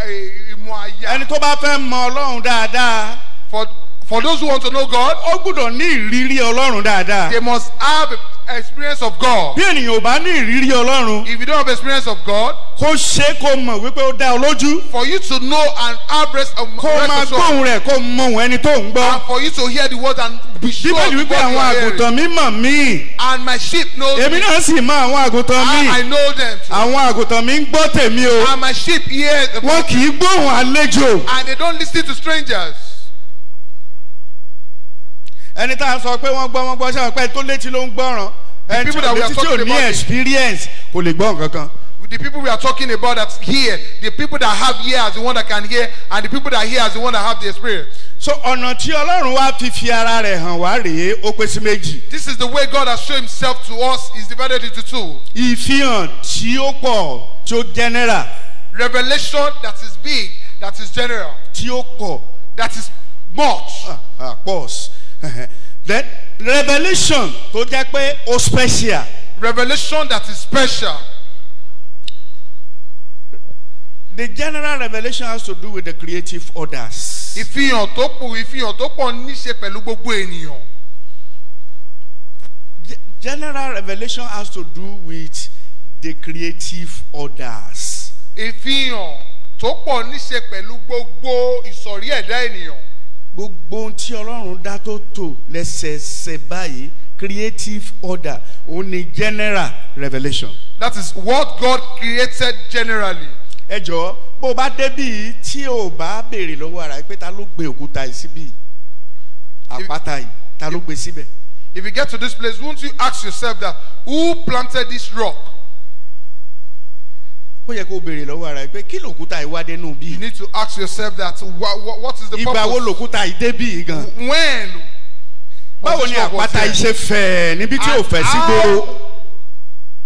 eh, ìmọ̀ àyà. Ẹni tó bá fẹ́ mọ Ọlọ́run dáadáa. For for those who want to know God. Ó gbúdọ̀ ní ìrírí Ọlọ́run dáadáa. They must have experience of God. bí ènìyàn ò bá ní ìrírí ọlọ́run. if you don't have experience of God. kó ṣe kó mọ̀ wípé ó dá ọ lójú. for you to know an address of God. kó máa gbóhùn rẹ̀ kó mọ òun ẹni tó ń gbọ́. and for you to hear the words and be sure of what you are hearing. bíbélì wípé àwọn àgùntàn mi mọ̀ mí. and my sheep know me. èmi náà sì mọ àwọn àgùntàn mi. and I know them too. àwọn àgùntàn mi ń gbọ́ tèmi o. and my sheep hear the voice. wọn kì í gbóhùn àlejò. and they don't lis ten to strangers ẹni tá a sọ pé wọ́n gbọ́ wọ́n gbọ́ sẹ́wọ̀n pé tó létí ló ń gbọ́ràn ẹni tí ò tí ò ní experience kò lè gbọ́ nǹkan The people we are talking about that hear, the people that have ear as the one that can hear, and the people that hear as the one that have the experience. So ọ̀nà tí Ọlọ́run wá fi fi ara rẹ̀ hàn wá rèé ó pé sí méjì. This is the way God has shown himself to us is divided into two. Ìfihàn tí ó pọ̀ tí ó general. Revelation that is big that is general. Tí ó pọ̀. That is much. Ah, ah, pause. then revelation tó jẹ́ pé ó special. revelation that is special. The general revelation has to do with the creative orders. Ìfihàn tó pọ̀ ìfihàn tó pọ̀ ní ṣe pẹ̀lú gbogbo ènìyàn. General revelation has to do with the creative orders. Ìfihàn tó pọ̀ ní ṣe pẹ̀lú gbogbo ìsọ̀rí ẹ̀dá ènìyàn gbogbo ohun tí ọlọ́run dá tó tò lẹ́sẹẹsẹ báyìí creative order òun ni general revelation. that is what God created generally. ẹ jọ̀ọ́ bó o bá débì tí o bá béèrè lọ́wọ́ ara pé ta ló gbé òkúta yìí síbí àpáta yìí ta ló gbé síbẹ̀. if you get to this place won't you ask yourself that who planted this rock ó yẹ kó béèrè lọ́wọ́ ara pé kí lòkúta ìwádé nù bí. you need to ask yourself that what, what, what is the purpose. ìgbà wo lòkúta ìdé bí gan. when. báwo ni àpáta iṣẹ́ fẹ̀ níbi tí ò fẹ́ sí gbòòrò.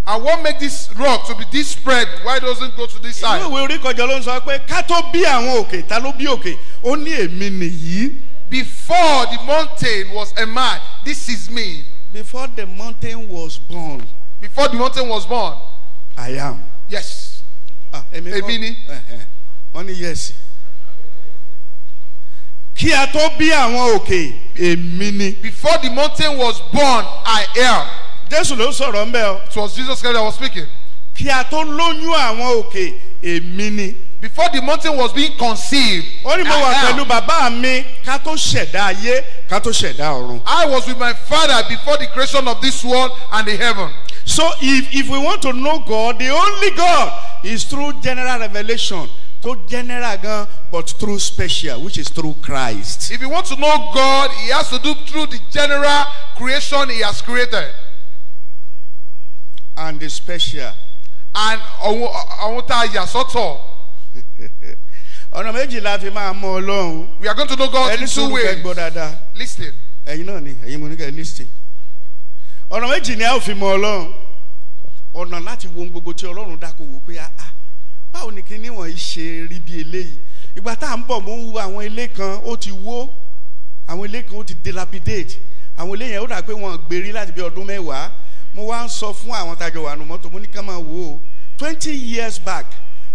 and what make this rock to be this spread why doesn't go to this side. inú ìwé orí kọjọ ló ń sọ pé ká tó bí àwọn òkè ta ló bí òkè ó ní èmi nìyí. before the mountain was a man, this is me. before the mountain was born. before the mountain was born. I am. yes. Ah, èmi ni wọ́n ní yẹ́sì kí a tó bí àwọn òkè èmi ni. before the mountain was born I am. Jésù ló ń sọ̀rọ̀ ń bẹ́ẹ̀ o. it was Jesus Christ that was speaking. kí a tó lóyún àwọn òkè èmi ni. before the mountain was being conceived. ó ní mo wà pẹ̀lú bàbá mi ká tó ṣẹ̀dá ayé ká tó ṣẹ̀dá ọ̀run. I was with my father before the creation of this world and the heaven. So if, if we want to know God, the only God is through general revelation. To general God, but through special, which is through Christ. If you want to know God, He has to do through the general creation He has created. And the special. And àwọn tá a We are going to know God in two ways. Listen ọ̀nà méjì ni a ó fi mọ ọlọ́run ọ̀nà láti wo ohun gbogbo tí ọlọ́run dákò wò pé ah, ah báwo ni kíní wọ̀nyí ṣe rí bí eléyìí ìgbà tá à ń bọ̀ mo ń wo àwọn ilé kan ó ti wó àwọn ilé kan ó ti dilapidate àwọn ilé yẹn ó dà pé wọn gbèrí láti bí ọdún mẹ́wàá mo wá ń sọ fún àwọn tajọ wà nù mọ́tò mo ní ká máa wò ó twenty years back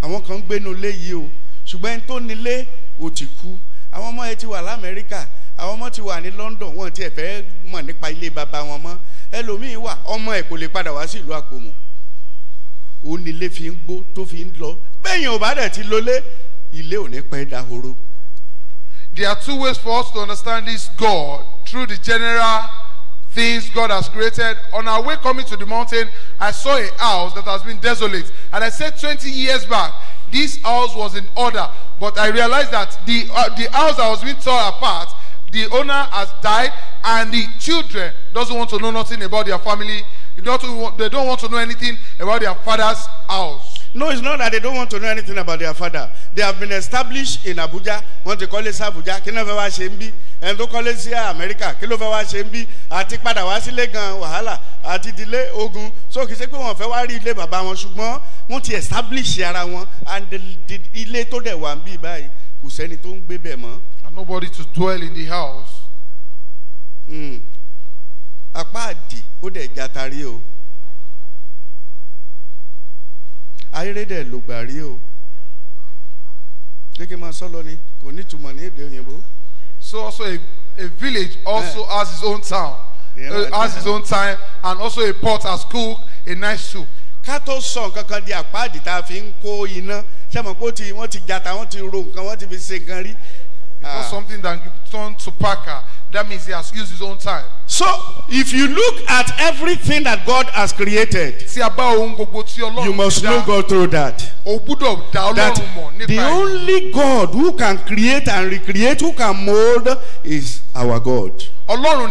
àwọn kan ń gbénu ilé yìí o ṣùgbọ́n ẹni tó nílé ò ti kú àwọn ọmọ ẹ ti wà lamẹ́ríkà àwọn ọmọ ti wà ní London wọn ti ẹ̀ fẹ́ mọ̀ nípa ilé bàbá wọn mọ́ ẹlòmíín wà ọmọ ẹ̀ kò lè padà wá sí ìlú àpòmù òun fi ń gbó tó fi ń lọ bẹ́yìn ò bá dẹ̀ ti lólé ilé ò ní pẹ́ dahoro. There are two ways for us to understand this God through the general things God has created. On our way coming to the mountain, I saw a house that has been desolate. And I said 20 years back, this house was in order. But I realized that the, uh, the house I was being torn apart, the owner has died, and the children doesn't want to know nothing about their family. They don't, want to know anything about their father's house. No, it's not that they don't want to know anything about their father. They have been established in Abuja. Want to call it Abuja. Kí náà fẹ́ wá ṣe ń bí? Ẹni tó kọ́lé sí Amẹ́ríkà. Kí ló fẹ́ wá ṣe ń bí? Àti padà wá sílé ogun. So kì í ṣe pé wọ́n fẹ́ wá rí ilé establish here. wọn and ilé tó dẹ̀ wà ń bí báyìí kò sẹ́ni tó man. And nobody to dwell in the house. Hmm. apá àdì ó dẹ̀ jatari o ayérédè lògbàrí o kékeré máa sọ lọ ni kò ní ìtumọ̀ ní èdè òyìnbó. so also a a village also yeah. has its own town yeah, uh, has yeah. its own time and also a port, as cook a nice soup. ká tó sọ nǹkan kan di àpáàdì tá a fi ń kó iná ṣé mo kó ti wọ́n ti jata wọ́n ti ro nǹkan wọ́n ti fi ṣe nǹkan rí. it was ah. something that turned to packer That means he has used his own time. So, if you look at everything that God has created, you must know God through that. That the only God who can create and recreate, who can mold, is our God. And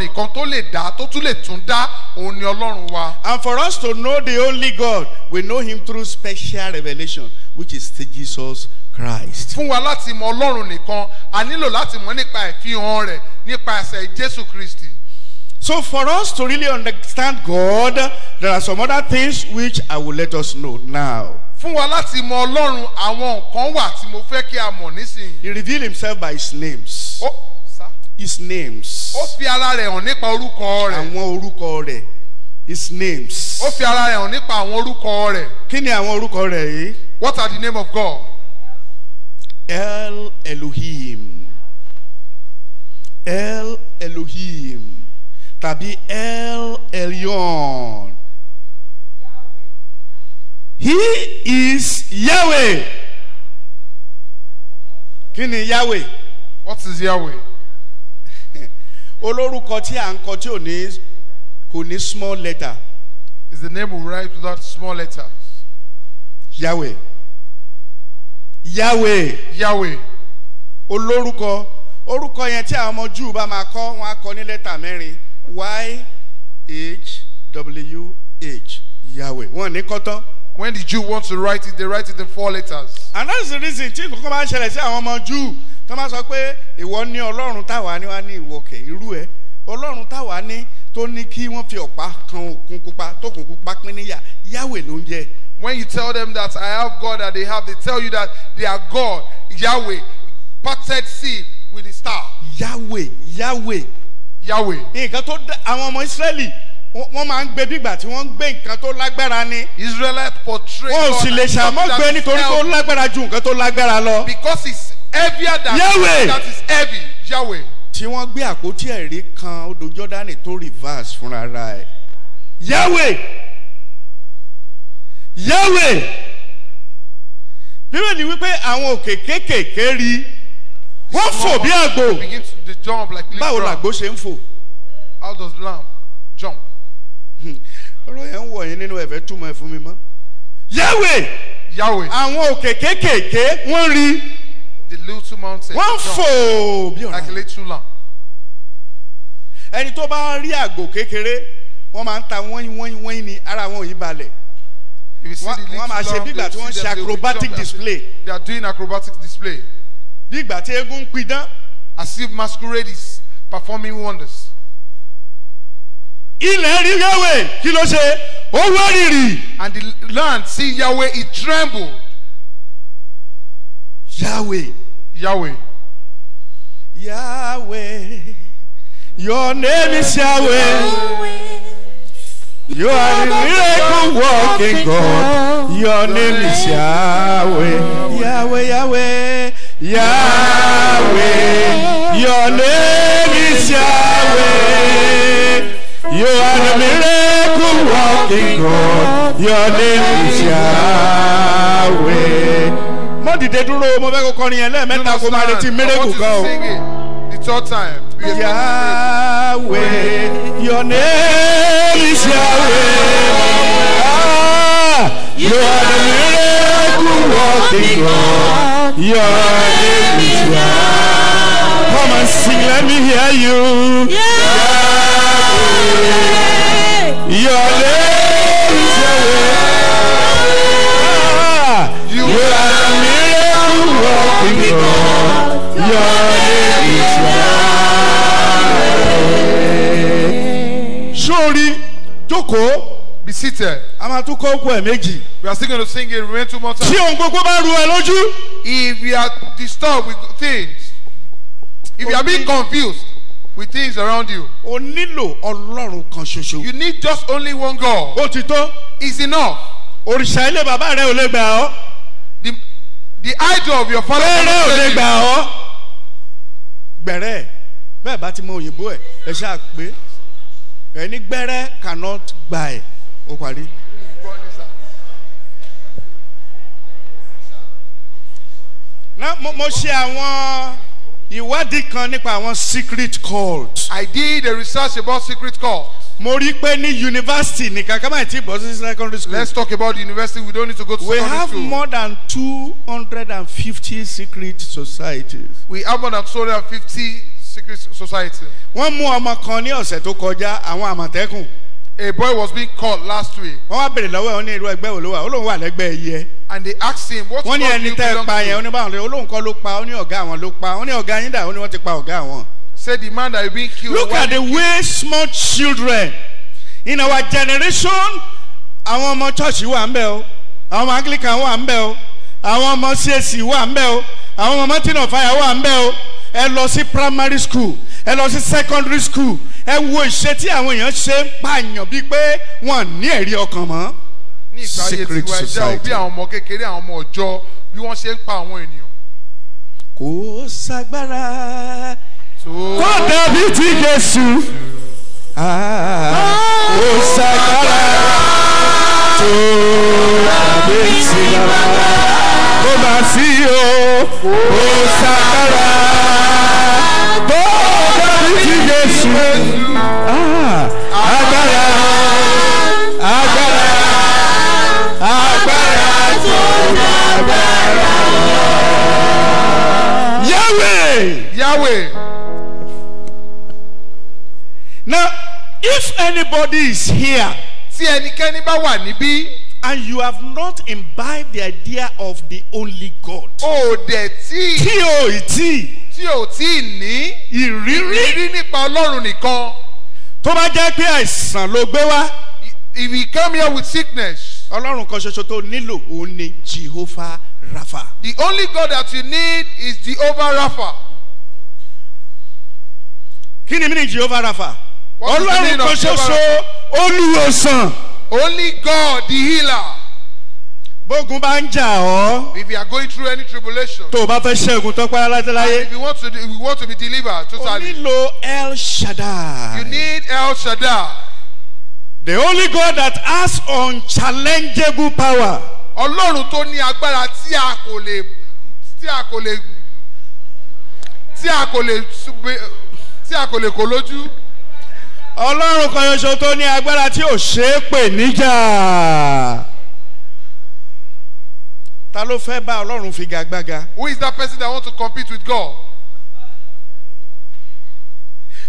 for us to know the only God, we know him through special revelation, which is Jesus Christ. Fún wa láti mọ Ọlọ́run nìkan, a nílò láti mọ̀ nípa ìfihàn rẹ̀ nípasẹ̀ Jésù Kristi. So for us to really understand God, there are some other things which I will let us know now. Fún wa láti mọ Ọlọ́run àwọn nǹkan wà tí mo fẹ́ kí a mọ̀ nísìnyí. He revealed himself by his names. Oh, sir? His names. Ó fi ara rẹ̀ hàn nípa orúkọ rẹ̀. Àwọn orúkọ rẹ̀. His names. Ó fi ara rẹ̀ hàn nípa àwọn orúkọ rẹ̀. Kí ni àwọn orúkọ rẹ̀ yìí? What are the name of God? El Elohim El Elohim tàbí El Elyon He is Yahweh kí ni Yahweh what is Yahweh olórúkọ tí à ń kọ tí ò ní kò ní small letter is the name we write without small letters Yahweh. Yahweh. Yahweh. Olórúkọ. Orúkọ yẹn tí àwọn ọmọ Júù bá máa kọ́, wọ́n á kọ́ ní lẹ́tà mẹ́rin. Y-H-W-H. Yahweh. Wọ́n ní kọ́ tán. When the Jew wants to write it, they write it in four letters. And that is the reason tí nǹkan kan máa ń ṣẹlẹ̀ sí àwọn ọmọ Júù tó máa sọ pé ìwọ ní Ọlọ́run táwa ni wá ní ìwọ irú ẹ̀ Ọlọ́run táwa ní tó ní kí wọ́n fi ọ̀pá kan òkun pupa tó kùn pupa pín níyà Yahweh ló ń jẹ́. When you tell them that I have God that they have, they tell you that they are God, Yahweh, parted sea with the star. Yahweh, Yahweh, Yahweh. Nǹkan tó dá àwọn ọmọ Ísírẹ́lì wọ́n máa ń gbé bí ìgbà tí wọ́n ń gbé nǹkan tó lágbára ni. Israelite portray God as something that is held. Wọ́n ò sì lè ṣàmọ́ gbé nítorí tó lágbára ju nǹkan tó lágbára lọ. Because it's heavier than Yahweh. that is heavy. Yahweh. Tí wọ́n gbé àpótí ẹ̀rí kan odò Jọ́dánì tó reverse fúnra rẹ̀. Yahweh. Yahweh bíbélì wípé àwọn òkè kéékèèké rí wọ́n fò bí àgbò báwo làgbò ṣe ń fò. How does lamb jump? ọ̀rọ̀ yẹn ń wọ̀ yín nínú ẹ̀fẹ̀ túmọ̀ ẹ̀ fún mi mọ́. Yahweh Yahweh àwọn òkè kéékèèké wọ́n rí the little mountain wọ́n fò bí ọ̀rọ̀ like a little lamb. ẹni tó bá rí àgbò kékeré wọ́n máa ń ta wọ́nyí wọ́nyí wọ́nyí ni ara wọn ò yí balẹ̀ if you see the leaves long they will see them they will jump display. they are doing acrobatic display. bí ìgbà tí eégún ń pidán. as if masquerade is performing wonders. ilẹ̀ rí yahweh kí ló ṣe ó wárìrì. and the land see yahweh he trembled. yahweh. yahweh. yahweh your name is yahweh. yahweh. You are the miracle walking God. Your name is Yahweh. Yahweh, Yahweh. Yahweh. Your name is Yahweh. You are the miracle walking God. Your name is Yahweh. Mo dìde dúró mo fẹ́ kó kọrin yẹn lẹ́ẹ̀mẹ́ta kó máa retí miracle kan o. The third time. Yahweh, your name is Yahweh. Ah, You are the miracle working God. Your name is Yahweh. Come and sing, let me hear you. Yahweh, your name is Yahweh. Ah, you are the miracle working God. Your name is Yahweh. jókòó. be seated. a máa tún kó okùn ẹ̀ méjì. we are still going to sing it remain two more times. tí ohun gbogbo bá ru ẹ lójú. if you are disturbed with things if you are being confused with things around you. o nílò ọlọ́run kan ṣoṣo. you need just only one God. ó ti tó. is enough. òrìṣà ilé bàbá rẹ ò lè gbà ọ́. the idol of your father. fẹ́rẹ́ ò lè gbà ọ́. gbẹ̀rẹ́ bẹ́ẹ̀ bá ti mọ òyìnbó ẹ̀ ẹ̀ ṣáà pé ẹni gbẹ́rẹ́ cannot gbà ẹ̀ ó parí. mo ṣe àwọn ìwádìí kan nípa àwọn secret cult. I did a research about secret cult. mo rí pé ní yunifásitì nìkan ká máa ti bọ́ sí secondary school. let's talk about university we don't need to go to secondary school. we have more than two hundred and fifty secret societies. we have more than two hundred and fifty secret society. wọ́n mú ọmọ kan ní ọ̀sẹ̀ tó kọjá àwọn àmọ̀tẹ́kùn. a boy was being called last week. wọ́n wá bèrè lọ́wọ́ ẹ̀ wọ́n ní irú ẹgbẹ́ wo ló wà ó lóun wà lẹ́gbẹ́ ẹyẹ. and they asked him what club you belong to. wọ́n ní ẹni tẹ́ pa yẹn oníbàwọ̀n lé olóhùn kọ́ ló pa ó ní ọ̀gá àwọn ló pa ó ní ọ̀gá yín dà ó ní wọ́n ti pa ọ̀gá àwọn. say the man that been killed. look at the way small children in our generation àwọn ọmọ church wà ń bẹ o àwọn ọmọ anglican wà ń bẹ o àwọn ọmọ csc wà ń bẹ o àwọn ọmọ martin of fire wà ń bẹ o ẹ lọ sí primary school ẹ lọ sí secondary school ẹ wo ìṣe tí àwọn èèyàn ṣe ń pààyàn bíi pé wọn ní ẹ̀rí ọkàn mọ́. ní ìgbà ayé tiwa ẹ jẹ́ òbí àwọn ọmọ kékeré àwọn ọmọ ọjọ́ bí wọ́n ṣe ń pa àwọn ènìyàn. kò sagbára kó dàbí ti Jésù ah, kò sagbára tó dàbí ti bàbá kó máa sí o kò sagbára. Jésù ah, agbára agbára agbára tó lágbára lọ. Yahweh Yahweh. Now if anybody is here. see Tí ẹnikẹ́ni bá wà níbí. And you have not imbibed the idea of the only God. Oh, the T. Tí o ì tí tí ò tí ní ìrírí nípa ọlọ́run nìkan. tó bá jẹ́ pé àìsàn ló gbé wá. if you come here with sickness. ọlọ́run kan ṣoṣo tó nílò òun ni jehovah rapha. the only God that you need is jehovah rapha. kí ni mí ni jehovah rapha. ọlọ́run kan ṣoṣo olùwòsàn. only God the healer bógun bá ń jà ọ́. if you are going through any tribulation. tó o bá fẹ́ ṣẹ́gun tán pẹ́ aláìláyé. and if you want to if you want to be delivered totally. o el shaddai. you need el shaddai. the only God that has unchallengeable power. ọlọ́run tó ní agbára tí a kò lè tí a kò lè tí a kò lè tí a kò lè kó lójú. ọlọ́run kan ṣoṣo tó ní agbára tí ò ṣeé pè níjà ta ló fẹ́ bá ọlọ́run figagbága. who is that person that wants to compete with God.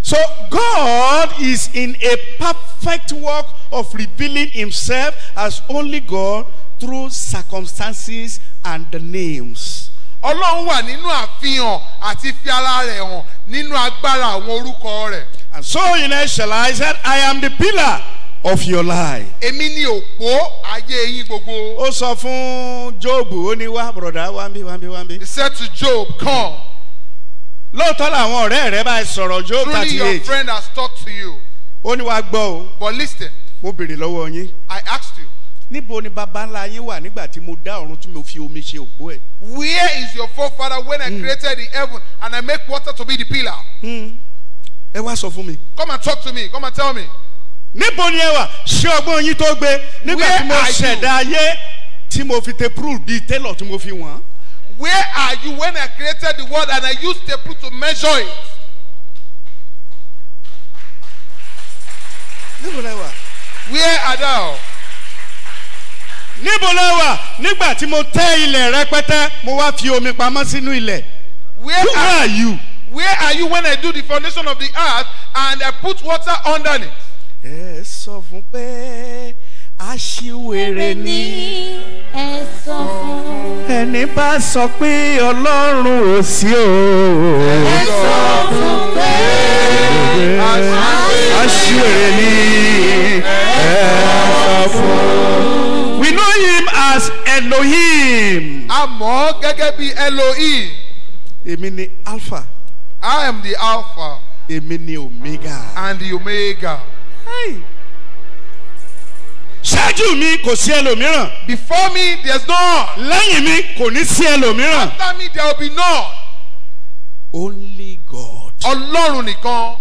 So God is in a perfect work of revealing himself as only God through circumstances and the names. Ọlọ́run wà nínú àfihàn àti fi ara rẹ̀ hàn nínú agbára àwọn orúkọ rẹ̀. And so you know, I said, I am the pillar of your life. èmi ni òpó ayé yín gbogbo. ó sọ fún job ó ní wá bùrọ̀dá wáńbí wáńbí wáńbí. he said to job come. lóòótọ́ làwọn ọ̀rẹ́ rẹ bá sọ̀rọ̀ job thirty eight. truly your friend has talked to you. ó ní wàá gbọ́ o. but lis ten. mo béèrè lọ́wọ́ yín. I asked you. níbo ni baba ńlá yín wà nígbà tí mo dá ọ̀run tí mo fi omi ṣe òpó ẹ̀. where is your forefather when I mm. created the heaven and I make water to be the pillar. Hmm. ẹ wá sọ fún mi. come and talk to me come and tell me níbo ni ẹ wà ṣé ọgbọ́n yín tó gbé nígbà tí mo ṣẹ̀dá ayé tí mo fi te proof bíi tailor tí mo fi wọ̀n. where are you when I created the world and I used the proof to measure it. níbo ni ẹ wà. where are thou. níbo ni ẹ wà nígbà tí mo tẹ́ ilẹ̀ rẹpẹtẹ mo wá fi omi pamọ́ sínú ilẹ̀. where are you. where are you when I do the foundation of the earth and I put water under it ẹ fún pé aṣiwèrè ni ẹ fún. ẹni bá sọ pé ọlọ́run ò sí o. ẹ fún pé aṣiwèrè ni ẹ fún. we know him as Elohim. a mọ̀ ọ́ gẹ́gẹ́ bí Elohim. èmi ni alpha. I am the alpha. èmi ni omega. and the omega ṣáájú mi kò sí ẹlòmíràn. before me there is none. lẹ́yìn mi kò ní sí ẹlòmíràn. after me there will be none. only God. ọlọ́run nìkan.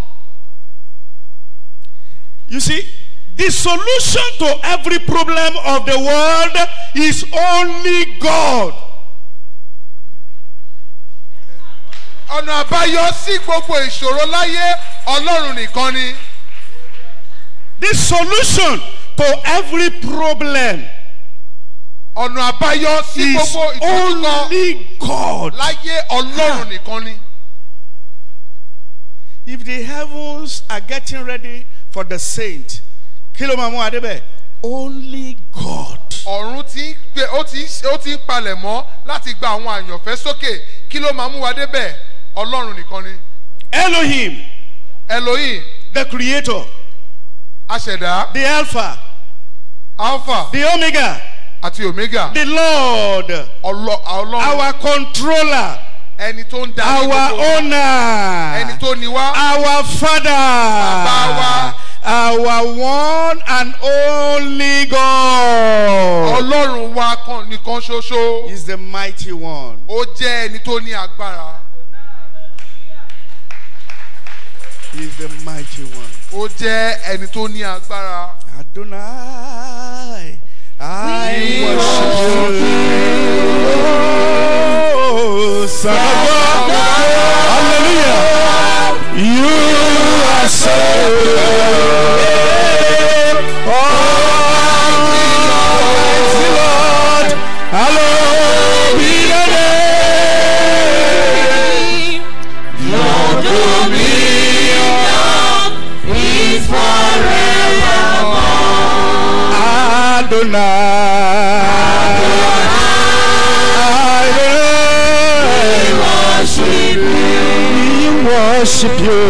you see the solution to every problem of the world is only God. ọ̀nà àbáyọ sí gbogbo ìṣòro láyé ọlọ́run nìkan ni the solution to every problem. ọ̀nà àbáyọ sí gbogbo ìtọ́jú kan láyé ọlọ́run ah. nìkan ni. if the heavens are getting ready for the saint kí ló máa mú adébẹ̀ only God. ọ̀run ti ń gbé ó ti ó ti ń palẹ̀ mọ́ láti gba àwọn àyànfẹ́ sókè kí ló máa mú wa ọlọ́run nìkan ni. Elohim. Elohim. the creator aṣẹ̀dá. the alpha. alpha. the omega. àti omega. the lord. ọlọ ọlọrun. our controller. ẹni tó ń darí gbogbo. our owner. ẹni tó ni wá. our father. bàbá wa. Our one and only God. Ọlọ́run wa nìkan ṣoṣo. He is the mighty one. Ó jẹ́ ẹni tó ní agbára. He is the mighty one. Ó jẹ́ ẹni agbára. Adonai, I worship you. Oh, hallelujah. You are so good. Oh, be the name. Lord, do me forevermore. Adonai. Adonai. We worship you. We worship you.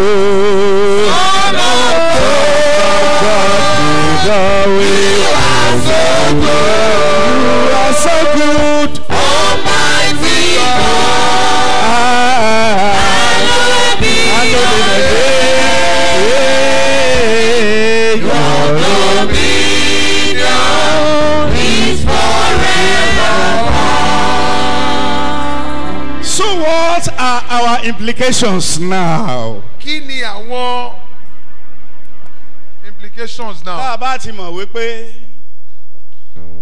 What are our implications now? Kí ni àwọn implications now? Tá a bá ti mọ̀ wípé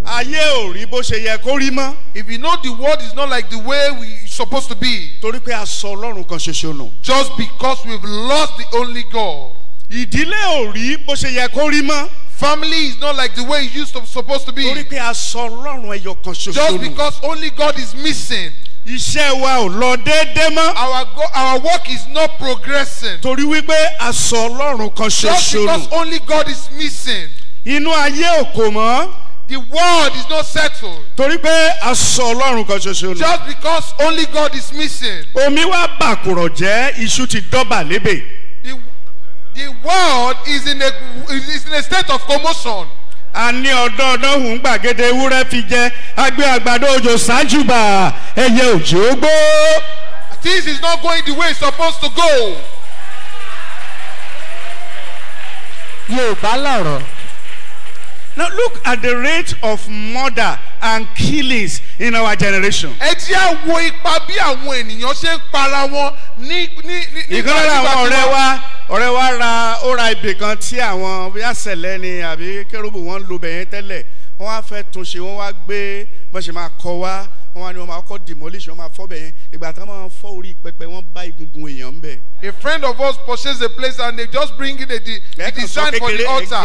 ayé ò rí bó ṣe yẹ kó rí mọ́. If you know the world is not like the way we supposed to be. Torí pé a sọ Ọlọ́run kan ṣoṣo nù. Just because we've lost the only God. Ìdílé ò rí bó ṣe yẹ kó rí mọ́. Family is not like the way it used to supposed to be. Torí pé a sọ Ọlọ́run ẹyọ kan ṣoṣo nù. Just because only God is missing. Iṣẹ́ wa ò lọ déédé mọ́. Our our work is not progressing. Torí wípé aṣọ Ọlọ́run kan ṣoṣo. Just because only God is missing. Inú ayé òkò mọ́. The world is not settled. Torí pé aṣọ Ọlọ́run kan ṣoṣo ni. Just because only God is missing. Omi wá bàkùrọ̀ jẹ́ iṣu ti dọ́bà lébè. The the world is in a is in a state of commotion a ní ọdọ ọdọhùn gbàgede ewúrẹ́ fi jẹ agbé àgbàdo òjò sájùbà ẹyẹ òjò gbó. This is not going the way it's supposed to go. Yorùbá lọ̀rọ̀. Now look at the rate of murder and killings in our generation. Ẹ ti á ipa bí àwọn ènìyàn ṣe ń para wọn ní ní àwọn ọ̀rẹ́ wa ọ̀rẹ́ wa ra ó ra ibì kan tí àwọn bóyá sẹ̀lẹ̀ ni àbí kérúbù wọn lo bẹ̀yẹn tẹ́lẹ̀ wọ́n wá fẹ́ túnṣe wọ́n wá gbé bọ́n ṣe máa kọ́ wá wọ́n wá ní wọ́n máa kọ́ demolish wọ́n máa fọ́ bẹ̀yẹn ìgbà tí wọ́n máa fọ́ orí pẹpẹ wọ́n bá egungun èèyàn ń bẹ̀. a friend of us purchased the place and they just bring the the, design for the altar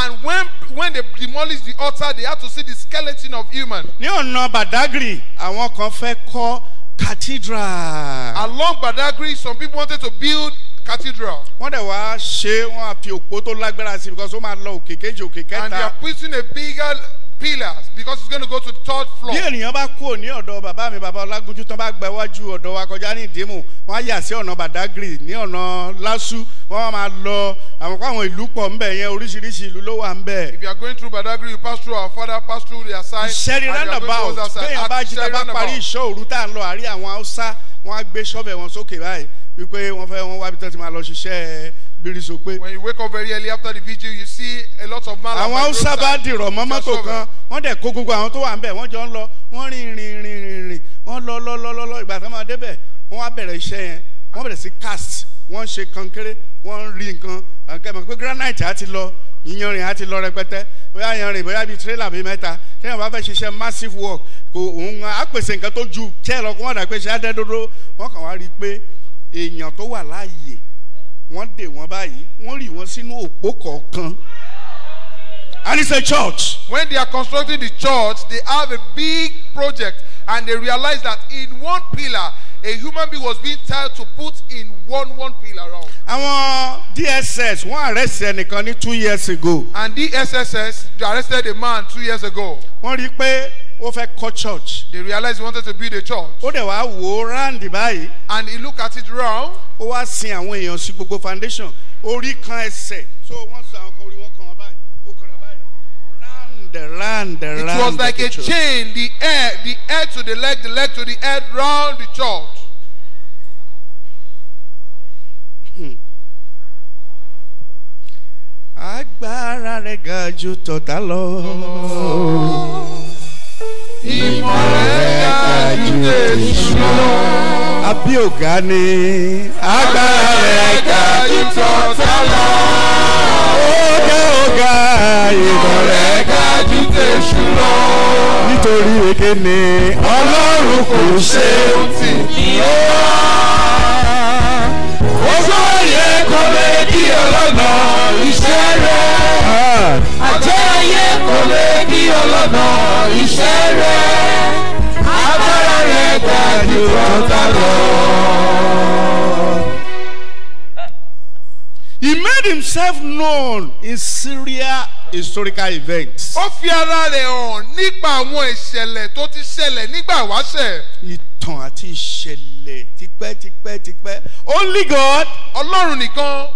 and when when they demolish the altar they had to see the skeleton of human. ní ọ̀nà badagry àwọn kan fẹ́ kọ́ cathedral. along badagry some people wanted to build cathedral. wọ́n dẹ̀ wá ṣe wọ́n á fi òpó tó lágbára sí because ó máa lọ òkè kejì òkè kẹta. and they are putting a bigger pillars because it's going to go to the third floor. bí ènìyàn bá kúrò ní ọ̀dọ̀ bàbá mi bàbá ọlágúnjú tán bá gba iwájú ọ̀dọ̀ wa kọjá ní ìdímù wọ́n á yà sí ọ̀nà bàdágìrì ní ọ̀nà lásù wọ́n máa lọ àwọn kó àwọn ìlú pọ̀ ńbẹ̀ yẹn oríṣiríṣi ìlú ló wà ńbẹ̀. if you are going through Badagri, you pass through our father pass through their side. ìṣẹ́ni roundabout bẹ́ẹ̀ bá jí tá a bá parí ìṣọ́ òru tá à ń lọ àárí àwọn haúsá wọ́n á gbé ṣọ́ọ̀bẹ̀ wọn sókè báyìí wípé wọ́n fẹ́ wọ́n wábi tán ti máa lọ ṣiṣẹ́ bírísọ pé. when you wake up very early after the vigil you see a lot of man. àwọn haúsá bá dìrọ̀ mọ́ mọ́tò kan wọ́n dẹ̀ kó gbogbo àwọn tó wà ń bẹ̀ wọ́n jọ ń lọ wọ́n rìn rìn rìn rìn rìn wọ́n lọ lọ lọ lọ ìgbà tó máa débẹ̀ wọ́n wá bẹ̀rẹ̀ iṣẹ́ yẹn wọ́n bẹ̀rẹ̀ sí cast wọ́n ṣe kankéré wọ́n rí nǹkan àgbẹ̀mọ̀ pé granite á ti lọ yíyanrìn á ti lọ rẹpẹtẹ bóyá yanrìn bóyá bíi tírélà bíi mẹ́ta téèyàn bá fẹ́ ṣiṣẹ́ massive work kò òun á pèsè nǹkan tó ju chair lọ kó wọ́n dà pé ṣe á dẹ́ dodo wọ́n kàn wá rí i pé èèyàn tó wà láàyè wọ́n dè wọ́n báyìí wọ́n rì wọ́n sínú òpó kọ̀ọ̀kan. And it's a church. When they are constructing the church, they have a big project and they realize that in one pillar, a human being was being tied to put in one one pillar round. Àwọn DSS wọ́n arrest ẹnìkan ní two years ago. And DSSS arrested a man two years ago. Wọ́n rí i pé ó fẹ́ kọ́ church. they realized he wanted to build a church. ó dẹ̀ wá wò ó round báyìí. and he look at it round. ó wá sin àwọn èèyàn sí gbogbo foundation orí kan ẹsẹ̀ so wọ́n sọ àwọn kan orí wọn kan wọn báyìí ó kọ́ra báyìí round round round. it was like a chain the head the head to the leg the leg to the head round the church. Hmm. agbára rẹ̀ ga ju tọ̀tà lọ. Oh ìmọ̀ rẹ̀ ga jù èṣù lọ. abíọ̀gá ni agbára rẹ̀ ga jù tọ̀tà lọ. ọ̀gá ọ̀gá ìmọ̀ rẹ̀ ga jù èṣù lọ. nítorí èké ni ọlọ́run kò ṣe é tì ní ó Owó ayé di ọlọ́nà iṣẹ́ rẹ̀. Àjọ ayé kò di ọlọ́nà iṣẹ́ rẹ̀. Agbára rẹ̀ ga ju ọ̀tá lọ. He made himself known in Syria historical events. ó fi ara rẹ̀ hàn nípa àwọn ìṣẹ̀lẹ̀ tó ti ṣẹlẹ̀ nígbà wáṣẹ̀. ìtàn àti ìṣẹ̀lẹ̀ tipẹ́ tipẹ́ tipẹ́ only God. ọlọ́run nìkan.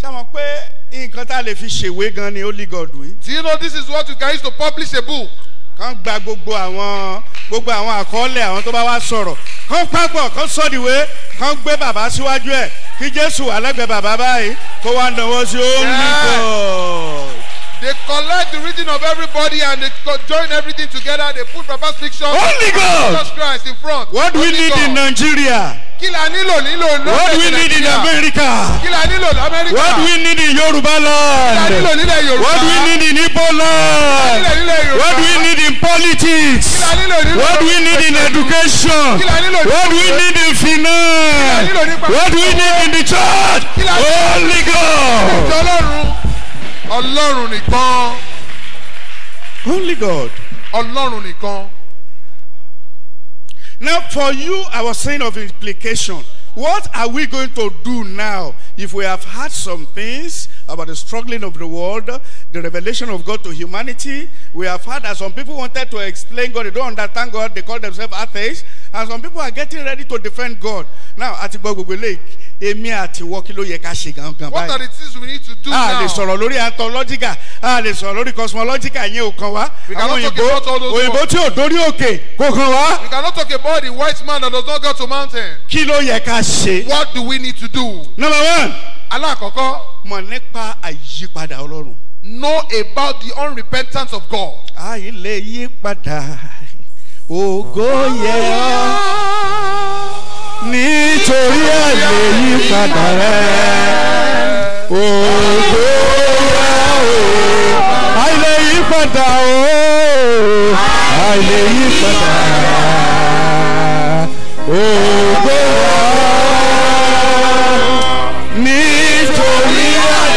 ṣé mo pé nǹkan tá a lè fi ṣèwé gan ni only God wí. do you know this is what you can use to publish a book. kàn gba gbogbo àwọn gbogbo àwọn àkọọ́lẹ̀ àwọn tó bá wá sọ̀rọ̀ kàn pápọ̀ kàn sọ̀dìwé kàn gbé bàbá síwájú ẹ̀ kí jésù alágbè bàbá báyìí kó wá náwó sí only God. They collect the reading of everybody and they join everything together. They put Papa's picture Holy God. Jesus Christ in front. What Holy we need God. in Nigeria. Kí la nílò What we need in America. Kí la nílò What we need in Yoruba land. Kí la nílò What we need in Igbo land. Kí la nílò What we need in politics. Kí la nílò What we need in education. Kí la nílò What we need in finance. Kí la nílò What we need in the church. Holy God. Ọlọ́run nìkan. Only God. Ọlọ́run nìkan. Now for you, I was saying of implication. What are we going to do now if we have had some things about the struggling of the world, the revelation of God to humanity. We have had that some people wanted to explain God, they don't understand God, they call themselves atheists, and some people are getting ready to defend God. Now, at Lake. what are the things we need to do now. a lè sọ̀rọ̀ the anthological ah, the sọ̀rọ̀ cosmological we cannot talk about all those we cannot talk about the white man that does not go to mountain. Kilo what do we need to do. number one. alákọ̀ọ́kọ́ mọ̀ nípa àyípadà ọlọ́run. know about the unrepentance of God. àìlè yí ògo yẹ ọ́ nítorí àìlè yí rẹ ògo yẹ ọ́ àìlè yí padà àìlè yí ògo yẹ ọ́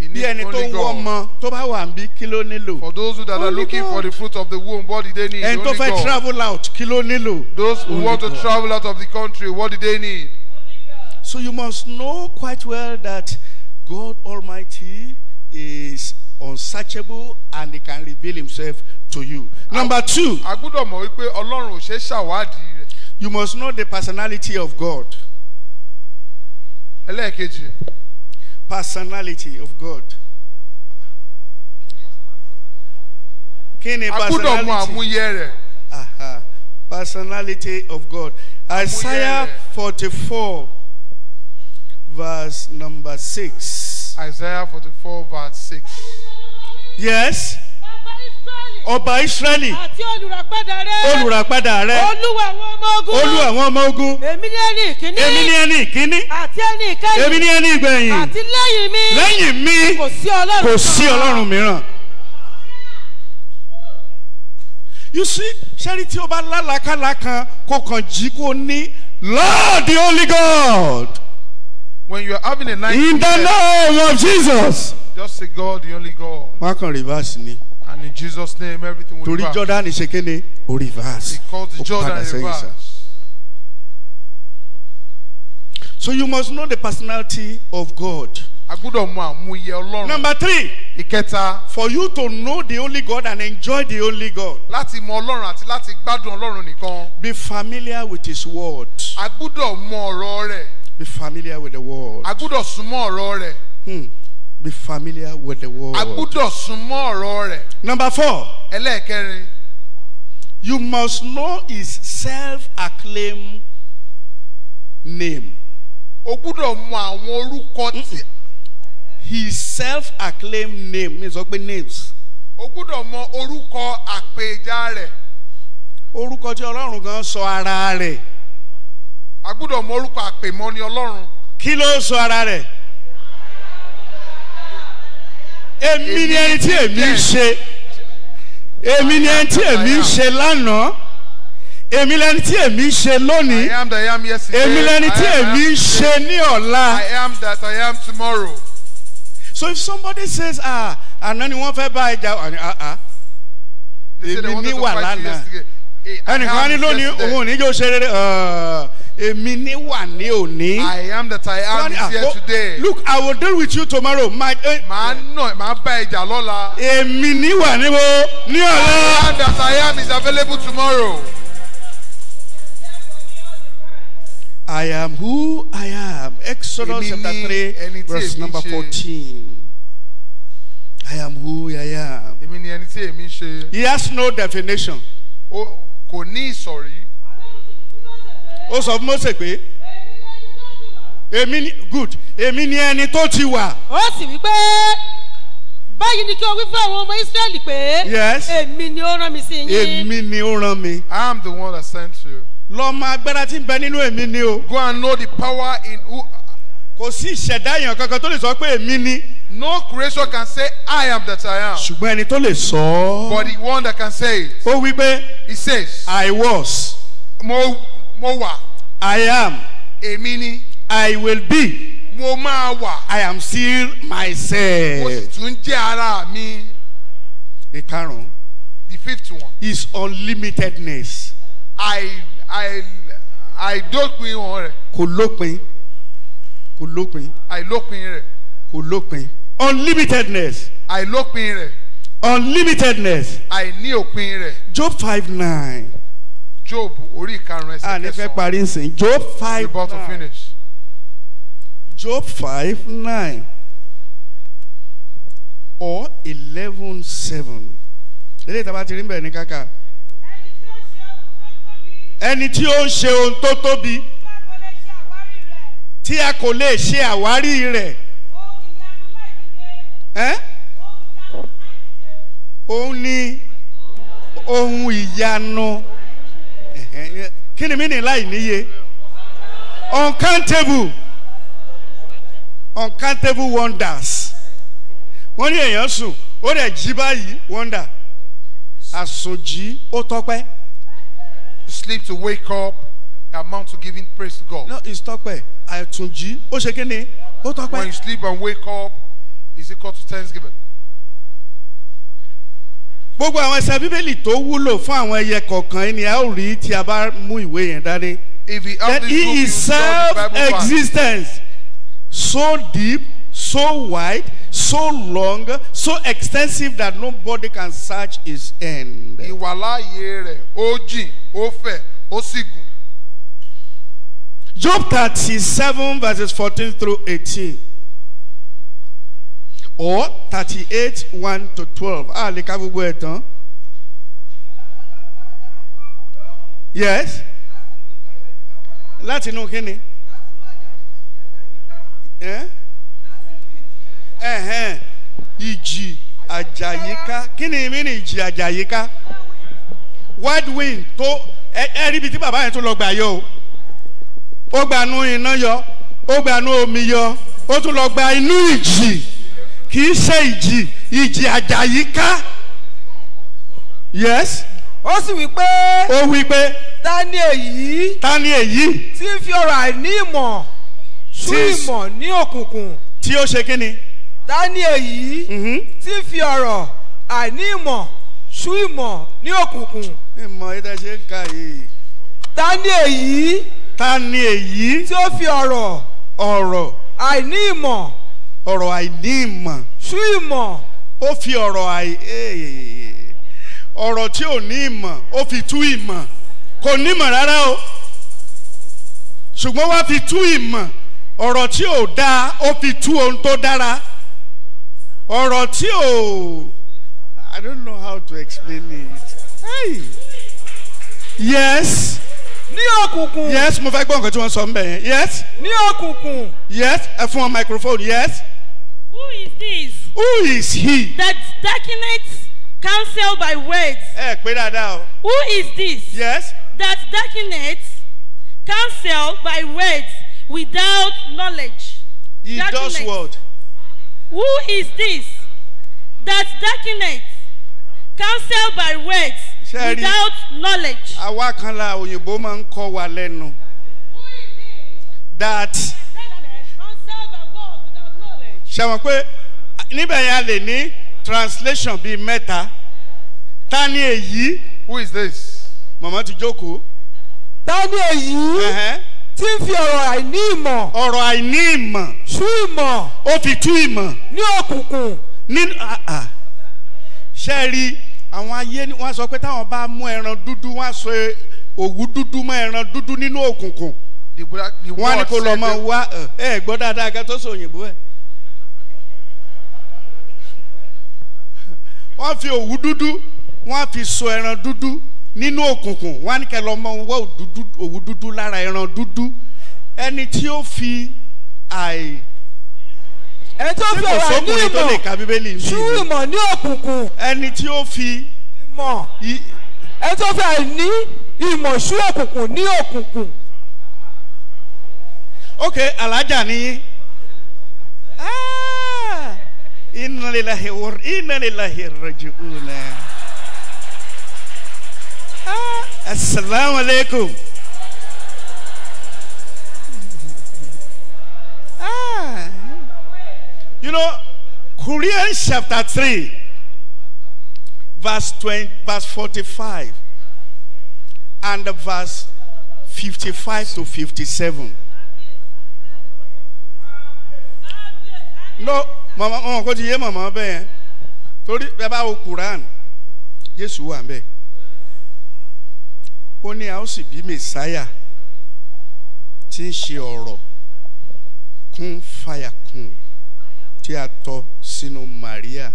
ẹni tó wọ́n mọ tó bá wà níbí kí ló nílò. for those who that are looking for the fruit of the womb what did they need. ẹni tó fẹ́ travel out kí ló nílò. those who want to travel out of the country what did they need. so you must know quite well that God Almighty is unsearchable and he can reveal himself to you. number two. a mọ̀ wípé ọlọ́run ò ṣe é ṣàwádìí rẹ̀. you must know the personality of God. ẹlẹ́ẹ̀kejì. personality of God. personality? Personality of God. Isaiah forty-four verse number six. Isaiah forty-four verse six. Yes. ọba israẹli àti olùràpadà rẹ olùràpadà rẹ olúwa àwọn ọmọ ogun olúwa àwọn ọmọ ogun èmi ní ẹni ìkíní èmi ní ẹni ìkíní àti ẹni ìkẹyìn èmi ní ẹni ìgbẹ̀yìn àti lẹ́yìn mi lẹ́yìn mi kò sí ọlọ́run kò sí ọlọ́run mìíràn. you see sẹ́rí tí o bá lálàkàlà kan kò kàn jí kó ní lord the holy god. when you are having a nice. in the name of jesus. just say god the only god. má kàn ni. And in Jesus name everything will torí Jordan ṣe kéde ó reverse ó padà sẹ́yìn sá. So you must know the personality of God. Number three. For you to know the only God and enjoy the only God. Be familiar with his word. Be familiar with the word. Hmm be familiar with the word. a gbúdọ̀ súnmọ́ ọ̀rọ̀ number four. ẹlẹ́ẹ̀kẹrin. you must know his self-acclaimed name. o gbúdọ̀ mọ àwọn orúkọ tí. his self-acclaimed name means ọgbẹ́ names. o gbúdọ̀ mọ orúkọ àpèjá rẹ̀. orúkọ tí ọlọ́run gan sọ ara rẹ̀. a gbúdọ̀ mọ orúkọ àpèmọ́ ni ọlọ́run. kí ló sọ ara rẹ̀ èmi ni ẹni tí èmi ń ṣe èmi ni ẹni tí èmi ń ṣe lánàá èmi lẹni tí èmi ń ṣe lónìí èmi lẹni tí èmi ń ṣe ní ọ̀la. I am that I am tomorrow. So if somebody says ah àná ni wọ́n fẹ́ bá ẹja ah ah èmi ní wà lánàá ẹnìkan á ní lónìí òun ò ní yóò ṣe rere. Uh, èmi ní wà ní òní. I am that I am is ah, here oh, today. Look, I will deal with you tomorrow. Eh, màá nà màá bá ìjà lọ́la. Èmi ní wà ní wo ní ọ̀la. I am that I am is available tomorrow. I am who I am. Exodus chapter three verse number fourteen. I am who I am. He has no definition. Oh, ní ìsọ̀rí ó sọ fún Mósè pé èmi ni good èmi ni ẹni tó ti wà. ó sì wí pé báyìí ni kí o wí fún àwọn ọmọ Ísírẹ́lì pé. yes èmi ni ó rán mi sí yín. èmi ni ó rán mi. I am the one that sent you. lọ mọ agbára tí ń bẹ nínú èmi ni o. go and know the power in who. kò sí ìṣẹ̀dá èèyàn kankan tó lè sọ pé èmi ni. No creation can say I am that I am. Ṣùgbọ́n ẹni tó lè sọ But the one that can say it. Ó wí pé. He says. I was. Mo mo wà. I am. Èmi ni. I will be. Mo máa wà. I am still myself. Mo sì tún jẹ́ ara mi. Ìkarùn-ún. The fifth one. Is unlimitedness. I I àìdópin wọn rẹ̀. Kò lópin. Kò lópin. Àìlópin rẹ̀. Kò lópin. Unlimitedness. Àìlópin rẹ̀. Unlimitedness. Àìní òpin rẹ̀. Job five nine job orí ìkarùn ẹsẹ̀ kẹsàn-án. Ah, a ní fẹ́ parí nsìn job five nine. job five nine or eleven seven. lẹ́yìn tí a bá ti rí bẹ́ẹ̀ ní kàkà. ẹni tí ó ń ṣe ohun tó tóbi. tí a kò lè ṣe àwárí rẹ̀. ẹ́ ni ohun ìyanu kí ni mí ní láì níye uncountable uncountable wonders wọ́n ní èèyàn sùn ó rẹ̀ jí báyìí wonder àsùnjí ó tọ́pẹ́. sleep to wake up amount to giving praise to God. no it's tọ́pẹ́ àtúnjí ó ṣe kí ni ó tọ́pẹ́. when you sleep and wake up is equal to thanksgiving gbogbo àwọn ẹsẹ̀ bíbélì tó wúlò fún àwọn ẹyẹ kọ̀ọ̀kan ẹni a ó rí tí a bá mú ìwé yẹn dání. if he have this book he is self-existence so deep so wide so long so extensive that nobody can search his end. ìwàláàyè rẹ̀ ó jìn ó fẹ̀ ó sì gùn. Job thirty-seven verses fourteen through eighteen or thirty eight one to twelve Ah, lè ka gbogbo ẹ̀ yes láti inú kíni eh? ẹ̀hẹ́n ìjì àjàyíká kíni mi ni ìjì àjàyíká wide wind tó ẹ rí ibi tí bàbá yẹn tún lọ gbà yọ o ó gbà nú iná yọ ó gbà nú omi yọ ó tún lọ gbà inú ìjì kì í ṣe ìjì ìjì àjàyí ká yes. ó sì wí pé. ó wí pé. ta ni èyí. ta ni èyí. tí ń fi ọ̀rọ̀ àìní ìmọ̀ tú ìmọ̀ ní òkùnkùn. tí ó ṣe kíni. ta ni èyí. Mm-hmm. tí ń fi ọ̀rọ̀ àìní ìmọ̀ tú ìmọ̀ ní òkùnkùn. ìmọ̀ yìí tẹ́ ṣe ń ka yìí. ta ni èyí. ta ni èyí. tí ó fi ọ̀rọ̀. ọ̀rọ̀. àìní ìmọ̀ ọ̀rọ̀ àìní ìmọ̀. sú ìmọ̀. ó fi ọ̀rọ̀ àì eh, ọ̀rọ̀ tí ò ní ìmọ̀ ó fi tú ìmọ̀ kò nímọ̀ rárá o ṣùgbọ́n wá fi tú ìmọ̀ ọ̀rọ̀ tí ò dáa ó fi tú ohun tó dára ọ̀rọ̀ tí ò I don't know how to explain it. Hey. Yes. Ní òkùnkùn. Yes, mo fẹ́ gbọ́ nǹkan tí wọ́n sọ ń bẹ̀ yẹn. Yes. Ní òkùnkùn. Yes, ẹ fún wọn microphone. Yes. Who is this? Who is he? That darkeneth counsel by words. Eh, pé dáadáa o. Who is this? Yes. That darkeneth counsel by words without knowledge. He darkeneth. does what? Who is this? That darkeneth counsel by words Sherry, without knowledge. Àwa kan la òyìnbó máa ń kọ́ wa lẹ́nu. That ṣe wọn pé níbẹ̀ yẹn a lè ní translation bíi mẹ́ta ta ni èyí. who is this. Mama ti jókòó. ta ni èyí. tí ń fi ọ̀rọ̀ àìní ìmọ̀. ọ̀rọ̀ àìní ìmọ̀. tú ìmọ̀. ó fi tú ìmọ̀. ní òkùnkùn. nínú ah, ah. ṣe rí àwọn ayé wọn sọ pé táwọn bá mú ẹran dúdú wọn sọ òwú dúdú mọ ẹran dúdú nínú òkùnkùn wọn ni kò lọ mọ wá ẹ eh, eh, gbọ́ dáadáa kẹ́ òyìnbó ẹ̀. wọ́n fi òwú dúdú wọ́n fi so ẹran dúdú nínú òkùnkùn wọ́n á ní kẹ́ lọ mọ wọ́ òwú dúdú lára ẹran dúdú ẹni tí ó fi àì ẹni tí ó fi ọ̀rọ̀ àìní ìmọ̀ sú ìmọ̀ ní òkùnkùn ẹni tí ó fi ìmọ̀ ẹni tí ó fi àìní ìmọ̀ sú òkùnkùn ní òkùnkùn. ok alájà ni. Ah! Innalillahi wa innalillahi raji'una. Ah, assalamu alaikum. Ah. You know, Korean chapter 3, verse 20, verse 45 and verse 55 to 57. lọ mọ̀mọ́ mọ̀mọ́ kò ti yé mọ̀mọ́ bẹ́ẹ̀ yẹn torí ẹ bá wo Quran Jésù wà bẹ́ẹ̀ ó ní a ó sì bí Mèsáyà tí ń ṣe ọ̀rọ̀ kún fàyà kún tí a tọ́ sínú Màríà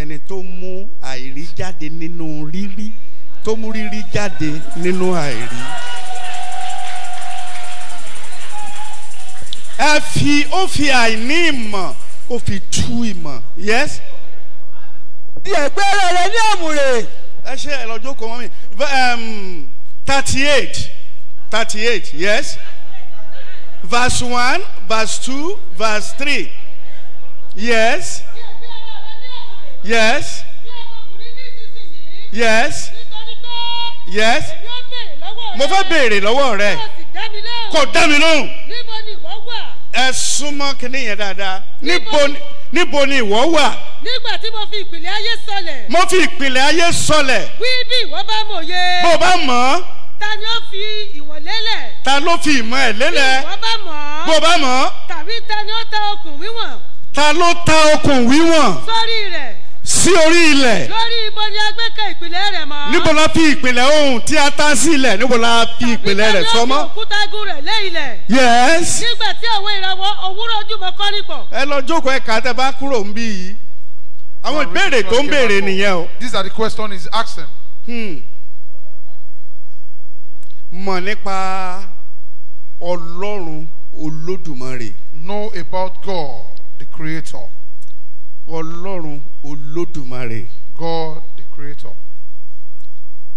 ẹni tó mú àìrí jáde nínú rírí tó mú rírí jáde nínú àìrí. ẹ fi ó fi àìní ìmọ̀ ó fi tú ìmọ̀ yes. ìyẹ̀pẹ̀ rẹ̀ ní àmùrè. ẹ ṣe ẹ lọ jókòó mọ́ mi thirty eight thirty eight yes verse one verse two verse three yes yes yes yes mo fẹ́ béèrè lọ́wọ́ rẹ kò dá mi lóhùn ẹ súnmọ́ kínní yẹn dáadáa níbo ni níbo ni ìwọ wà. nígbà tí mo fi ìpìlẹ̀ ayé sọlẹ̀. mo fi ìpìlẹ̀ ayé sọlẹ̀. wí bí ìwọ bá mòye. bó o bá mọ̀ ta ni ó fi ìwọ̀n lélẹ̀. ta ló fi ìmọ̀ ẹ̀ lélẹ̀. bí ìwọ bá mọ̀ ọ́. bó o bá mọ̀ tàbí ta ni ó ta okùn wíwọ̀n. ta ló ta okùn wíwọ̀n. sórí rẹ̀ sí orí ilẹ̀. lórí ibo ni a gbé kẹ ìpìlẹ̀ rẹ̀ mọ́. níbo la fi ìpìlẹ̀ ohun tí a tán sí ilẹ̀ níbo la fi ìpìlẹ̀ rẹ̀ sọ mọ́. tàbí òkúta igun rẹ̀ lé ilẹ̀. yes. nígbà tí àwọn ìràwọ̀ òwúrọ̀ ojúmọ́ kọ́ nípọ̀. ẹ lọ jókòó ẹ kà á tẹ bá kúrò ń bí yìí. àwọn ìbéèrè tó ń béèrè nìyẹn o. these are the questions he's asking. Hmm. mọ̀ nípa ọlọ́run olódùmarè. know about God the creator ọlọ́run olódùmarè God the creator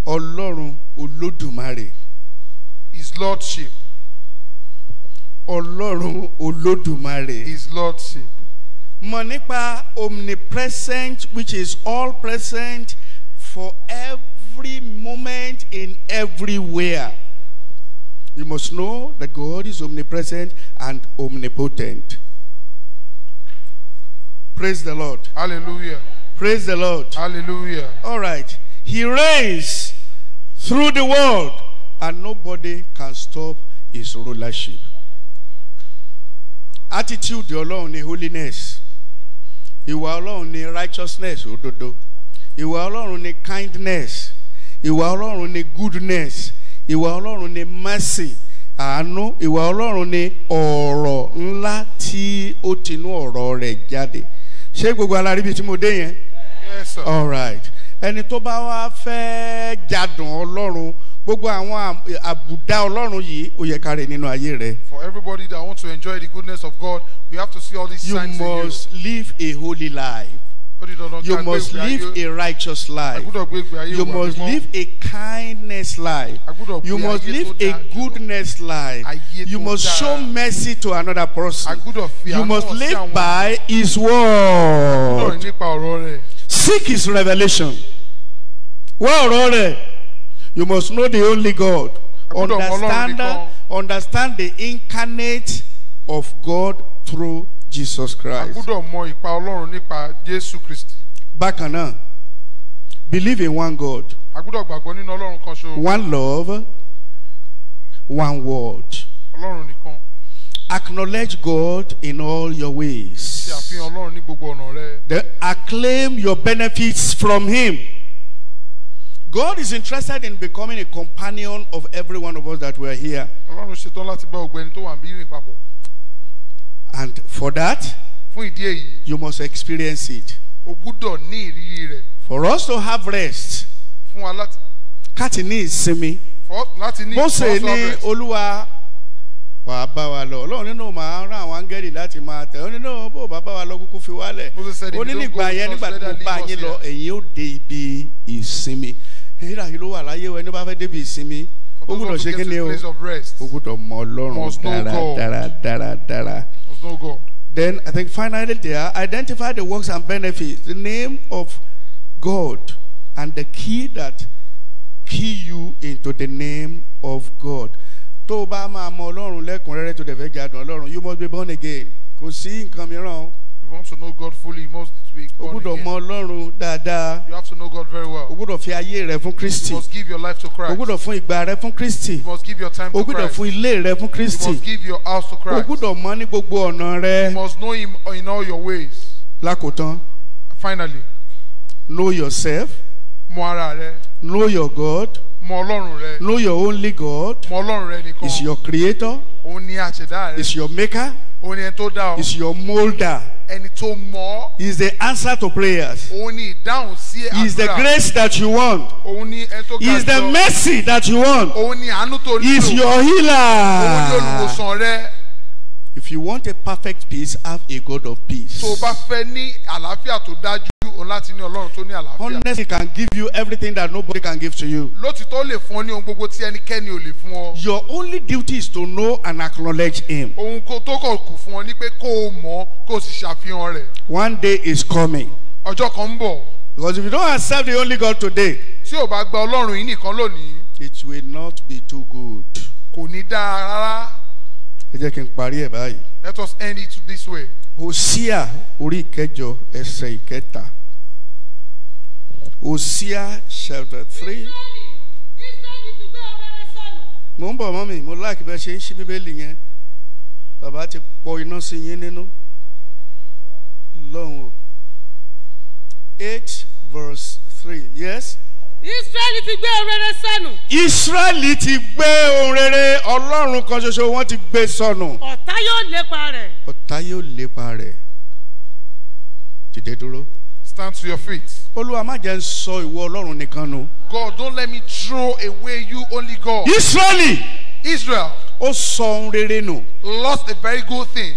ọlọ́run olódùmarè his lordship ọlọ́run olódùmarè his lordship mọ̀ nípa omnipresent which is all present for every moment in everywhere. You must know that God is omnipresent and omnipotent. Praise the Lord. Hallelujah. Praise the Lord. Hallelujah. All right. He reigns through the world, and nobody can stop his rulership. Attitude alone ni holiness. Ìwà alone ni righteousness òdodo. Ìwà alone ni kindness. Ìwà alone ni goodness. Ìwà alone ni mercy. Àánú ìwà Ọlọ́run ni ọ̀rọ̀ ńlá tí ó tinú ọ̀rọ̀ rẹ̀ jáde ṣé gbogbo ara tí mo dé yẹn yes ẹni tó bá wá fẹ́ jadùn ọlọ́run gbogbo àwọn àbùdá ọlọ́run yìí ó yẹ ká rí nínú ayé rẹ. for everybody that want to enjoy the goodness of God we have to see all these you signs in you. you must live a holy life. You must live a righteous life. You must live a kindness life. You must live a goodness life. You must show mercy to another person. You must live by His word. Seek His revelation. You must know the only God. Understand, understand the incarnate of God through Jesus Christ. Back gbọ́dọ̀ mọ believe in one God. one love one word. Acknowledge God in all your ways. Then acclaim your benefits from him. God is interested in becoming a companion of every one of us that we are here and for that fún ìdí èyí you must experience it. o gbúdọ̀ ní ìrírí rẹ̀. for us to have rest. fún wa láti. káàtì ní ìsinmi. láti ní ìfọwọ́sọ rest. Mósè ní olúwa wà á bá wa lọ ọlọ́run nínú màá rán àwọn áńgẹ́lì láti máa tẹ̀ ọ́ nínú bó bá bá wa lọ kúkú fi wálẹ̀ ó ní nígbà yẹn nígbà tó bá yín lọ èyí ó dé ibi ìsinmi ìrà yìí ló wà láyé ẹni bá fẹ́ débi ìsinmi ó gbúdọ̀ ṣe kí ni o ó gbúdọ̀ mọ ọlọ́run dáradára dáradára. was no God. Then I think finally there, identify the works and benefits, the name of God, and the key that key you into the name of God. tó o bá máa mọ tó the fẹ́ jẹ́ you must be born again kò sí nǹkan around. you want to know God fully you must be born again. you have to know God very well. you must give your life to Christ. you must give your time to Christ. you must give your house to Christ. you must know him in all your ways. finally. know yourself. know your God. know your only God. is your creator. is your maker òun ẹni tó is your molder. ẹni tó mọ. is the answer to prayers. òun ni ìdáhùn is the grace that you want. òun ni is the mercy that you want. òun ni is your healer. if you want a perfect peace have a God of peace. tó o bá fẹ́ ní ọlọ́run láti ní ọlọ́run tó ní àlàáfíà. honesty can give you everything that nobody can give to you. lótìtọ́ lè fún ọ ní ohun gbogbo tí ẹnikẹ́ni ò lè fún ọ. your only duty is to know and acknowledge him. ohun tó kọ̀ kù fún ọ ni pé kó o mọ̀ kó o sì ṣàfihàn rẹ̀. one day is coming. ọjọ́ kan ń bọ̀. because if you don't accept the only God today. tí o bá gba ọlọ́run yìí nìkan lónìí. it will not be too good. kò ní dáa rárá. ẹ jẹ́ kí n parí ẹ̀ báyìí. let us end it this way. Hosea orí ìkẹjọ ẹsẹ̀ ìkẹta. Hosea chapter three. mo ń bọ̀ mọ́mì mo láàkì bẹ́ẹ̀ ṣe ń ṣí bíbélì yẹn bàbá ti pọ iná sí yín nínú lọ́hùn o eight verse three yes. Israẹli ti gbé ohun rere sọnù. Israẹli ti gbé ohun rere Ọlọ́run kan ṣoṣo wọ́n ti gbé sọnù. Ọ̀tá yóò lépa rẹ̀. Ọ̀tá yóò lépa rẹ̀. Jìde dúró. Stand to your feet. Olúwa má jẹ́ ń sọ ìwọ Ọlọ́run nìkan nu. God don't let me throw away you only God. Israeli. Israel. Ó sọ ohun rere nù. Lost a very good thing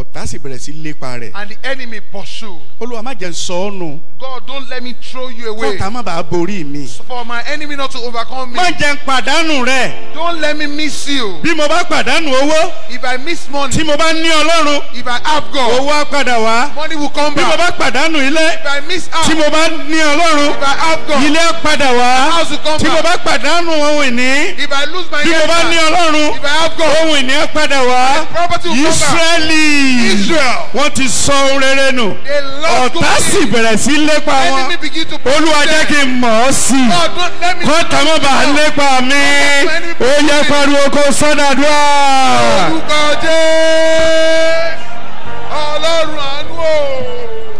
ọ̀tá sì bẹ̀rẹ̀ sí lépa rẹ̀. and the enemy pursue. olúwa má jẹ́ n sọ ọ́ nù. God don't let me throw you away. kọ́ta má bàa borí mi. for my enemy not to overcome me. má jẹ́ n pàdánù rẹ̀. don't let me miss you. bí mo bá pàdánù owó. if I miss money. tí mo bá ní ọlọ́run. if I have God. owó á padà wá. money will come back. bí mo bá pàdánù ilé. if I miss house. tí mo bá ní ọlọ́run. if I have God. ilé á padà wá. house will come back. tí mo bá pàdánù ohun ìní. if I lose my inheritance. bí mo bá ní ọlọ́run. if I have God. ohun ìní á padà wá. my property will come back. Israel Israeli. Israel. Wọ́n ti sọ ohun rere nù. Ọ̀tá sì bẹ̀rẹ̀ sí lépa wọn. Olúwa jẹ́ kí n mọ̀ ọ́ sí i. Kọ́ńtà mọ́ bá lépa mi. Ó yẹ pariwo kó sọ́dàdúrà. Olùkọ́ ọlọ́run àánú o.